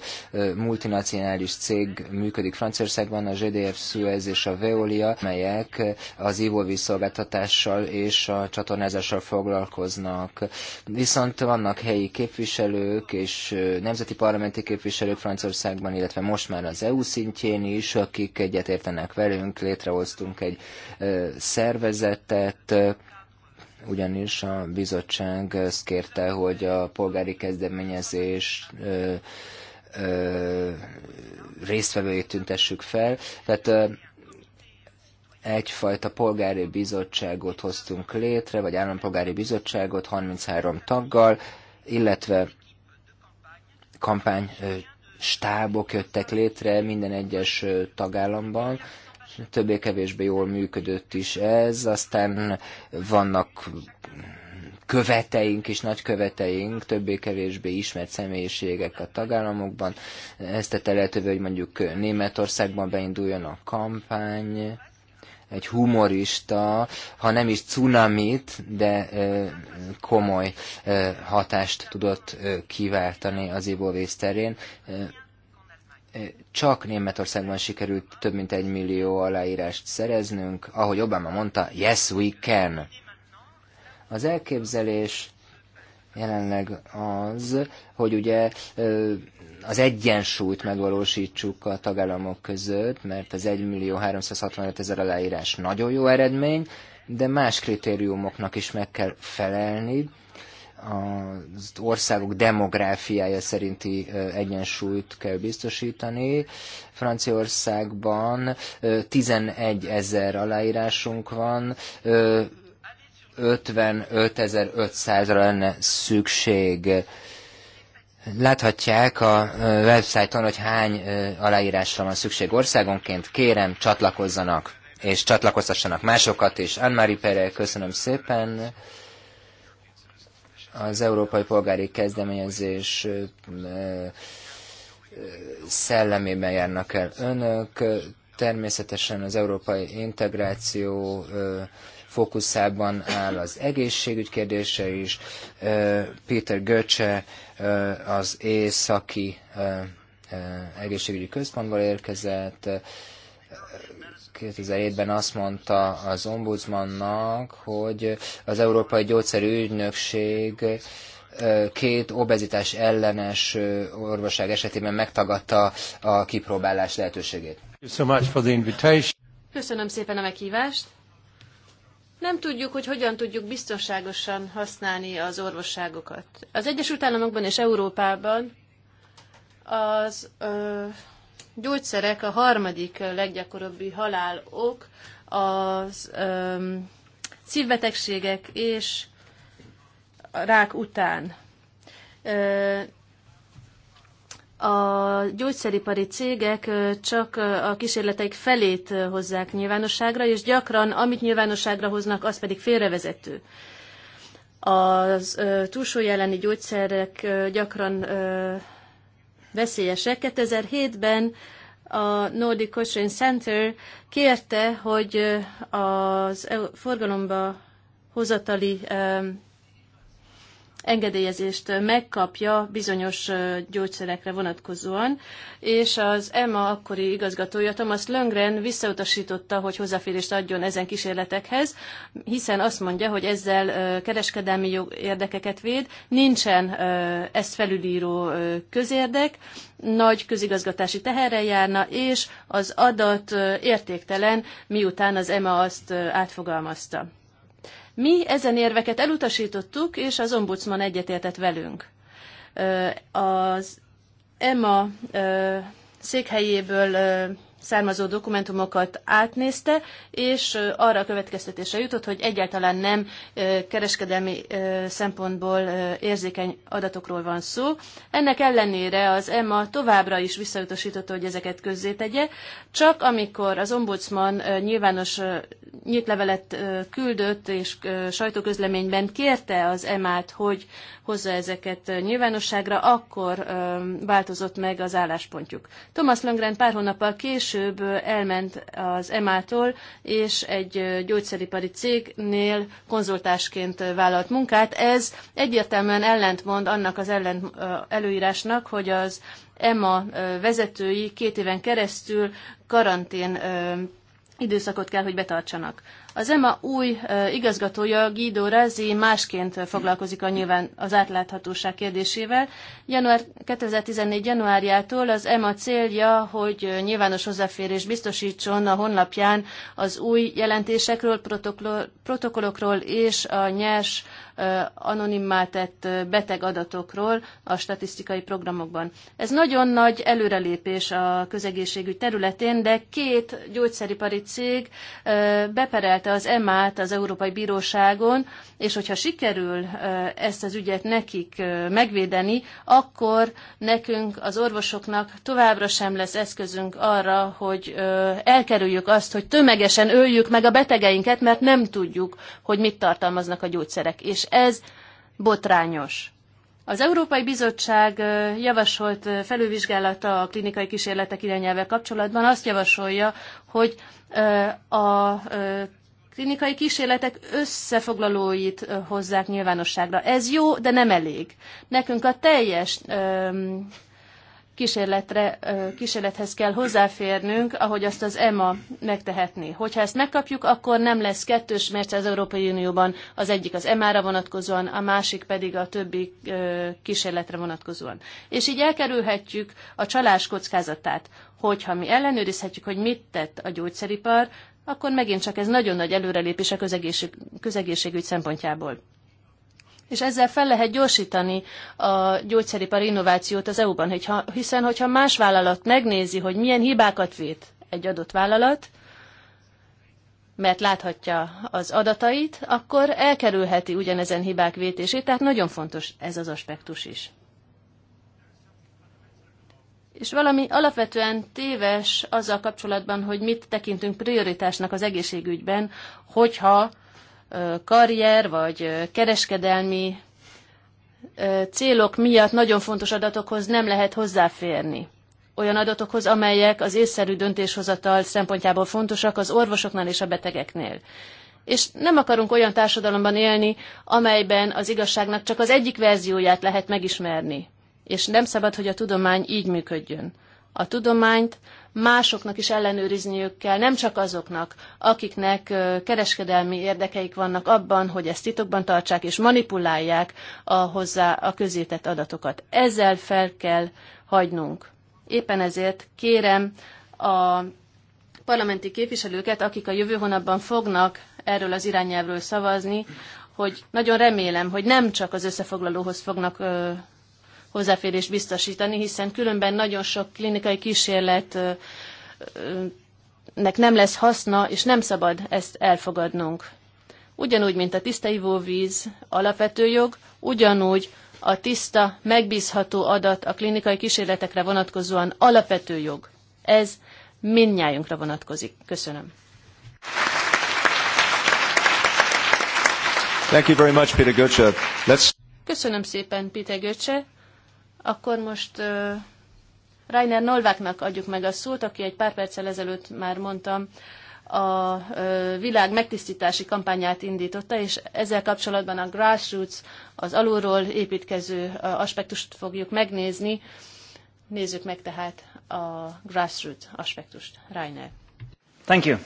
multinacionális cég működik Franciaországban, a GDF Suez és a Veolia, melyek az ivóvízszolgáltatással és a csatornázással foglalkoznak Viszont vannak helyi képviselők és nemzeti parlamenti képviselők Franciaországban, illetve most már az EU szintjén is, akik egyetértenek velünk, létrehoztunk egy szervezetet, ugyanis a bizottság ezt kérte, hogy a polgári kezdeményezés résztvevőjét tüntessük fel. Tehát egyfajta polgári bizottságot hoztunk létre, vagy állampolgári bizottságot 33 taggal, illetve kampány stábok jöttek létre minden egyes tagállamban, többé-kevésbé jól működött is ez, aztán vannak követeink és nagyköveteink, többé-kevésbé ismert személyiségek a tagállamokban. Ezt tette lehetővé, hogy mondjuk Németországban beinduljon a kampány, egy humorista, ha nem is cunamit, de komoly hatást tudott kiváltani az ivóvíz terén. Csak Németországban sikerült több mint egy millió aláírást szereznünk, ahogy Obama mondta, yes we can. Az elképzelés jelenleg az, hogy ugye az egyensúlyt megvalósítsuk a tagállamok között, mert az 1 millió 365 ezer aláírás nagyon jó eredmény, de más kritériumoknak is meg kell felelni. Az országok demográfiája szerinti egyensúlyt kell biztosítani. Franciaországban 11 ezer aláírásunk van, 55.500-ra lenne szükség Láthatják a websájton, hogy hány aláírásra van szükség országonként. Kérem, csatlakozzanak, és csatlakoztassanak másokat is. Anne-Marie Pere, köszönöm szépen az Európai Polgári Kezdeményezés szellemében járnak el önök. Természetesen az európai integráció fókuszában áll az egészségügy kérdése is. Peter Göcse az északi egészségügyi központból érkezett. 2007-ben azt mondta az ombudsmannak, hogy az Európai Ügynökség két obezitás ellenes orvoság esetében megtagadta a kipróbálás lehetőségét. Köszönöm szépen a meghívást nem tudjuk, hogy hogyan tudjuk biztonságosan használni az orvosságokat. Az Egyesült Államokban és Európában az ö, gyógyszerek a harmadik leggyakoribb halál ok, az ö, szívbetegségek és a rák után. Ö, a gyógyszeripari cégek csak a kísérleteik felét hozzák nyilvánosságra, és gyakran amit nyilvánosságra hoznak, az pedig félrevezető. Az túlsúly elleni gyógyszerek gyakran veszélyesek. 2007-ben a Nordic Cochrane Center kérte, hogy az e- forgalomba hozatali engedélyezést megkapja bizonyos gyógyszerekre vonatkozóan, és az EMA akkori igazgatója Thomas Löngren visszautasította, hogy hozzáférést adjon ezen kísérletekhez, hiszen azt mondja, hogy ezzel kereskedelmi jog érdekeket véd, nincsen ezt felülíró közérdek, nagy közigazgatási teherre járna, és az adat értéktelen, miután az EMA azt átfogalmazta. Mi ezen érveket elutasítottuk, és az ombudsman egyetértett velünk. Az EMA székhelyéből származó dokumentumokat átnézte, és arra a következtetése jutott, hogy egyáltalán nem kereskedelmi szempontból érzékeny adatokról van szó. Ennek ellenére az EMA továbbra is visszautasította, hogy ezeket közzétegye, csak amikor az ombudsman nyilvános nyílt levelet küldött, és sajtóközleményben kérte az EMA-t, hogy hozza ezeket nyilvánosságra, akkor változott meg az álláspontjuk. Thomas Löngren pár hónappal később később elment az EMA-tól, és egy gyógyszeripari cégnél konzultásként vállalt munkát. Ez egyértelműen ellentmond annak az ellent, előírásnak, hogy az EMA vezetői két éven keresztül karantén időszakot kell, hogy betartsanak. Az EMA új igazgatója, Guido Razi másként foglalkozik a nyilván az átláthatóság kérdésével. Január 2014. januárjától az EMA célja, hogy nyilvános hozzáférés biztosítson a honlapján az új jelentésekről, protokollokról és a nyers anonimmá tett beteg adatokról a statisztikai programokban. Ez nagyon nagy előrelépés a közegészségügy területén, de két gyógyszeripari cég beperelte az EMA-t az Európai Bíróságon, és hogyha sikerül ezt az ügyet nekik megvédeni, akkor nekünk, az orvosoknak továbbra sem lesz eszközünk arra, hogy elkerüljük azt, hogy tömegesen öljük meg a betegeinket, mert nem tudjuk, hogy mit tartalmaznak a gyógyszerek. És és ez botrányos. Az Európai Bizottság javasolt felülvizsgálata a klinikai kísérletek irányelve kapcsolatban azt javasolja, hogy a klinikai kísérletek összefoglalóit hozzák nyilvánosságra. Ez jó, de nem elég. Nekünk a teljes kísérletre, kísérlethez kell hozzáférnünk, ahogy azt az EMA megtehetné. Hogyha ezt megkapjuk, akkor nem lesz kettős mérce az Európai Unióban, az egyik az EMA-ra vonatkozóan, a másik pedig a többi kísérletre vonatkozóan. És így elkerülhetjük a csalás kockázatát, hogyha mi ellenőrizhetjük, hogy mit tett a gyógyszeripar, akkor megint csak ez nagyon nagy előrelépés a közegészség, közegészségügy szempontjából és ezzel fel lehet gyorsítani a gyógyszeripari innovációt az EU-ban, hogyha, hiszen hogyha más vállalat megnézi, hogy milyen hibákat vét egy adott vállalat, mert láthatja az adatait, akkor elkerülheti ugyanezen hibák vétését, tehát nagyon fontos ez az aspektus is. És valami alapvetően téves azzal kapcsolatban, hogy mit tekintünk prioritásnak az egészségügyben, hogyha karrier vagy kereskedelmi célok miatt nagyon fontos adatokhoz nem lehet hozzáférni. Olyan adatokhoz, amelyek az észszerű döntéshozatal szempontjából fontosak az orvosoknál és a betegeknél. És nem akarunk olyan társadalomban élni, amelyben az igazságnak csak az egyik verzióját lehet megismerni. És nem szabad, hogy a tudomány így működjön. A tudományt másoknak is ellenőrizniük kell, nem csak azoknak, akiknek kereskedelmi érdekeik vannak abban, hogy ezt titokban tartsák és manipulálják a hozzá a közétett adatokat. Ezzel fel kell hagynunk. Éppen ezért kérem a parlamenti képviselőket, akik a jövő hónapban fognak erről az irányelvről szavazni, hogy nagyon remélem, hogy nem csak az összefoglalóhoz fognak ö, hozzáférést biztosítani, hiszen különben nagyon sok klinikai kísérletnek nem lesz haszna, és nem szabad ezt elfogadnunk. Ugyanúgy, mint a tiszta ivóvíz alapvető jog, ugyanúgy a tiszta, megbízható adat a klinikai kísérletekre vonatkozóan alapvető jog. Ez mindnyájunkra vonatkozik. Köszönöm. Thank you very much, Peter Götze. Let's... Köszönöm szépen, Peter Götze. Akkor most uh, Rainer Nolváknak adjuk meg a szót, aki egy pár perccel ezelőtt már mondtam, a világ megtisztítási kampányát indította, és ezzel kapcsolatban a grassroots, az alulról építkező aspektust fogjuk megnézni. Nézzük meg tehát a grassroots aspektust. Rainer. Thank you.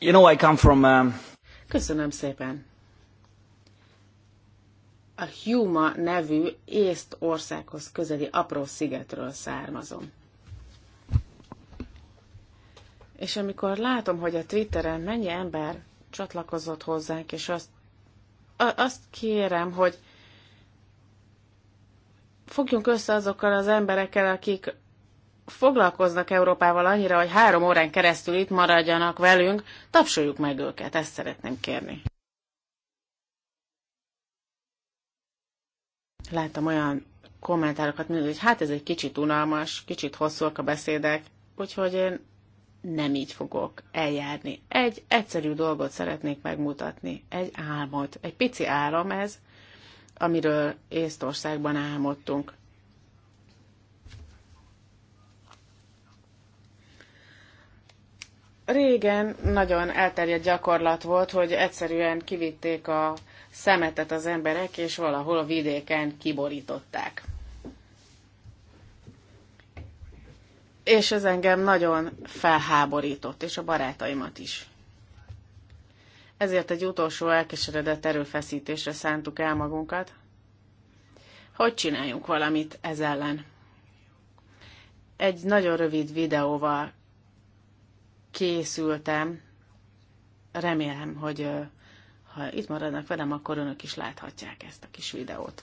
You know, I come from... Um... Köszönöm szépen a Huma nevű észt országhoz közeli apró szigetről származom. És amikor látom, hogy a Twitteren mennyi ember csatlakozott hozzánk, és azt, a, azt kérem, hogy fogjunk össze azokkal az emberekkel, akik foglalkoznak Európával annyira, hogy három órán keresztül itt maradjanak velünk, tapsoljuk meg őket, ezt szeretném kérni. láttam olyan kommentárokat, mondani, hogy hát ez egy kicsit unalmas, kicsit hosszúak a beszédek, úgyhogy én nem így fogok eljárni. Egy egyszerű dolgot szeretnék megmutatni, egy álmot. Egy pici álom ez, amiről Észtországban álmodtunk. Régen nagyon elterjedt gyakorlat volt, hogy egyszerűen kivitték a szemetet az emberek, és valahol a vidéken kiborították. És ez engem nagyon felháborított, és a barátaimat is. Ezért egy utolsó elkeseredett erőfeszítésre szántuk el magunkat, hogy csináljunk valamit ez ellen. Egy nagyon rövid videóval készültem, remélem, hogy ha itt maradnak velem, akkor önök is láthatják ezt a kis videót.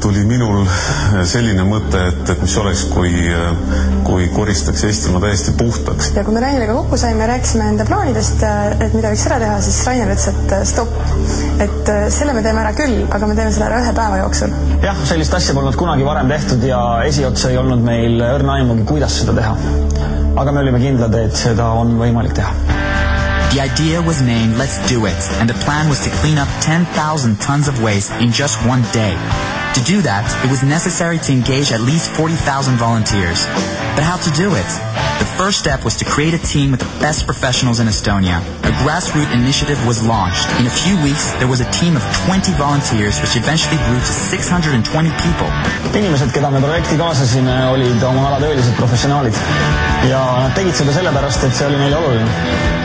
tuli minul äh, selline mõte, et, et mis oleks, kui, äh, kui koristaks Eestimaa täiesti puhtaks. ja kui me Raineriga kokku saime, rääkisime enda plaanidest, äh, et mida võiks ära teha, siis Rainer ütles, et stopp. et selle me teeme ära küll, aga me teeme selle ära ühe päeva jooksul. jah, sellist asja polnud kunagi varem tehtud ja esiotsa ei olnud meil õrna aimugi, kuidas seda teha. aga me olime kindlad, et seda on võimalik teha. The idea was named Let's Do It, and the plan was to clean up 10,000 tons of waste in just one day. To do that, it was necessary to engage at least 40,000 volunteers. But how to do it? The first step was to create a team with the best professionals in Estonia. A grassroots initiative was launched. In a few weeks, there was a team of 20 volunteers, which eventually grew to 620 people. inimesed, keda me projekti kaasasime, olid oma ala töölised professionaalid ja nad tegid seda sellepärast, et see oli neile oluline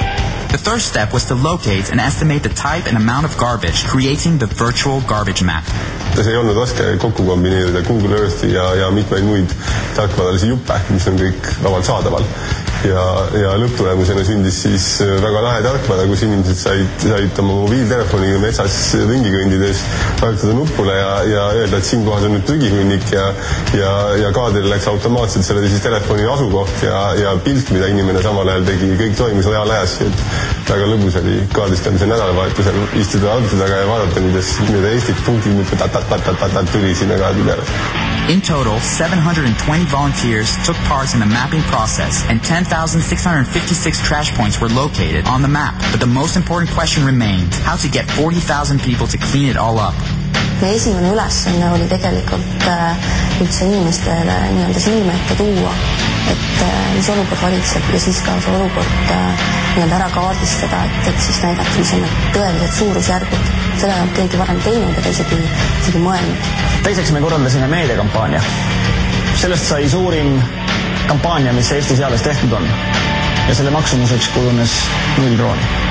The first step was to locate and estimate the type and amount of garbage, creating the virtual garbage map. see ei olnud raske kokku kombineerida Google Earthi ja, ja mitmeid muid tarkvaralisi juppe, mis on kõik vabalt saadaval. ja, ja lõpptulemusena sündis siis väga lahe tarkvara, kus inimesed said, said oma mobiiltelefoniga metsas ringi kõndides vajutada nupule ja, ja öelda, et siinkohas on nüüd prügihunnik ja ja, ja kaadrile läks automaatselt selle siis telefoni asukoht ja, ja pilt, mida inimene samal ajal tegi, kõik toimus reaalajas, et väga lõbus oli kaardistamise nädalavahetusel istuda auto taga ja vaadata, kuidas need Eestit punktid muudkui tatat-tatat-tatat tuli sinna kaardi peale. In total, 720 volunteers took part in the mapping process and 10,656 trash points were located on the map. But the most important question remained, how to get 40,000 people to clean it all up meie esimene ülesanne oli tegelikult äh, üldse inimestele nii-öelda silme ette tuua, et äh, mis olukord valitseb ja siis ka see olukord äh, nii-öelda ära kaardistada, et, et siis näidata, mis on need tõelised suurusjärgud. seda ei olnud keegi varem teinud ega isegi, isegi mõelnud. teiseks me korraldasime meediakampaania. sellest sai suurim kampaania, mis Eestis eales tehtud on. ja selle maksumuseks kujunes null krooni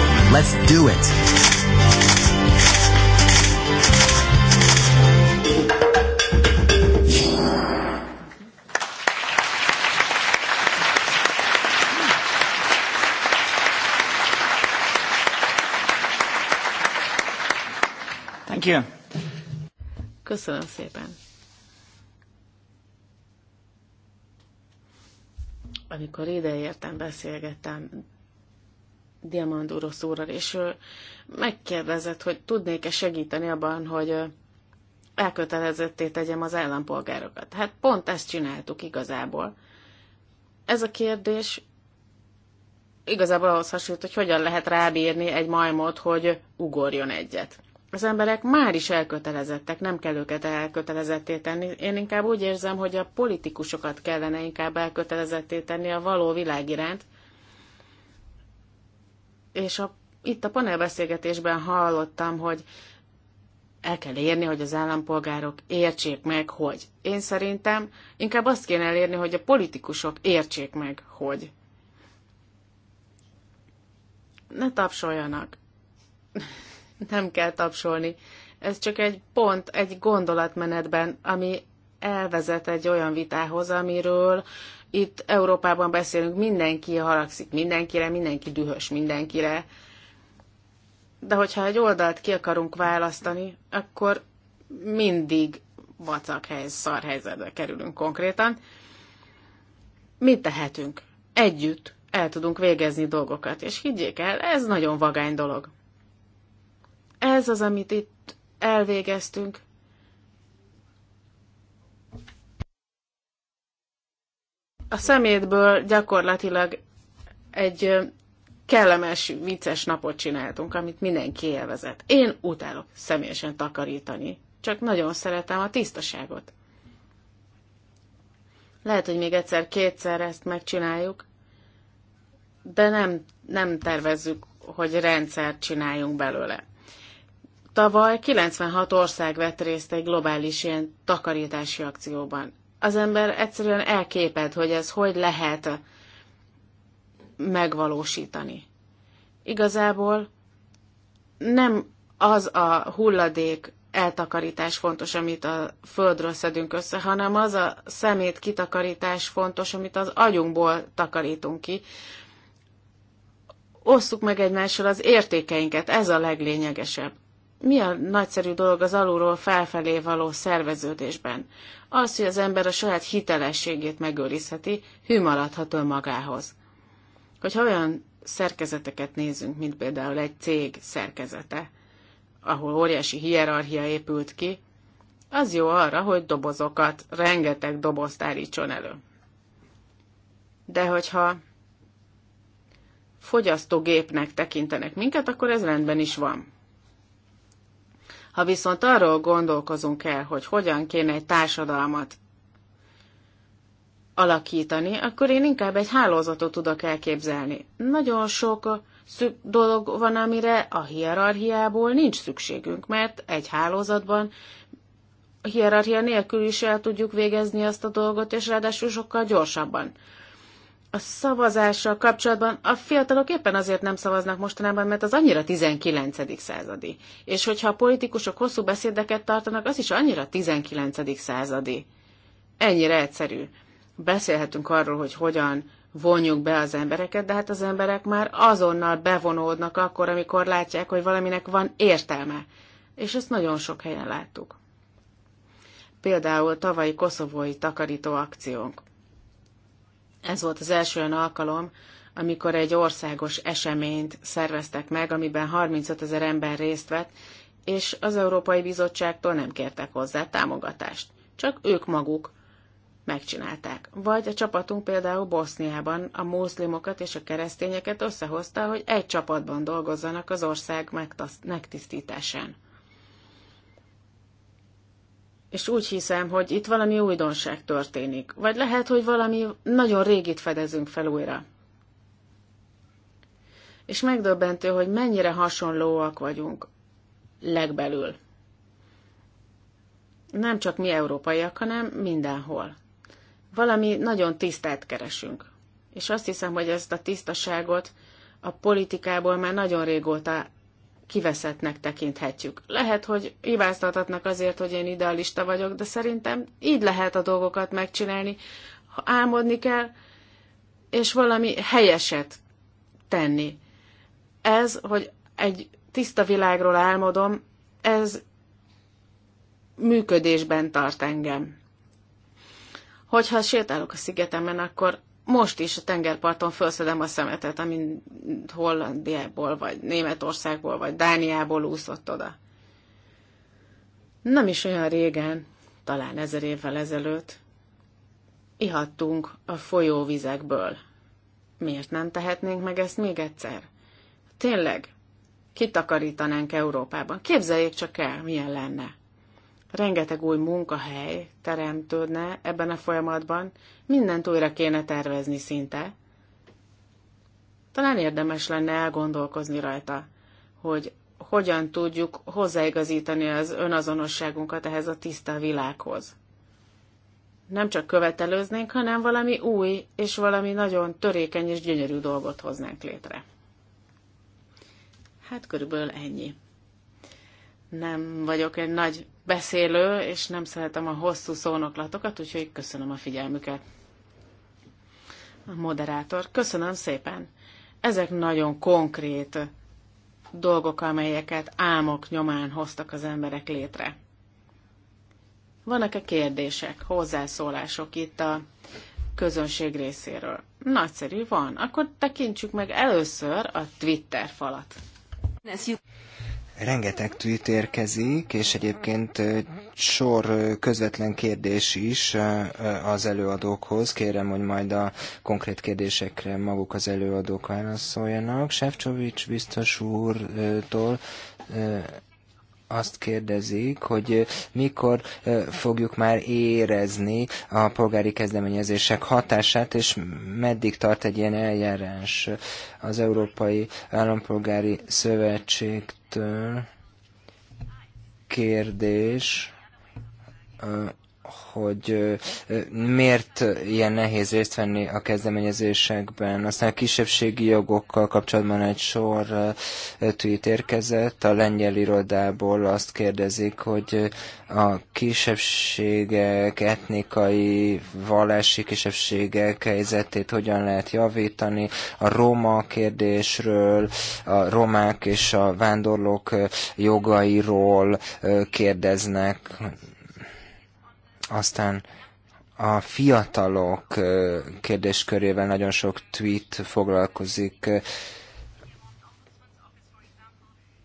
Let's do it. Thank you. Köszönöm szépen. Amikor ideértem, beszélgettem Diamandúrosz úrral, és ő megkérdezett, hogy tudnék-e segíteni abban, hogy elkötelezetté tegyem az állampolgárokat. Hát pont ezt csináltuk igazából. Ez a kérdés igazából ahhoz hasonlít, hogy hogyan lehet rábírni egy majmot, hogy ugorjon egyet. Az emberek már is elkötelezettek, nem kell őket elkötelezetté tenni. Én inkább úgy érzem, hogy a politikusokat kellene inkább elkötelezetté tenni a való világ iránt, és a, itt a panelbeszélgetésben hallottam, hogy el kell érni, hogy az állampolgárok értsék meg, hogy. Én szerintem inkább azt kéne elérni, hogy a politikusok értsék meg, hogy. Ne tapsoljanak. Nem kell tapsolni. Ez csak egy pont, egy gondolatmenetben, ami elvezet egy olyan vitához, amiről itt Európában beszélünk, mindenki haragszik mindenkire, mindenki dühös mindenkire. De hogyha egy oldalt ki akarunk választani, akkor mindig vacak helyz, szar helyzetbe kerülünk konkrétan. Mit tehetünk? Együtt el tudunk végezni dolgokat, és higgyék el, ez nagyon vagány dolog. Ez az, amit itt elvégeztünk, a szemétből gyakorlatilag egy kellemes, vicces napot csináltunk, amit mindenki élvezett. Én utálok személyesen takarítani, csak nagyon szeretem a tisztaságot. Lehet, hogy még egyszer-kétszer ezt megcsináljuk, de nem, nem tervezzük, hogy rendszert csináljunk belőle. Tavaly 96 ország vett részt egy globális ilyen takarítási akcióban az ember egyszerűen elképed, hogy ez hogy lehet megvalósítani. Igazából nem az a hulladék eltakarítás fontos, amit a földről szedünk össze, hanem az a szemét kitakarítás fontos, amit az agyunkból takarítunk ki. Osszuk meg egymással az értékeinket, ez a leglényegesebb milyen nagyszerű dolog az alulról felfelé való szerveződésben. Az, hogy az ember a saját hitelességét megőrizheti, hű maradhat önmagához. Hogyha olyan szerkezeteket nézünk, mint például egy cég szerkezete, ahol óriási hierarchia épült ki, az jó arra, hogy dobozokat, rengeteg dobozt állítson elő. De hogyha fogyasztógépnek tekintenek minket, akkor ez rendben is van. Ha viszont arról gondolkozunk el, hogy hogyan kéne egy társadalmat alakítani, akkor én inkább egy hálózatot tudok elképzelni. Nagyon sok szük dolog van, amire a hierarchiából nincs szükségünk, mert egy hálózatban hierarchia nélkül is el tudjuk végezni azt a dolgot, és ráadásul sokkal gyorsabban a szavazással kapcsolatban a fiatalok éppen azért nem szavaznak mostanában, mert az annyira 19. századi. És hogyha a politikusok hosszú beszédeket tartanak, az is annyira 19. századi. Ennyire egyszerű. Beszélhetünk arról, hogy hogyan vonjuk be az embereket, de hát az emberek már azonnal bevonódnak akkor, amikor látják, hogy valaminek van értelme. És ezt nagyon sok helyen láttuk. Például tavalyi koszovói takarító akciónk ez volt az első olyan alkalom, amikor egy országos eseményt szerveztek meg, amiben 35 ezer ember részt vett, és az Európai Bizottságtól nem kértek hozzá támogatást. Csak ők maguk megcsinálták. Vagy a csapatunk például Boszniában a muszlimokat és a keresztényeket összehozta, hogy egy csapatban dolgozzanak az ország megtisztításán és úgy hiszem, hogy itt valami újdonság történik. Vagy lehet, hogy valami nagyon régit fedezünk fel újra. És megdöbbentő, hogy mennyire hasonlóak vagyunk legbelül. Nem csak mi európaiak, hanem mindenhol. Valami nagyon tisztát keresünk. És azt hiszem, hogy ezt a tisztaságot a politikából már nagyon régóta kiveszettnek tekinthetjük. Lehet, hogy hibáztathatnak azért, hogy én idealista vagyok, de szerintem így lehet a dolgokat megcsinálni. Ha álmodni kell, és valami helyeset tenni. Ez, hogy egy tiszta világról álmodom, ez működésben tart engem. Hogyha sétálok a szigetemen, akkor most is a tengerparton felszedem a szemetet, amin Hollandiából, vagy Németországból, vagy Dániából úszott oda. Nem is olyan régen, talán ezer évvel ezelőtt, ihattunk a folyóvizekből. Miért nem tehetnénk meg ezt még egyszer? Tényleg, kitakarítanánk Európában. Képzeljék csak el, milyen lenne rengeteg új munkahely teremtődne ebben a folyamatban, mindent újra kéne tervezni szinte. Talán érdemes lenne elgondolkozni rajta, hogy hogyan tudjuk hozzáigazítani az önazonosságunkat ehhez a tiszta világhoz. Nem csak követelőznénk, hanem valami új és valami nagyon törékeny és gyönyörű dolgot hoznánk létre. Hát körülbelül ennyi nem vagyok egy nagy beszélő, és nem szeretem a hosszú szónoklatokat, úgyhogy köszönöm a figyelmüket. A moderátor, köszönöm szépen. Ezek nagyon konkrét dolgok, amelyeket álmok nyomán hoztak az emberek létre. Vannak-e kérdések, hozzászólások itt a közönség részéről? Nagyszerű, van. Akkor tekintsük meg először a Twitter falat rengeteg tweet érkezik, és egyébként sor közvetlen kérdés is az előadókhoz. Kérem, hogy majd a konkrét kérdésekre maguk az előadók válaszoljanak. Sefcsovics biztos úrtól azt kérdezik, hogy mikor fogjuk már érezni a polgári kezdeményezések hatását, és meddig tart egy ilyen eljárás az Európai Állampolgári Szövetségtől. Kérdés hogy miért ilyen nehéz részt venni a kezdeményezésekben. Aztán a kisebbségi jogokkal kapcsolatban egy sor tweet érkezett. A lengyel irodából azt kérdezik, hogy a kisebbségek, etnikai, vallási kisebbségek helyzetét hogyan lehet javítani. A roma kérdésről, a romák és a vándorlók jogairól kérdeznek, aztán a fiatalok kérdéskörével nagyon sok tweet foglalkozik.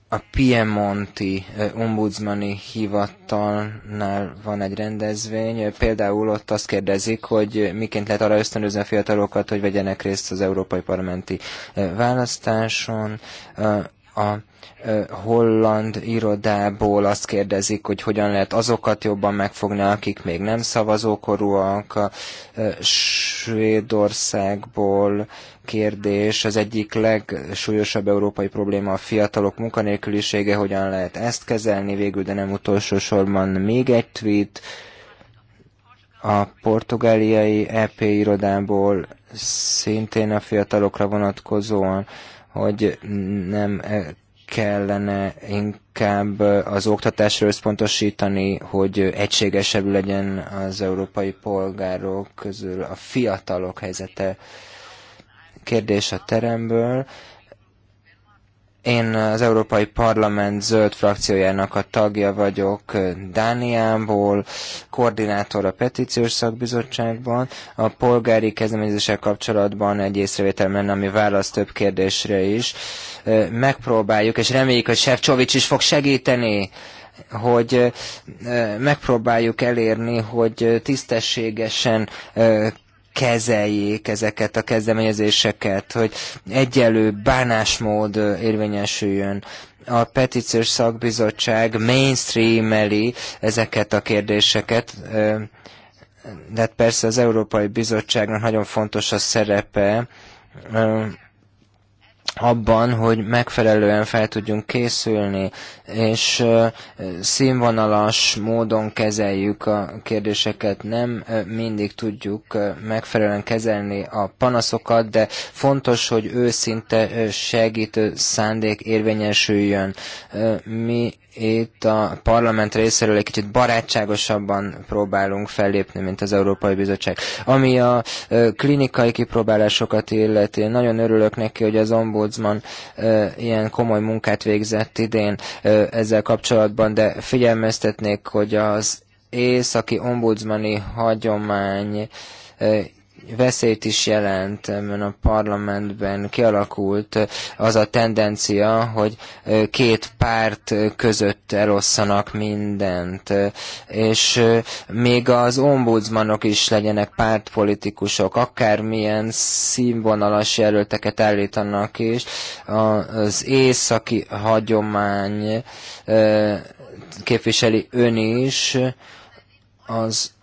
A Piemonti ombudsmani hivatalnál van egy rendezvény. Például ott azt kérdezik, hogy miként lehet arra ösztönözni a fiatalokat, hogy vegyenek részt az európai parlamenti választáson a e, holland irodából azt kérdezik, hogy hogyan lehet azokat jobban megfogni, akik még nem szavazókorúak, a e, Svédországból kérdés, az egyik legsúlyosabb európai probléma a fiatalok munkanélkülisége, hogyan lehet ezt kezelni végül, de nem utolsó sorban még egy tweet, a portugáliai EP irodából szintén a fiatalokra vonatkozóan hogy nem eh, kellene inkább eh, az oktatásra összpontosítani, hogy egységesebb legyen az európai polgárok közül a fiatalok helyzete. Kérdés a teremből. Én az Európai Parlament zöld frakciójának a tagja vagyok Dániából, koordinátor a petíciós szakbizottságban. A polgári kezdeményezéssel kapcsolatban egy észrevétel menne, ami válasz több kérdésre is. Megpróbáljuk, és reméljük, hogy Sefcsovics is fog segíteni hogy megpróbáljuk elérni, hogy tisztességesen kezeljék ezeket a kezdeményezéseket, hogy egyelő bánásmód érvényesüljön. A petíciós szakbizottság mainstreameli ezeket a kérdéseket, de hát persze az Európai Bizottságnak nagyon fontos a szerepe, abban, hogy megfelelően fel tudjunk készülni, és színvonalas módon kezeljük a kérdéseket. Nem mindig tudjuk megfelelően kezelni a panaszokat, de fontos, hogy őszinte segítő szándék érvényesüljön. Mi itt a parlament részéről egy kicsit barátságosabban próbálunk fellépni, mint az Európai Bizottság. Ami a klinikai kipróbálásokat illeti, én nagyon örülök neki, hogy az ombudsman ilyen komoly munkát végzett idén ezzel kapcsolatban, de figyelmeztetnék, hogy az északi ombudsmani hagyomány veszélyt is jelent, mert a parlamentben kialakult az a tendencia, hogy két párt között elosszanak mindent, és még az ombudsmanok is legyenek pártpolitikusok, akármilyen színvonalas jelölteket állítanak is, az északi hagyomány képviseli ön is, az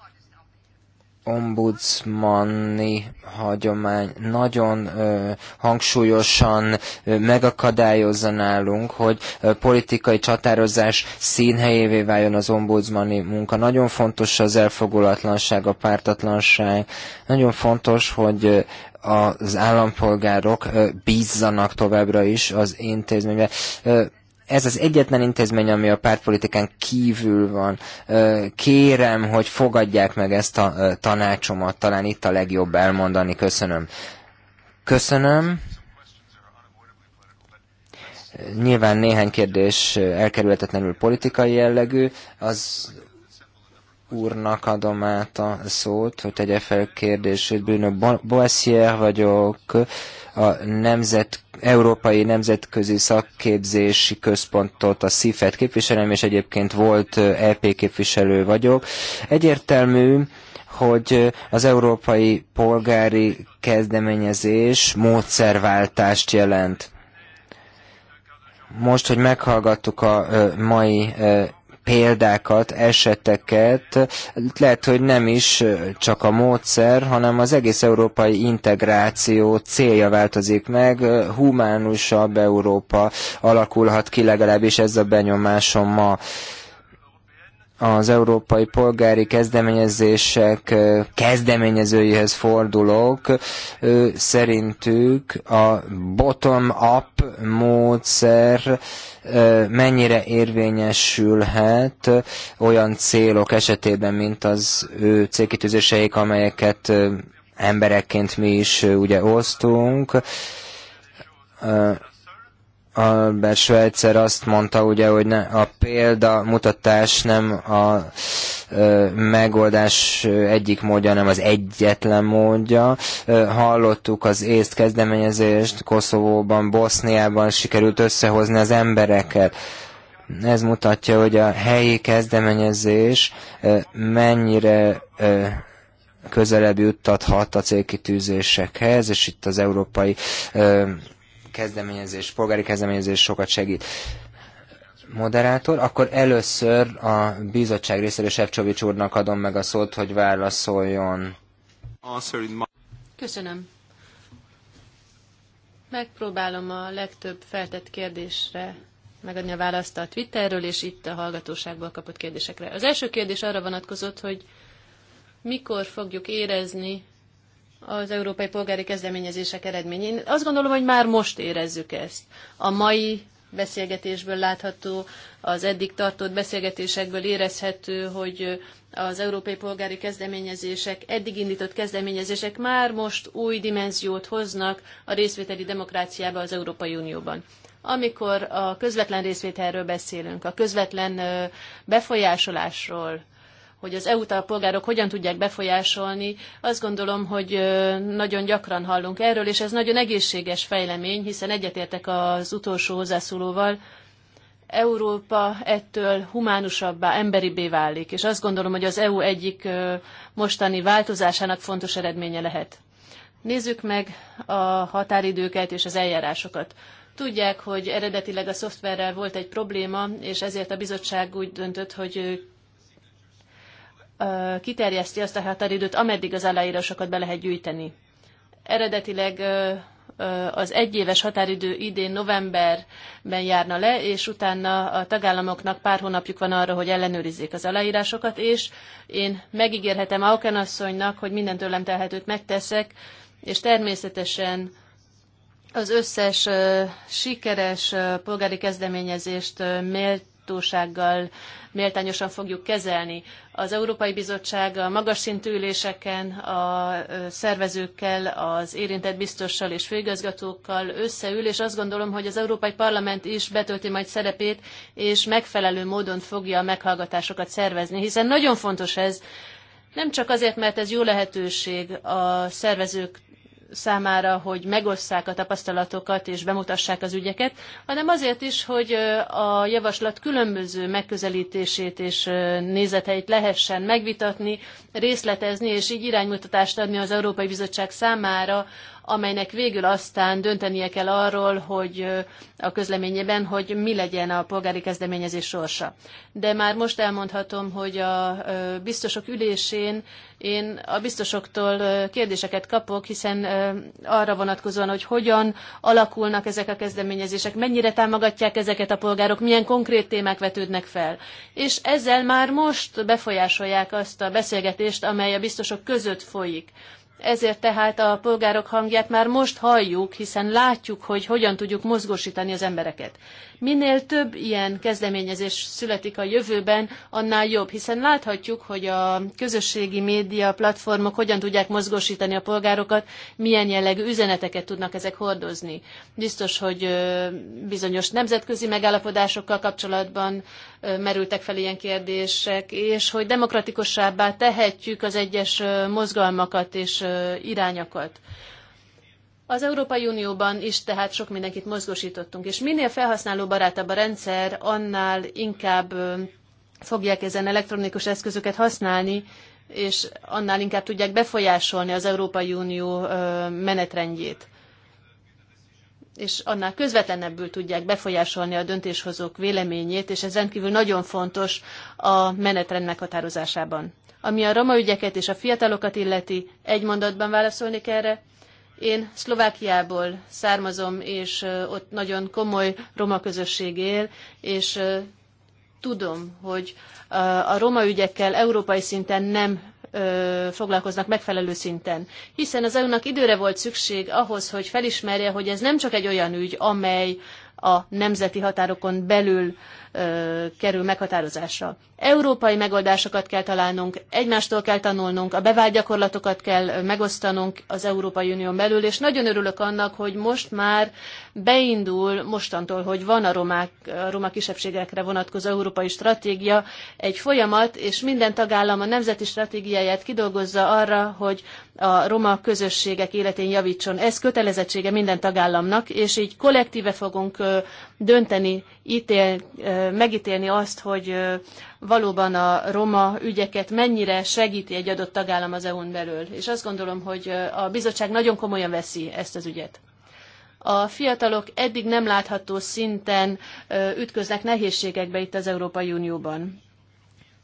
ombudsmani hagyomány nagyon ö, hangsúlyosan ö, megakadályozza nálunk, hogy ö, politikai csatározás színhelyévé váljon az ombudsmani munka. Nagyon fontos az elfogulatlanság, a pártatlanság. Nagyon fontos, hogy ö, az állampolgárok ö, bízzanak továbbra is az intézménybe. Ö, ez az egyetlen intézmény, ami a pártpolitikán kívül van. Kérem, hogy fogadják meg ezt a tanácsomat, talán itt a legjobb elmondani. Köszönöm. Köszönöm. Nyilván néhány kérdés elkerülhetetlenül politikai jellegű. Az úrnak adom át a szót, hogy tegye fel kérdését. Bruno Boissier vagyok, a Nemzet Európai Nemzetközi Szakképzési Központot, a SZIFET képviselem, és egyébként volt EP képviselő vagyok. Egyértelmű, hogy az európai polgári kezdeményezés módszerváltást jelent. Most, hogy meghallgattuk a mai példákat, eseteket. Lehet, hogy nem is csak a módszer, hanem az egész európai integráció célja változik meg, humánusabb Európa alakulhat ki, legalábbis ez a benyomásom ma az európai polgári kezdeményezések kezdeményezőihez fordulok, szerintük a bottom-up módszer mennyire érvényesülhet olyan célok esetében, mint az ő célkitűzéseik, amelyeket emberekként mi is ugye osztunk, Albert Schweitzer azt mondta ugye, hogy ne, a példamutatás nem a ö, megoldás egyik módja, hanem az egyetlen módja. Ö, hallottuk az észt kezdeményezést Koszovóban, Boszniában sikerült összehozni az embereket. Ez mutatja, hogy a helyi kezdeményezés ö, mennyire ö, közelebb juttathat a célkitűzésekhez, és itt az európai ö, kezdeményezés, polgári kezdeményezés sokat segít moderátor, akkor először a bizottság részéről Sefcsovics úrnak adom meg a szót, hogy válaszoljon. Köszönöm. Megpróbálom a legtöbb feltett kérdésre megadni a választ a Twitterről és itt a hallgatóságból kapott kérdésekre. Az első kérdés arra vonatkozott, hogy mikor fogjuk érezni az európai polgári kezdeményezések eredményén. Azt gondolom, hogy már most érezzük ezt. A mai beszélgetésből látható, az eddig tartott beszélgetésekből érezhető, hogy az európai polgári kezdeményezések, eddig indított kezdeményezések már most új dimenziót hoznak a részvételi demokráciába az Európai Unióban. Amikor a közvetlen részvételről beszélünk, a közvetlen befolyásolásról, hogy az EU-t a polgárok hogyan tudják befolyásolni, azt gondolom, hogy nagyon gyakran hallunk erről, és ez nagyon egészséges fejlemény, hiszen egyetértek az utolsó hozzászólóval, Európa ettől humánusabbá, emberibbé válik, és azt gondolom, hogy az EU egyik mostani változásának fontos eredménye lehet. Nézzük meg a határidőket és az eljárásokat. Tudják, hogy eredetileg a szoftverrel volt egy probléma, és ezért a bizottság úgy döntött, hogy kiterjeszti azt a határidőt, ameddig az aláírásokat be lehet gyűjteni. Eredetileg az egyéves határidő idén novemberben járna le, és utána a tagállamoknak pár hónapjuk van arra, hogy ellenőrizzék az aláírásokat, és én megígérhetem Auken asszonynak, hogy minden tőlem telhetőt megteszek, és természetesen az összes sikeres polgári kezdeményezést méltósággal méltányosan fogjuk kezelni. Az Európai Bizottság a magas szintű üléseken a szervezőkkel, az érintett biztossal és főigazgatókkal összeül, és azt gondolom, hogy az Európai Parlament is betölti majd szerepét, és megfelelő módon fogja a meghallgatásokat szervezni, hiszen nagyon fontos ez, nem csak azért, mert ez jó lehetőség a szervezők számára, hogy megosszák a tapasztalatokat és bemutassák az ügyeket, hanem azért is, hogy a javaslat különböző megközelítését és nézeteit lehessen megvitatni, részletezni, és így iránymutatást adni az Európai Bizottság számára amelynek végül aztán döntenie kell arról, hogy a közleményében, hogy mi legyen a polgári kezdeményezés sorsa. De már most elmondhatom, hogy a biztosok ülésén én a biztosoktól kérdéseket kapok, hiszen arra vonatkozóan, hogy hogyan alakulnak ezek a kezdeményezések, mennyire támogatják ezeket a polgárok, milyen konkrét témák vetődnek fel. És ezzel már most befolyásolják azt a beszélgetést, amely a biztosok között folyik ezért tehát a polgárok hangját már most halljuk, hiszen látjuk, hogy hogyan tudjuk mozgósítani az embereket. Minél több ilyen kezdeményezés születik a jövőben, annál jobb, hiszen láthatjuk, hogy a közösségi média platformok hogyan tudják mozgósítani a polgárokat, milyen jellegű üzeneteket tudnak ezek hordozni. Biztos, hogy bizonyos nemzetközi megállapodásokkal kapcsolatban merültek fel ilyen kérdések, és hogy demokratikusabbá tehetjük az egyes mozgalmakat és irányokat. Az Európai Unióban is tehát sok mindenkit mozgósítottunk, és minél felhasználóbarátabb a rendszer, annál inkább fogják ezen elektronikus eszközöket használni, és annál inkább tudják befolyásolni az Európai Unió menetrendjét és annál közvetlenebbül tudják befolyásolni a döntéshozók véleményét, és ez rendkívül nagyon fontos a menetrend meghatározásában. Ami a roma ügyeket és a fiatalokat illeti, egy mondatban válaszolnék erre, én Szlovákiából származom, és ott nagyon komoly roma közösség él, és tudom, hogy a roma ügyekkel európai szinten nem foglalkoznak megfelelő szinten. Hiszen az EU-nak időre volt szükség ahhoz, hogy felismerje, hogy ez nem csak egy olyan ügy, amely a nemzeti határokon belül kerül meghatározásra. Európai megoldásokat kell találnunk, egymástól kell tanulnunk, a bevált gyakorlatokat kell megosztanunk az Európai Unión belül, és nagyon örülök annak, hogy most már beindul mostantól, hogy van a, romák, a roma kisebbségekre vonatkozó európai stratégia, egy folyamat, és minden tagállam a nemzeti stratégiáját kidolgozza arra, hogy a roma közösségek életén javítson. Ez kötelezettsége minden tagállamnak, és így kollektíve fogunk dönteni, ítél, megítélni azt, hogy valóban a roma ügyeket mennyire segíti egy adott tagállam az EU-n belül. És azt gondolom, hogy a bizottság nagyon komolyan veszi ezt az ügyet a fiatalok eddig nem látható szinten ütköznek nehézségekbe itt az Európai Unióban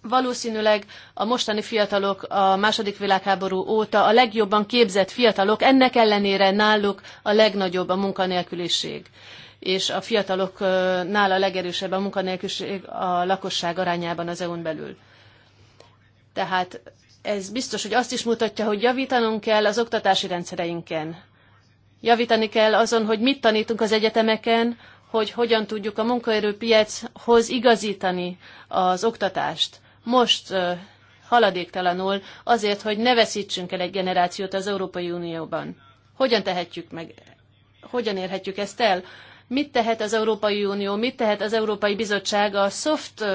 valószínűleg a mostani fiatalok a második világháború óta a legjobban képzett fiatalok, ennek ellenére náluk a legnagyobb a munkanélküliség és a fiataloknál a legerősebb a munkanélküliség a lakosság arányában az EU-n belül. Tehát ez biztos, hogy azt is mutatja, hogy javítanunk kell az oktatási rendszereinken. Javítani kell azon, hogy mit tanítunk az egyetemeken, hogy hogyan tudjuk a munkaerőpiachoz igazítani az oktatást most haladéktalanul azért, hogy ne veszítsünk el egy generációt az Európai Unióban. Hogyan tehetjük meg? Hogyan érhetjük ezt el? Mit tehet az Európai Unió, mit tehet az Európai Bizottság a soft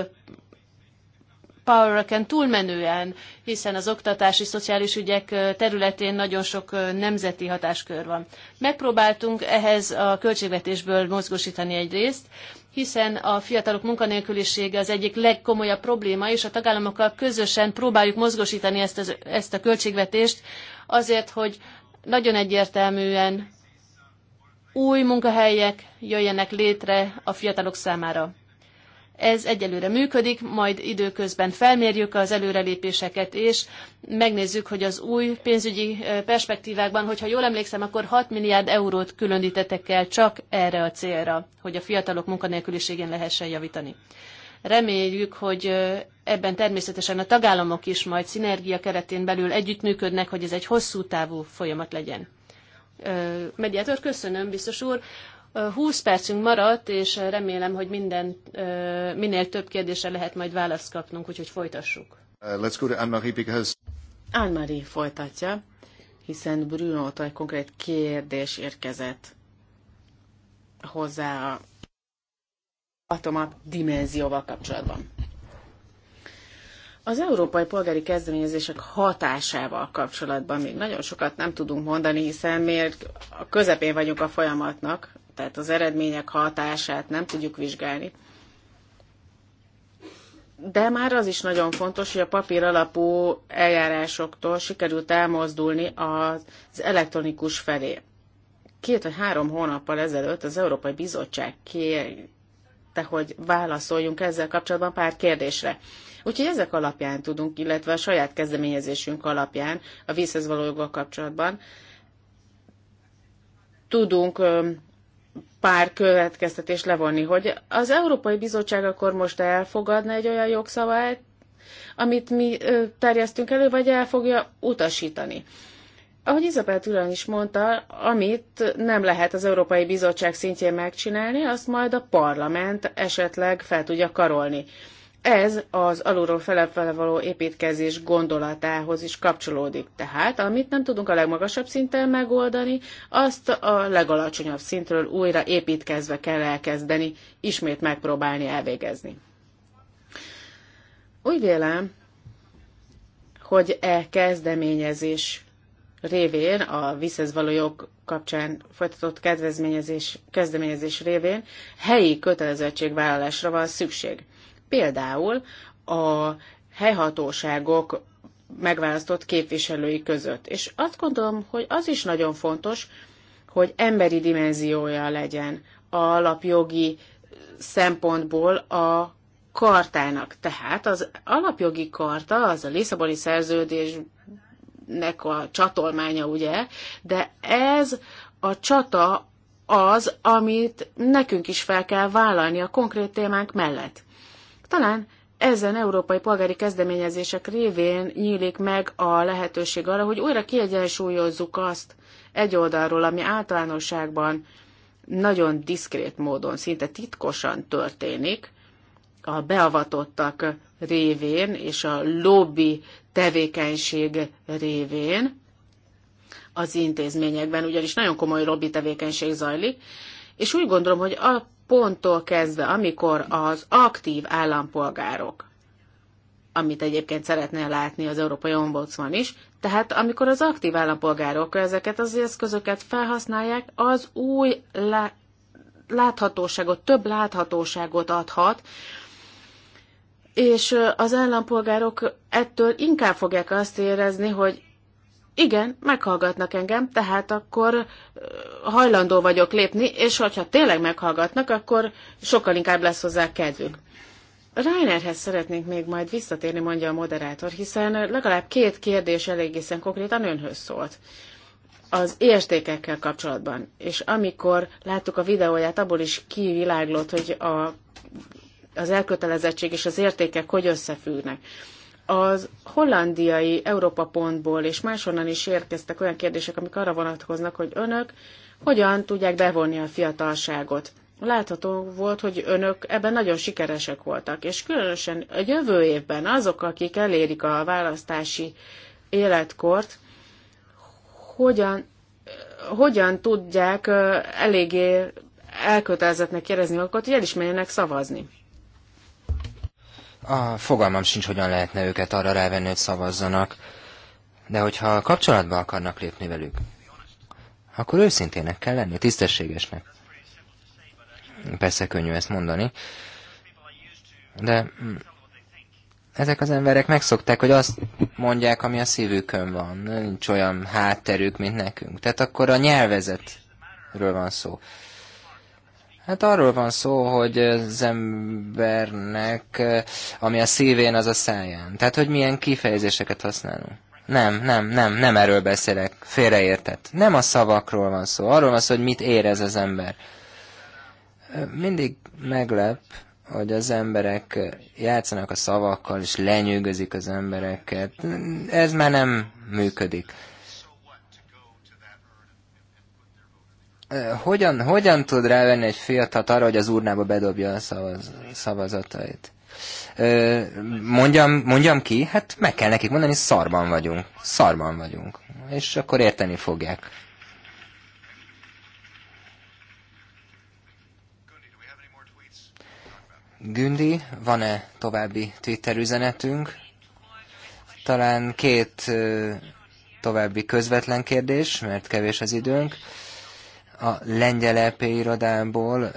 power-eken túlmenően, hiszen az oktatási, szociális ügyek területén nagyon sok nemzeti hatáskör van. Megpróbáltunk ehhez a költségvetésből mozgósítani egy részt, hiszen a fiatalok munkanélkülisége az egyik legkomolyabb probléma, és a tagállamokkal közösen próbáljuk mozgosítani ezt, az, ezt a költségvetést azért, hogy nagyon egyértelműen új munkahelyek jöjjenek létre a fiatalok számára. Ez egyelőre működik, majd időközben felmérjük az előrelépéseket, és megnézzük, hogy az új pénzügyi perspektívákban, hogyha jól emlékszem, akkor 6 milliárd eurót különítettek el csak erre a célra, hogy a fiatalok munkanélküliségén lehessen javítani. Reméljük, hogy ebben természetesen a tagállamok is majd szinergia keretén belül együttműködnek, hogy ez egy hosszú távú folyamat legyen mediátor, köszönöm, biztos úr. 20 percünk maradt, és remélem, hogy minden, minél több kérdésre lehet majd választ kapnunk, úgyhogy folytassuk. Uh, let's go to Anne-Marie because... Anne-Marie folytatja, hiszen bruno egy konkrét kérdés érkezett hozzá a atomat dimenzióval kapcsolatban. Az európai polgári kezdeményezések hatásával kapcsolatban még nagyon sokat nem tudunk mondani, hiszen miért a közepén vagyunk a folyamatnak, tehát az eredmények hatását nem tudjuk vizsgálni. De már az is nagyon fontos, hogy a papír alapú eljárásoktól sikerült elmozdulni az elektronikus felé. Két vagy három hónappal ezelőtt az Európai Bizottság kérte, hogy válaszoljunk ezzel kapcsolatban pár kérdésre. Úgyhogy ezek alapján tudunk, illetve a saját kezdeményezésünk alapján a vízhez való joggal kapcsolatban tudunk pár következtetés levonni, hogy az Európai Bizottság akkor most elfogadna egy olyan jogszabályt, amit mi terjesztünk elő, vagy el fogja utasítani. Ahogy Izabel Tülön is mondta, amit nem lehet az Európai Bizottság szintjén megcsinálni, azt majd a parlament esetleg fel tudja karolni ez az alulról felfelé való építkezés gondolatához is kapcsolódik. Tehát, amit nem tudunk a legmagasabb szinten megoldani, azt a legalacsonyabb szintről újra építkezve kell elkezdeni, ismét megpróbálni elvégezni. Úgy vélem, hogy e kezdeményezés révén, a vízhez való jog kapcsán folytatott kezdeményezés, kezdeményezés révén helyi kötelezettségvállalásra van szükség például a helyhatóságok megválasztott képviselői között. És azt gondolom, hogy az is nagyon fontos, hogy emberi dimenziója legyen a alapjogi szempontból a kartának. Tehát az alapjogi karta, az a Lisszaboni szerződésnek a csatolmánya, ugye, de ez a csata az, amit nekünk is fel kell vállalni a konkrét témánk mellett. Talán ezen európai polgári kezdeményezések révén nyílik meg a lehetőség arra, hogy újra kiegyensúlyozzuk azt egy oldalról, ami általánosságban nagyon diszkrét módon, szinte titkosan történik, a beavatottak révén és a lobby tevékenység révén az intézményekben, ugyanis nagyon komoly lobby tevékenység zajlik, és úgy gondolom, hogy a ponttól kezdve, amikor az aktív állampolgárok, amit egyébként szeretne látni az Európai Ombudsman is, tehát amikor az aktív állampolgárok ezeket az eszközöket felhasználják, az új láthatóságot, több láthatóságot adhat, és az állampolgárok ettől inkább fogják azt érezni, hogy igen, meghallgatnak engem, tehát akkor hajlandó vagyok lépni, és hogyha tényleg meghallgatnak, akkor sokkal inkább lesz hozzá kedvük. Reinerhez szeretnénk még majd visszatérni, mondja a moderátor, hiszen legalább két kérdés egészen konkrétan önhöz szólt az értékekkel kapcsolatban. És amikor láttuk a videóját, abból is kiviláglott, hogy a, az elkötelezettség és az értékek hogy összefüggnek az hollandiai Európa pontból és máshonnan is érkeztek olyan kérdések, amik arra vonatkoznak, hogy önök hogyan tudják bevonni a fiatalságot. Látható volt, hogy önök ebben nagyon sikeresek voltak, és különösen a jövő évben azok, akik elérik a választási életkort, hogyan, hogyan tudják eléggé elkötelezettnek érezni magukat, hogy elismerjenek szavazni. A fogalmam sincs, hogyan lehetne őket arra rávenni, hogy szavazzanak. De hogyha kapcsolatba akarnak lépni velük, akkor őszintének kell lenni, tisztességesnek. Persze könnyű ezt mondani, de mm, ezek az emberek megszokták, hogy azt mondják, ami a szívükön van. Nincs olyan hátterük, mint nekünk. Tehát akkor a nyelvezetről van szó. Hát arról van szó, hogy az embernek, ami a szívén, az a száján. Tehát, hogy milyen kifejezéseket használunk. Nem, nem, nem, nem erről beszélek. Félreértett. Nem a szavakról van szó. Arról van szó, hogy mit érez az ember. Mindig meglep, hogy az emberek játszanak a szavakkal, és lenyűgözik az embereket. Ez már nem működik. hogyan, hogyan tud rávenni egy fiatalt arra, hogy az urnába bedobja a szavaz, szavazatait? mondjam, mondjam ki, hát meg kell nekik mondani, szarban vagyunk. Szarban vagyunk. És akkor érteni fogják. Gündi, van-e további Twitter üzenetünk? Talán két további közvetlen kérdés, mert kevés az időnk. A lengyel EP irodából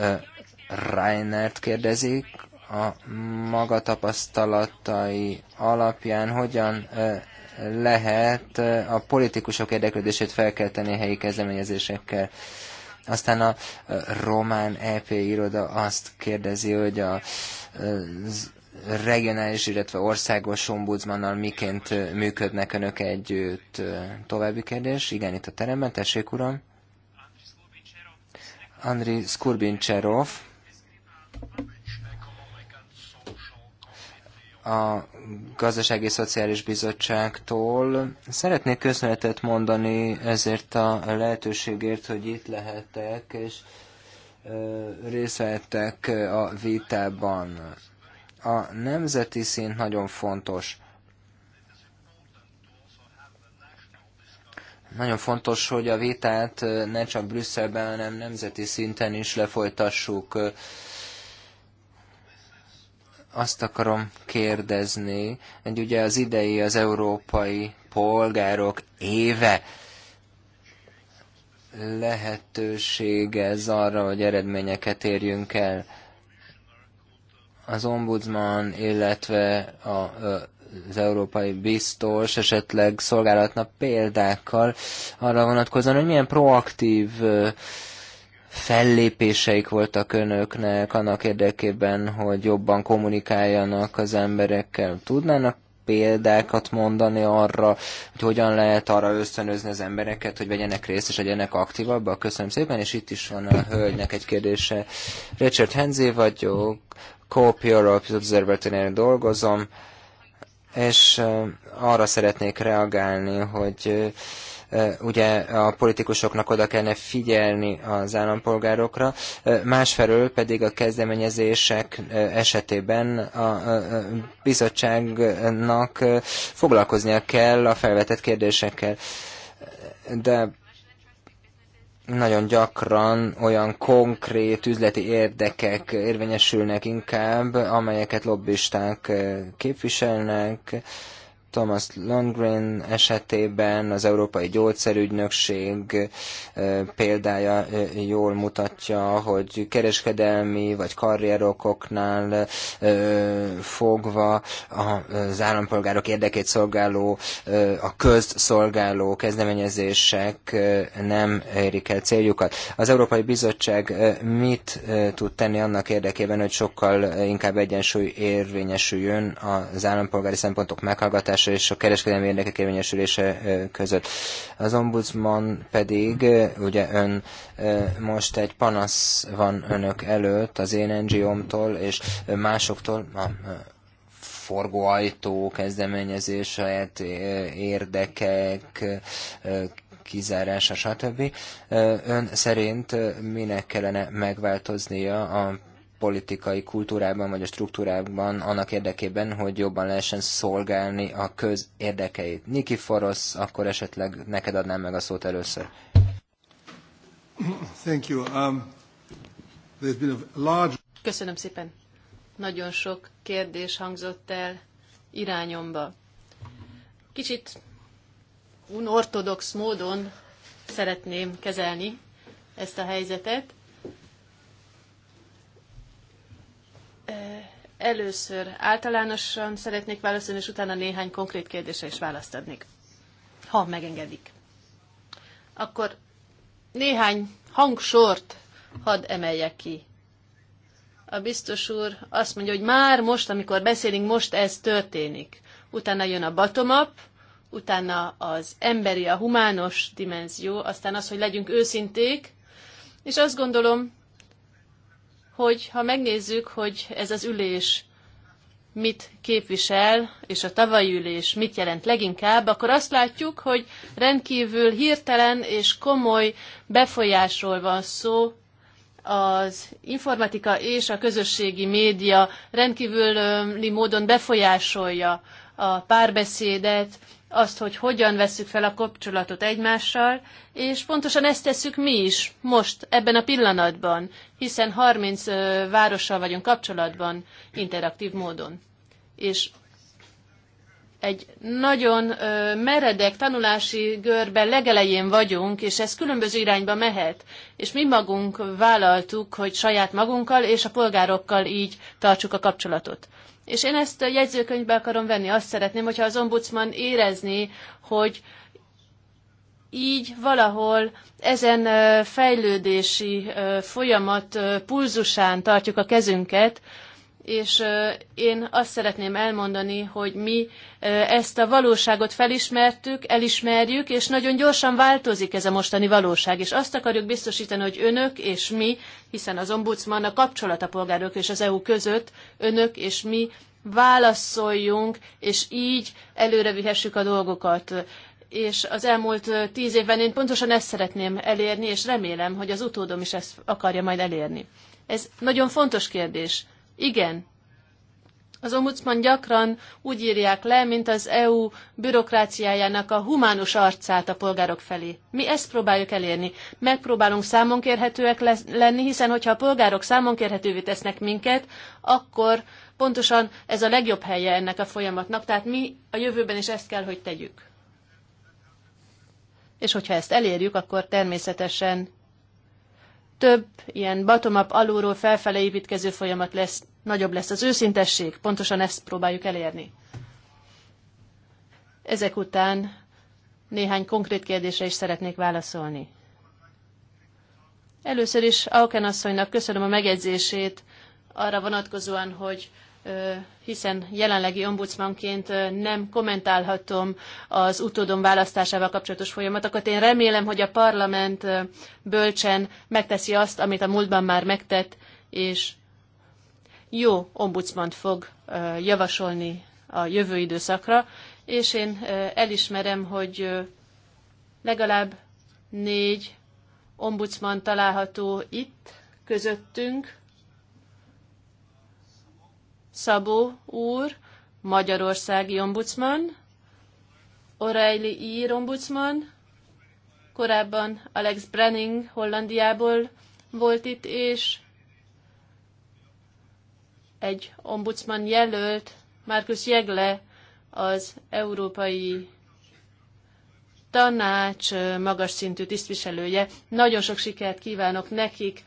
Reinert kérdezik, a maga tapasztalatai alapján hogyan lehet a politikusok érdeklődését felkelteni a helyi kezdeményezésekkel. Aztán a román EP iroda azt kérdezi, hogy a regionális, illetve országos ombudsmannal miként működnek önök együtt. További kérdés? Igen, itt a teremben, tessék uram. Andri Skurbincserov, a Gazdasági Szociális Bizottságtól. Szeretnék köszönetet mondani ezért a lehetőségért, hogy itt lehetek, és részt vettek a vitában. A nemzeti szint nagyon fontos. Nagyon fontos, hogy a vitát ne csak Brüsszelben, hanem nemzeti szinten is lefolytassuk. Azt akarom kérdezni, hogy ugye az idei az európai polgárok éve lehetőség ez arra, hogy eredményeket érjünk el. Az ombudsman, illetve a, a az európai biztos esetleg szolgálatna példákkal arra vonatkozóan, hogy milyen proaktív fellépéseik voltak önöknek annak érdekében, hogy jobban kommunikáljanak az emberekkel. Tudnának példákat mondani arra, hogy hogyan lehet arra ösztönözni az embereket, hogy vegyenek részt és legyenek aktívabbak. Köszönöm szépen, és itt is van a hölgynek egy kérdése. Richard Henzi vagyok, Coop Europe Observatory-nél dolgozom, és arra szeretnék reagálni, hogy ugye a politikusoknak oda kellene figyelni az állampolgárokra, másfelől pedig a kezdeményezések esetében a bizottságnak foglalkoznia kell a felvetett kérdésekkel. De nagyon gyakran olyan konkrét üzleti érdekek érvényesülnek inkább, amelyeket lobbisták eh, képviselnek, Thomas Lundgren esetében az Európai Gyógyszerügynökség példája jól mutatja, hogy kereskedelmi vagy karrierokoknál fogva az állampolgárok érdekét szolgáló, a közszolgáló kezdeményezések nem érik el céljukat. Az Európai Bizottság mit tud tenni annak érdekében, hogy sokkal inkább egyensúly érvényesüljön az állampolgári szempontok meghallgatása érvényesülése és a kereskedelmi érdekek érvényesülése között. Az ombudsman pedig, ugye ön most egy panasz van önök előtt az én NGO-mtól és másoktól, a forgóajtó kezdeményezés, saját érdekek, kizárása, stb. Ön szerint minek kellene megváltoznia a politikai kultúrában vagy a struktúrában annak érdekében, hogy jobban lehessen szolgálni a köz érdekeit. Niki Forosz, akkor esetleg neked adnám meg a szót először. Thank you. Um, there's been a large... Köszönöm szépen. Nagyon sok kérdés hangzott el irányomba. Kicsit unortodox módon szeretném kezelni ezt a helyzetet, Először általánosan szeretnék válaszolni, és utána néhány konkrét kérdésre is választ adnék, ha megengedik. Akkor néhány hangsort hadd emeljek ki. A biztos úr azt mondja, hogy már most, amikor beszélünk, most ez történik. Utána jön a bottom-up, utána az emberi, a humános dimenzió, aztán az, hogy legyünk őszinték, és azt gondolom, hogy ha megnézzük, hogy ez az ülés mit képvisel, és a tavalyi ülés mit jelent leginkább, akkor azt látjuk, hogy rendkívül hirtelen és komoly befolyásról van szó az informatika és a közösségi média rendkívüli módon befolyásolja a párbeszédet, azt, hogy hogyan vesszük fel a kapcsolatot egymással, és pontosan ezt tesszük mi is, most, ebben a pillanatban, hiszen 30 várossal vagyunk kapcsolatban interaktív módon. És egy nagyon meredek tanulási görbe legelején vagyunk, és ez különböző irányba mehet. És mi magunk vállaltuk, hogy saját magunkkal és a polgárokkal így tartsuk a kapcsolatot. És én ezt a jegyzőkönyvbe akarom venni. Azt szeretném, hogyha az ombudsman érezni, hogy így valahol ezen fejlődési folyamat pulzusán tartjuk a kezünket, és én azt szeretném elmondani, hogy mi ezt a valóságot felismertük, elismerjük, és nagyon gyorsan változik ez a mostani valóság, és azt akarjuk biztosítani, hogy önök és mi, hiszen az ombudsman a kapcsolat a polgárok és az EU között, önök és mi válaszoljunk, és így előre vihessük a dolgokat. És az elmúlt tíz évben én pontosan ezt szeretném elérni, és remélem, hogy az utódom is ezt akarja majd elérni. Ez nagyon fontos kérdés igen, az ombudsman gyakran úgy írják le, mint az EU bürokráciájának a humánus arcát a polgárok felé. Mi ezt próbáljuk elérni. Megpróbálunk számonkérhetőek lenni, hiszen hogyha a polgárok számonkérhetővé tesznek minket, akkor pontosan ez a legjobb helye ennek a folyamatnak. Tehát mi a jövőben is ezt kell, hogy tegyük. És hogyha ezt elérjük, akkor természetesen több ilyen bottom-up alulról felfele építkező folyamat lesz, nagyobb lesz az őszintesség, pontosan ezt próbáljuk elérni. Ezek után néhány konkrét kérdésre is szeretnék válaszolni. Először is Auken asszonynak köszönöm a megjegyzését arra vonatkozóan, hogy hiszen jelenlegi ombudsmanként nem kommentálhatom az utódom választásával kapcsolatos folyamatokat. Én remélem, hogy a parlament bölcsen megteszi azt, amit a múltban már megtett, és jó ombudsmant fog javasolni a jövő időszakra, és én elismerem, hogy legalább négy ombudsman található itt közöttünk, Szabó úr, Magyarországi Ombudsman, O'Reilly ír Ombudsman, korábban Alex Brenning Hollandiából volt itt, és egy ombudsman jelölt, Markus Jegle, az Európai Tanács magas szintű tisztviselője. Nagyon sok sikert kívánok nekik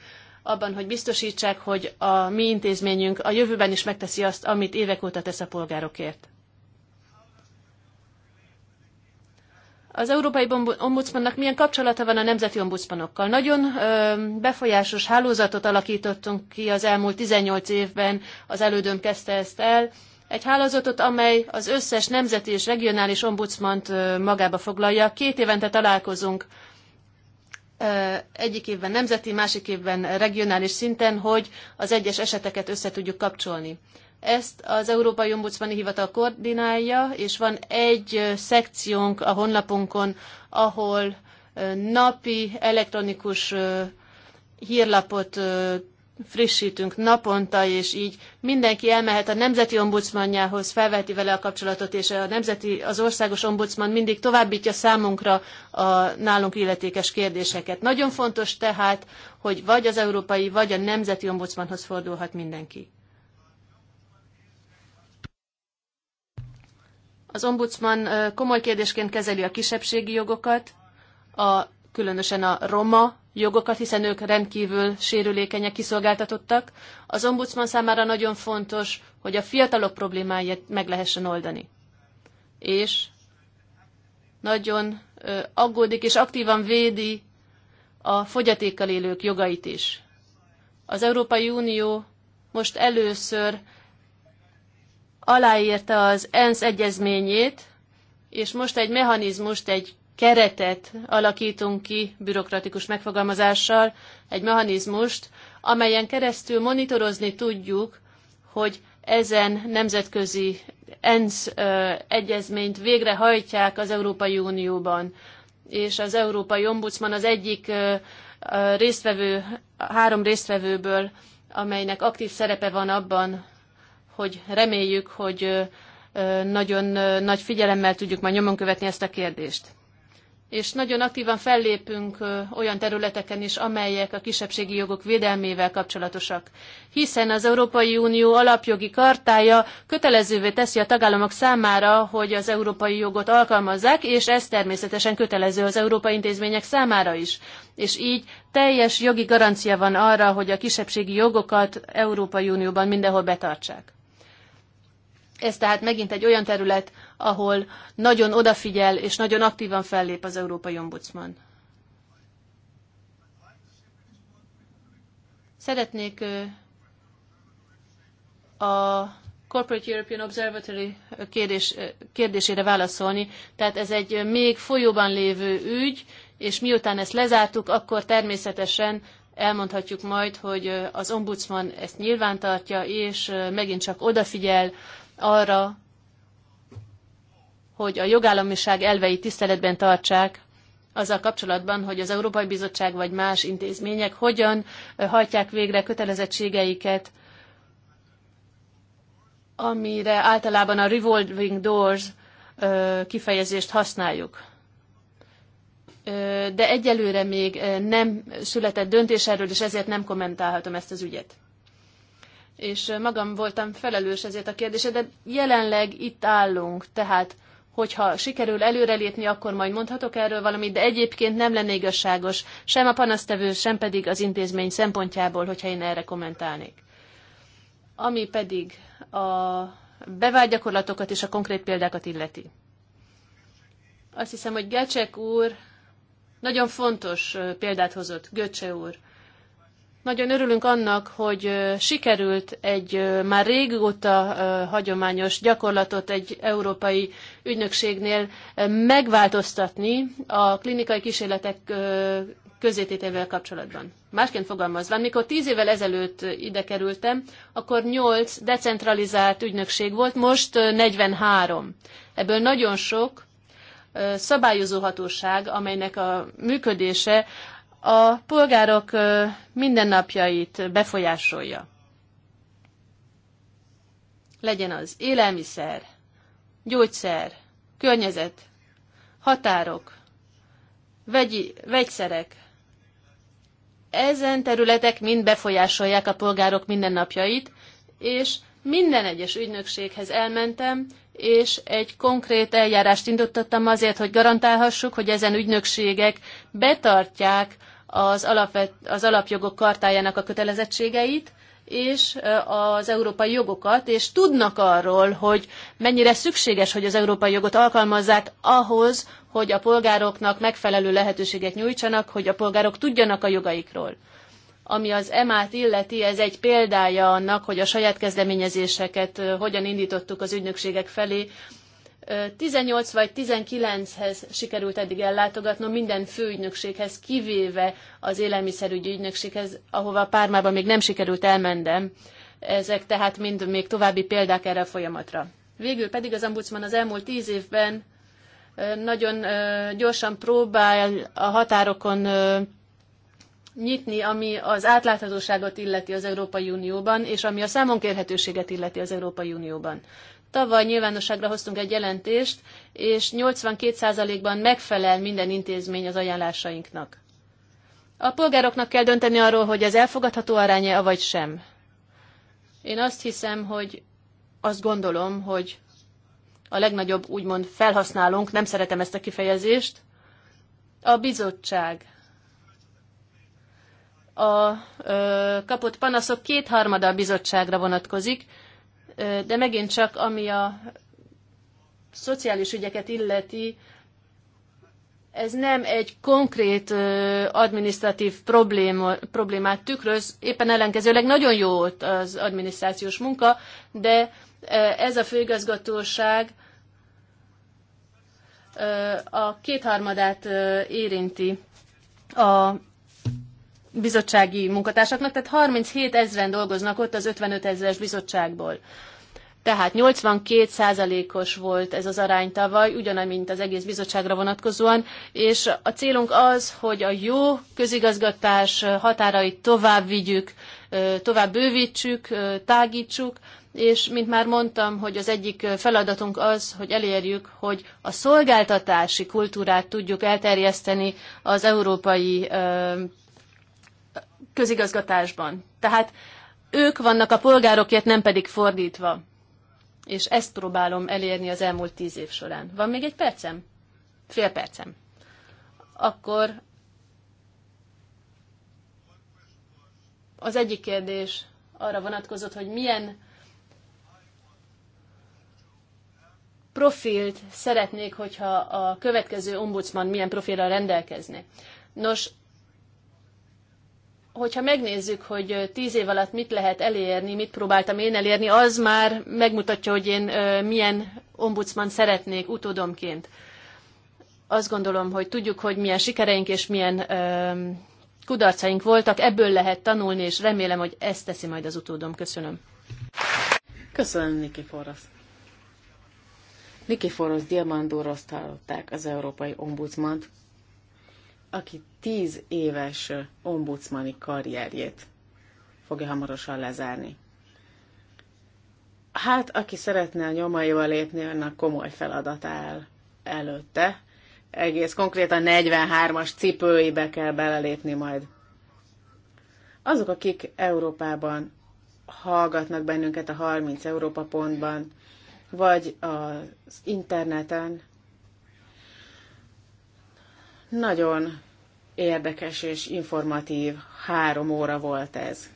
abban, hogy biztosítsák, hogy a mi intézményünk a jövőben is megteszi azt, amit évek óta tesz a polgárokért. Az Európai Ombudsmannak milyen kapcsolata van a nemzeti ombudsmanokkal? Nagyon befolyásos hálózatot alakítottunk ki az elmúlt 18 évben, az elődöm kezdte ezt el. Egy hálózatot, amely az összes nemzeti és regionális ombudsmant magába foglalja. Két évente találkozunk egyik évben nemzeti, másik évben regionális szinten, hogy az egyes eseteket össze tudjuk kapcsolni. Ezt az Európai Ombudsmani Hivatal koordinálja, és van egy szekciónk a honlapunkon, ahol napi elektronikus hírlapot frissítünk naponta, és így mindenki elmehet a nemzeti ombudsmanjához, felveti vele a kapcsolatot, és a nemzeti, az országos ombudsman mindig továbbítja számunkra a nálunk illetékes kérdéseket. Nagyon fontos tehát, hogy vagy az európai, vagy a nemzeti ombudsmanhoz fordulhat mindenki. Az ombudsman komoly kérdésként kezeli a kisebbségi jogokat, a, különösen a roma jogokat, hiszen ők rendkívül sérülékenyek, kiszolgáltatottak. Az ombudsman számára nagyon fontos, hogy a fiatalok problémáját meg lehessen oldani. És nagyon aggódik és aktívan védi a fogyatékkal élők jogait is. Az Európai Unió most először aláírta az ENSZ egyezményét, és most egy mechanizmust, egy keretet alakítunk ki bürokratikus megfogalmazással, egy mechanizmust, amelyen keresztül monitorozni tudjuk, hogy ezen nemzetközi ENSZ egyezményt végrehajtják az Európai Unióban. És az Európai Ombudsman az egyik résztvevő, három résztvevőből, amelynek aktív szerepe van abban, hogy reméljük, hogy nagyon nagy figyelemmel tudjuk majd nyomon követni ezt a kérdést és nagyon aktívan fellépünk olyan területeken is, amelyek a kisebbségi jogok védelmével kapcsolatosak. Hiszen az Európai Unió alapjogi kartája kötelezővé teszi a tagállamok számára, hogy az európai jogot alkalmazzák, és ez természetesen kötelező az európai intézmények számára is. És így teljes jogi garancia van arra, hogy a kisebbségi jogokat Európai Unióban mindenhol betartsák. Ez tehát megint egy olyan terület, ahol nagyon odafigyel és nagyon aktívan fellép az Európai Ombudsman. Szeretnék a Corporate European Observatory kérdés, kérdésére válaszolni. Tehát ez egy még folyóban lévő ügy, és miután ezt lezártuk, akkor természetesen elmondhatjuk majd, hogy az ombudsman ezt nyilvántartja, és megint csak odafigyel arra, hogy a jogállamiság elvei tiszteletben tartsák azzal kapcsolatban, hogy az Európai Bizottság vagy más intézmények hogyan hajtják végre kötelezettségeiket, amire általában a revolving doors kifejezést használjuk. De egyelőre még nem született döntés erről, és ezért nem kommentálhatom ezt az ügyet. És magam voltam felelős ezért a kérdésre, de jelenleg itt állunk, tehát hogyha sikerül előrelépni, akkor majd mondhatok erről valamit, de egyébként nem lenne igazságos sem a panasztevő, sem pedig az intézmény szempontjából, hogyha én erre kommentálnék. Ami pedig a bevált gyakorlatokat és a konkrét példákat illeti. Azt hiszem, hogy Gecsek úr nagyon fontos példát hozott, Göcse úr. Nagyon örülünk annak, hogy sikerült egy már régóta hagyományos gyakorlatot egy európai ügynökségnél megváltoztatni a klinikai kísérletek közététével kapcsolatban. Másként fogalmazva, amikor tíz évvel ezelőtt ide kerültem, akkor nyolc decentralizált ügynökség volt, most 43. Ebből nagyon sok szabályozó hatóság, amelynek a működése a polgárok mindennapjait befolyásolja. Legyen az élelmiszer, gyógyszer, környezet, határok, vegyi, vegyszerek. Ezen területek mind befolyásolják a polgárok mindennapjait, és minden egyes ügynökséghez elmentem, és egy konkrét eljárást indítottam azért, hogy garantálhassuk, hogy ezen ügynökségek betartják az, alapvet, az alapjogok kartájának a kötelezettségeit, és az európai jogokat, és tudnak arról, hogy mennyire szükséges, hogy az európai jogot alkalmazzák ahhoz, hogy a polgároknak megfelelő lehetőséget nyújtsanak, hogy a polgárok tudjanak a jogaikról. Ami az EMA-t illeti, ez egy példája annak, hogy a saját kezdeményezéseket hogyan indítottuk az ügynökségek felé 18 vagy 19-hez sikerült eddig ellátogatnom minden főügynökséghez, kivéve az élelmiszerügyi ügynökséghez, ahova Pármában még nem sikerült elmennem. Ezek tehát mind még további példák erre a folyamatra. Végül pedig az ombudsman az elmúlt tíz évben nagyon gyorsan próbál a határokon nyitni, ami az átláthatóságot illeti az Európai Unióban, és ami a számonkérhetőséget illeti az Európai Unióban. Tavaly nyilvánosságra hoztunk egy jelentést, és 82%-ban megfelel minden intézmény az ajánlásainknak. A polgároknak kell dönteni arról, hogy ez elfogadható aránya, vagy sem. Én azt hiszem, hogy azt gondolom, hogy a legnagyobb úgymond felhasználónk, nem szeretem ezt a kifejezést, a bizottság. A ö, kapott panaszok kétharmada a bizottságra vonatkozik, de megint csak, ami a szociális ügyeket illeti, ez nem egy konkrét adminisztratív probléma, problémát tükröz, éppen ellenkezőleg nagyon jó volt az adminisztrációs munka, de ez a főigazgatóság a kétharmadát érinti a bizottsági munkatársaknak, tehát 37 ezeren dolgoznak ott az 55 ezeres bizottságból. Tehát 82%-os volt ez az arány tavaly, ugyanaz, mint az egész bizottságra vonatkozóan, és a célunk az, hogy a jó közigazgatás határait tovább vigyük, tovább bővítsük, tágítsuk, és mint már mondtam, hogy az egyik feladatunk az, hogy elérjük, hogy a szolgáltatási kultúrát tudjuk elterjeszteni az európai közigazgatásban. Tehát ők vannak a polgárokért, nem pedig fordítva. És ezt próbálom elérni az elmúlt tíz év során. Van még egy percem? Fél percem. Akkor az egyik kérdés arra vonatkozott, hogy milyen profilt szeretnék, hogyha a következő ombudsman milyen profilra rendelkezne. Nos, hogyha megnézzük, hogy tíz év alatt mit lehet elérni, mit próbáltam én elérni, az már megmutatja, hogy én milyen ombudsman szeretnék utódomként. Azt gondolom, hogy tudjuk, hogy milyen sikereink és milyen kudarcaink voltak, ebből lehet tanulni, és remélem, hogy ezt teszi majd az utódom. Köszönöm. Köszönöm, Niki Forrasz. Niki Forrasz Diamandúroszt hallották az Európai Ombudsmant, aki tíz éves ombudsmani karrierjét fogja hamarosan lezárni. Hát, aki szeretne a nyomaival lépni, annak komoly feladat áll előtte. Egész konkrétan 43-as cipőibe kell belelépni majd. Azok, akik Európában hallgatnak bennünket a 30 Európa pontban, vagy az interneten, nagyon érdekes és informatív három óra volt ez.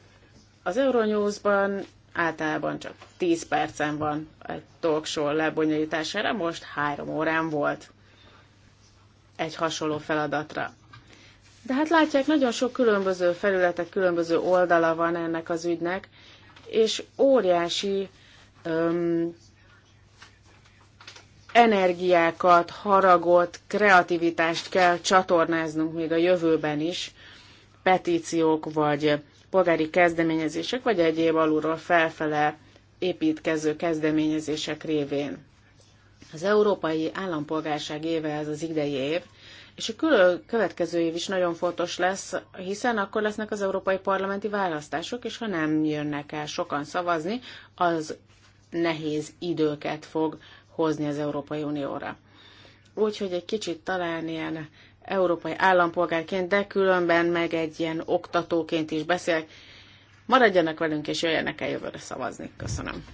Az Euronews-ban általában csak 10 percen van egy talk show lebonyolítására, most három órán volt egy hasonló feladatra. De hát látják, nagyon sok különböző felületek, különböző oldala van ennek az ügynek, és óriási öm, energiákat, haragot, kreativitást kell csatornáznunk még a jövőben is, petíciók vagy polgári kezdeményezések, vagy egyéb alulról felfele építkező kezdeményezések révén. Az Európai Állampolgárság éve ez az idei év, és a következő év is nagyon fontos lesz, hiszen akkor lesznek az európai parlamenti választások, és ha nem jönnek el sokan szavazni, az nehéz időket fog hozni az Európai Unióra. Úgyhogy egy kicsit talán ilyen európai állampolgárként, de különben meg egy ilyen oktatóként is beszélek. Maradjanak velünk, és jöjjenek el jövőre szavazni. Köszönöm.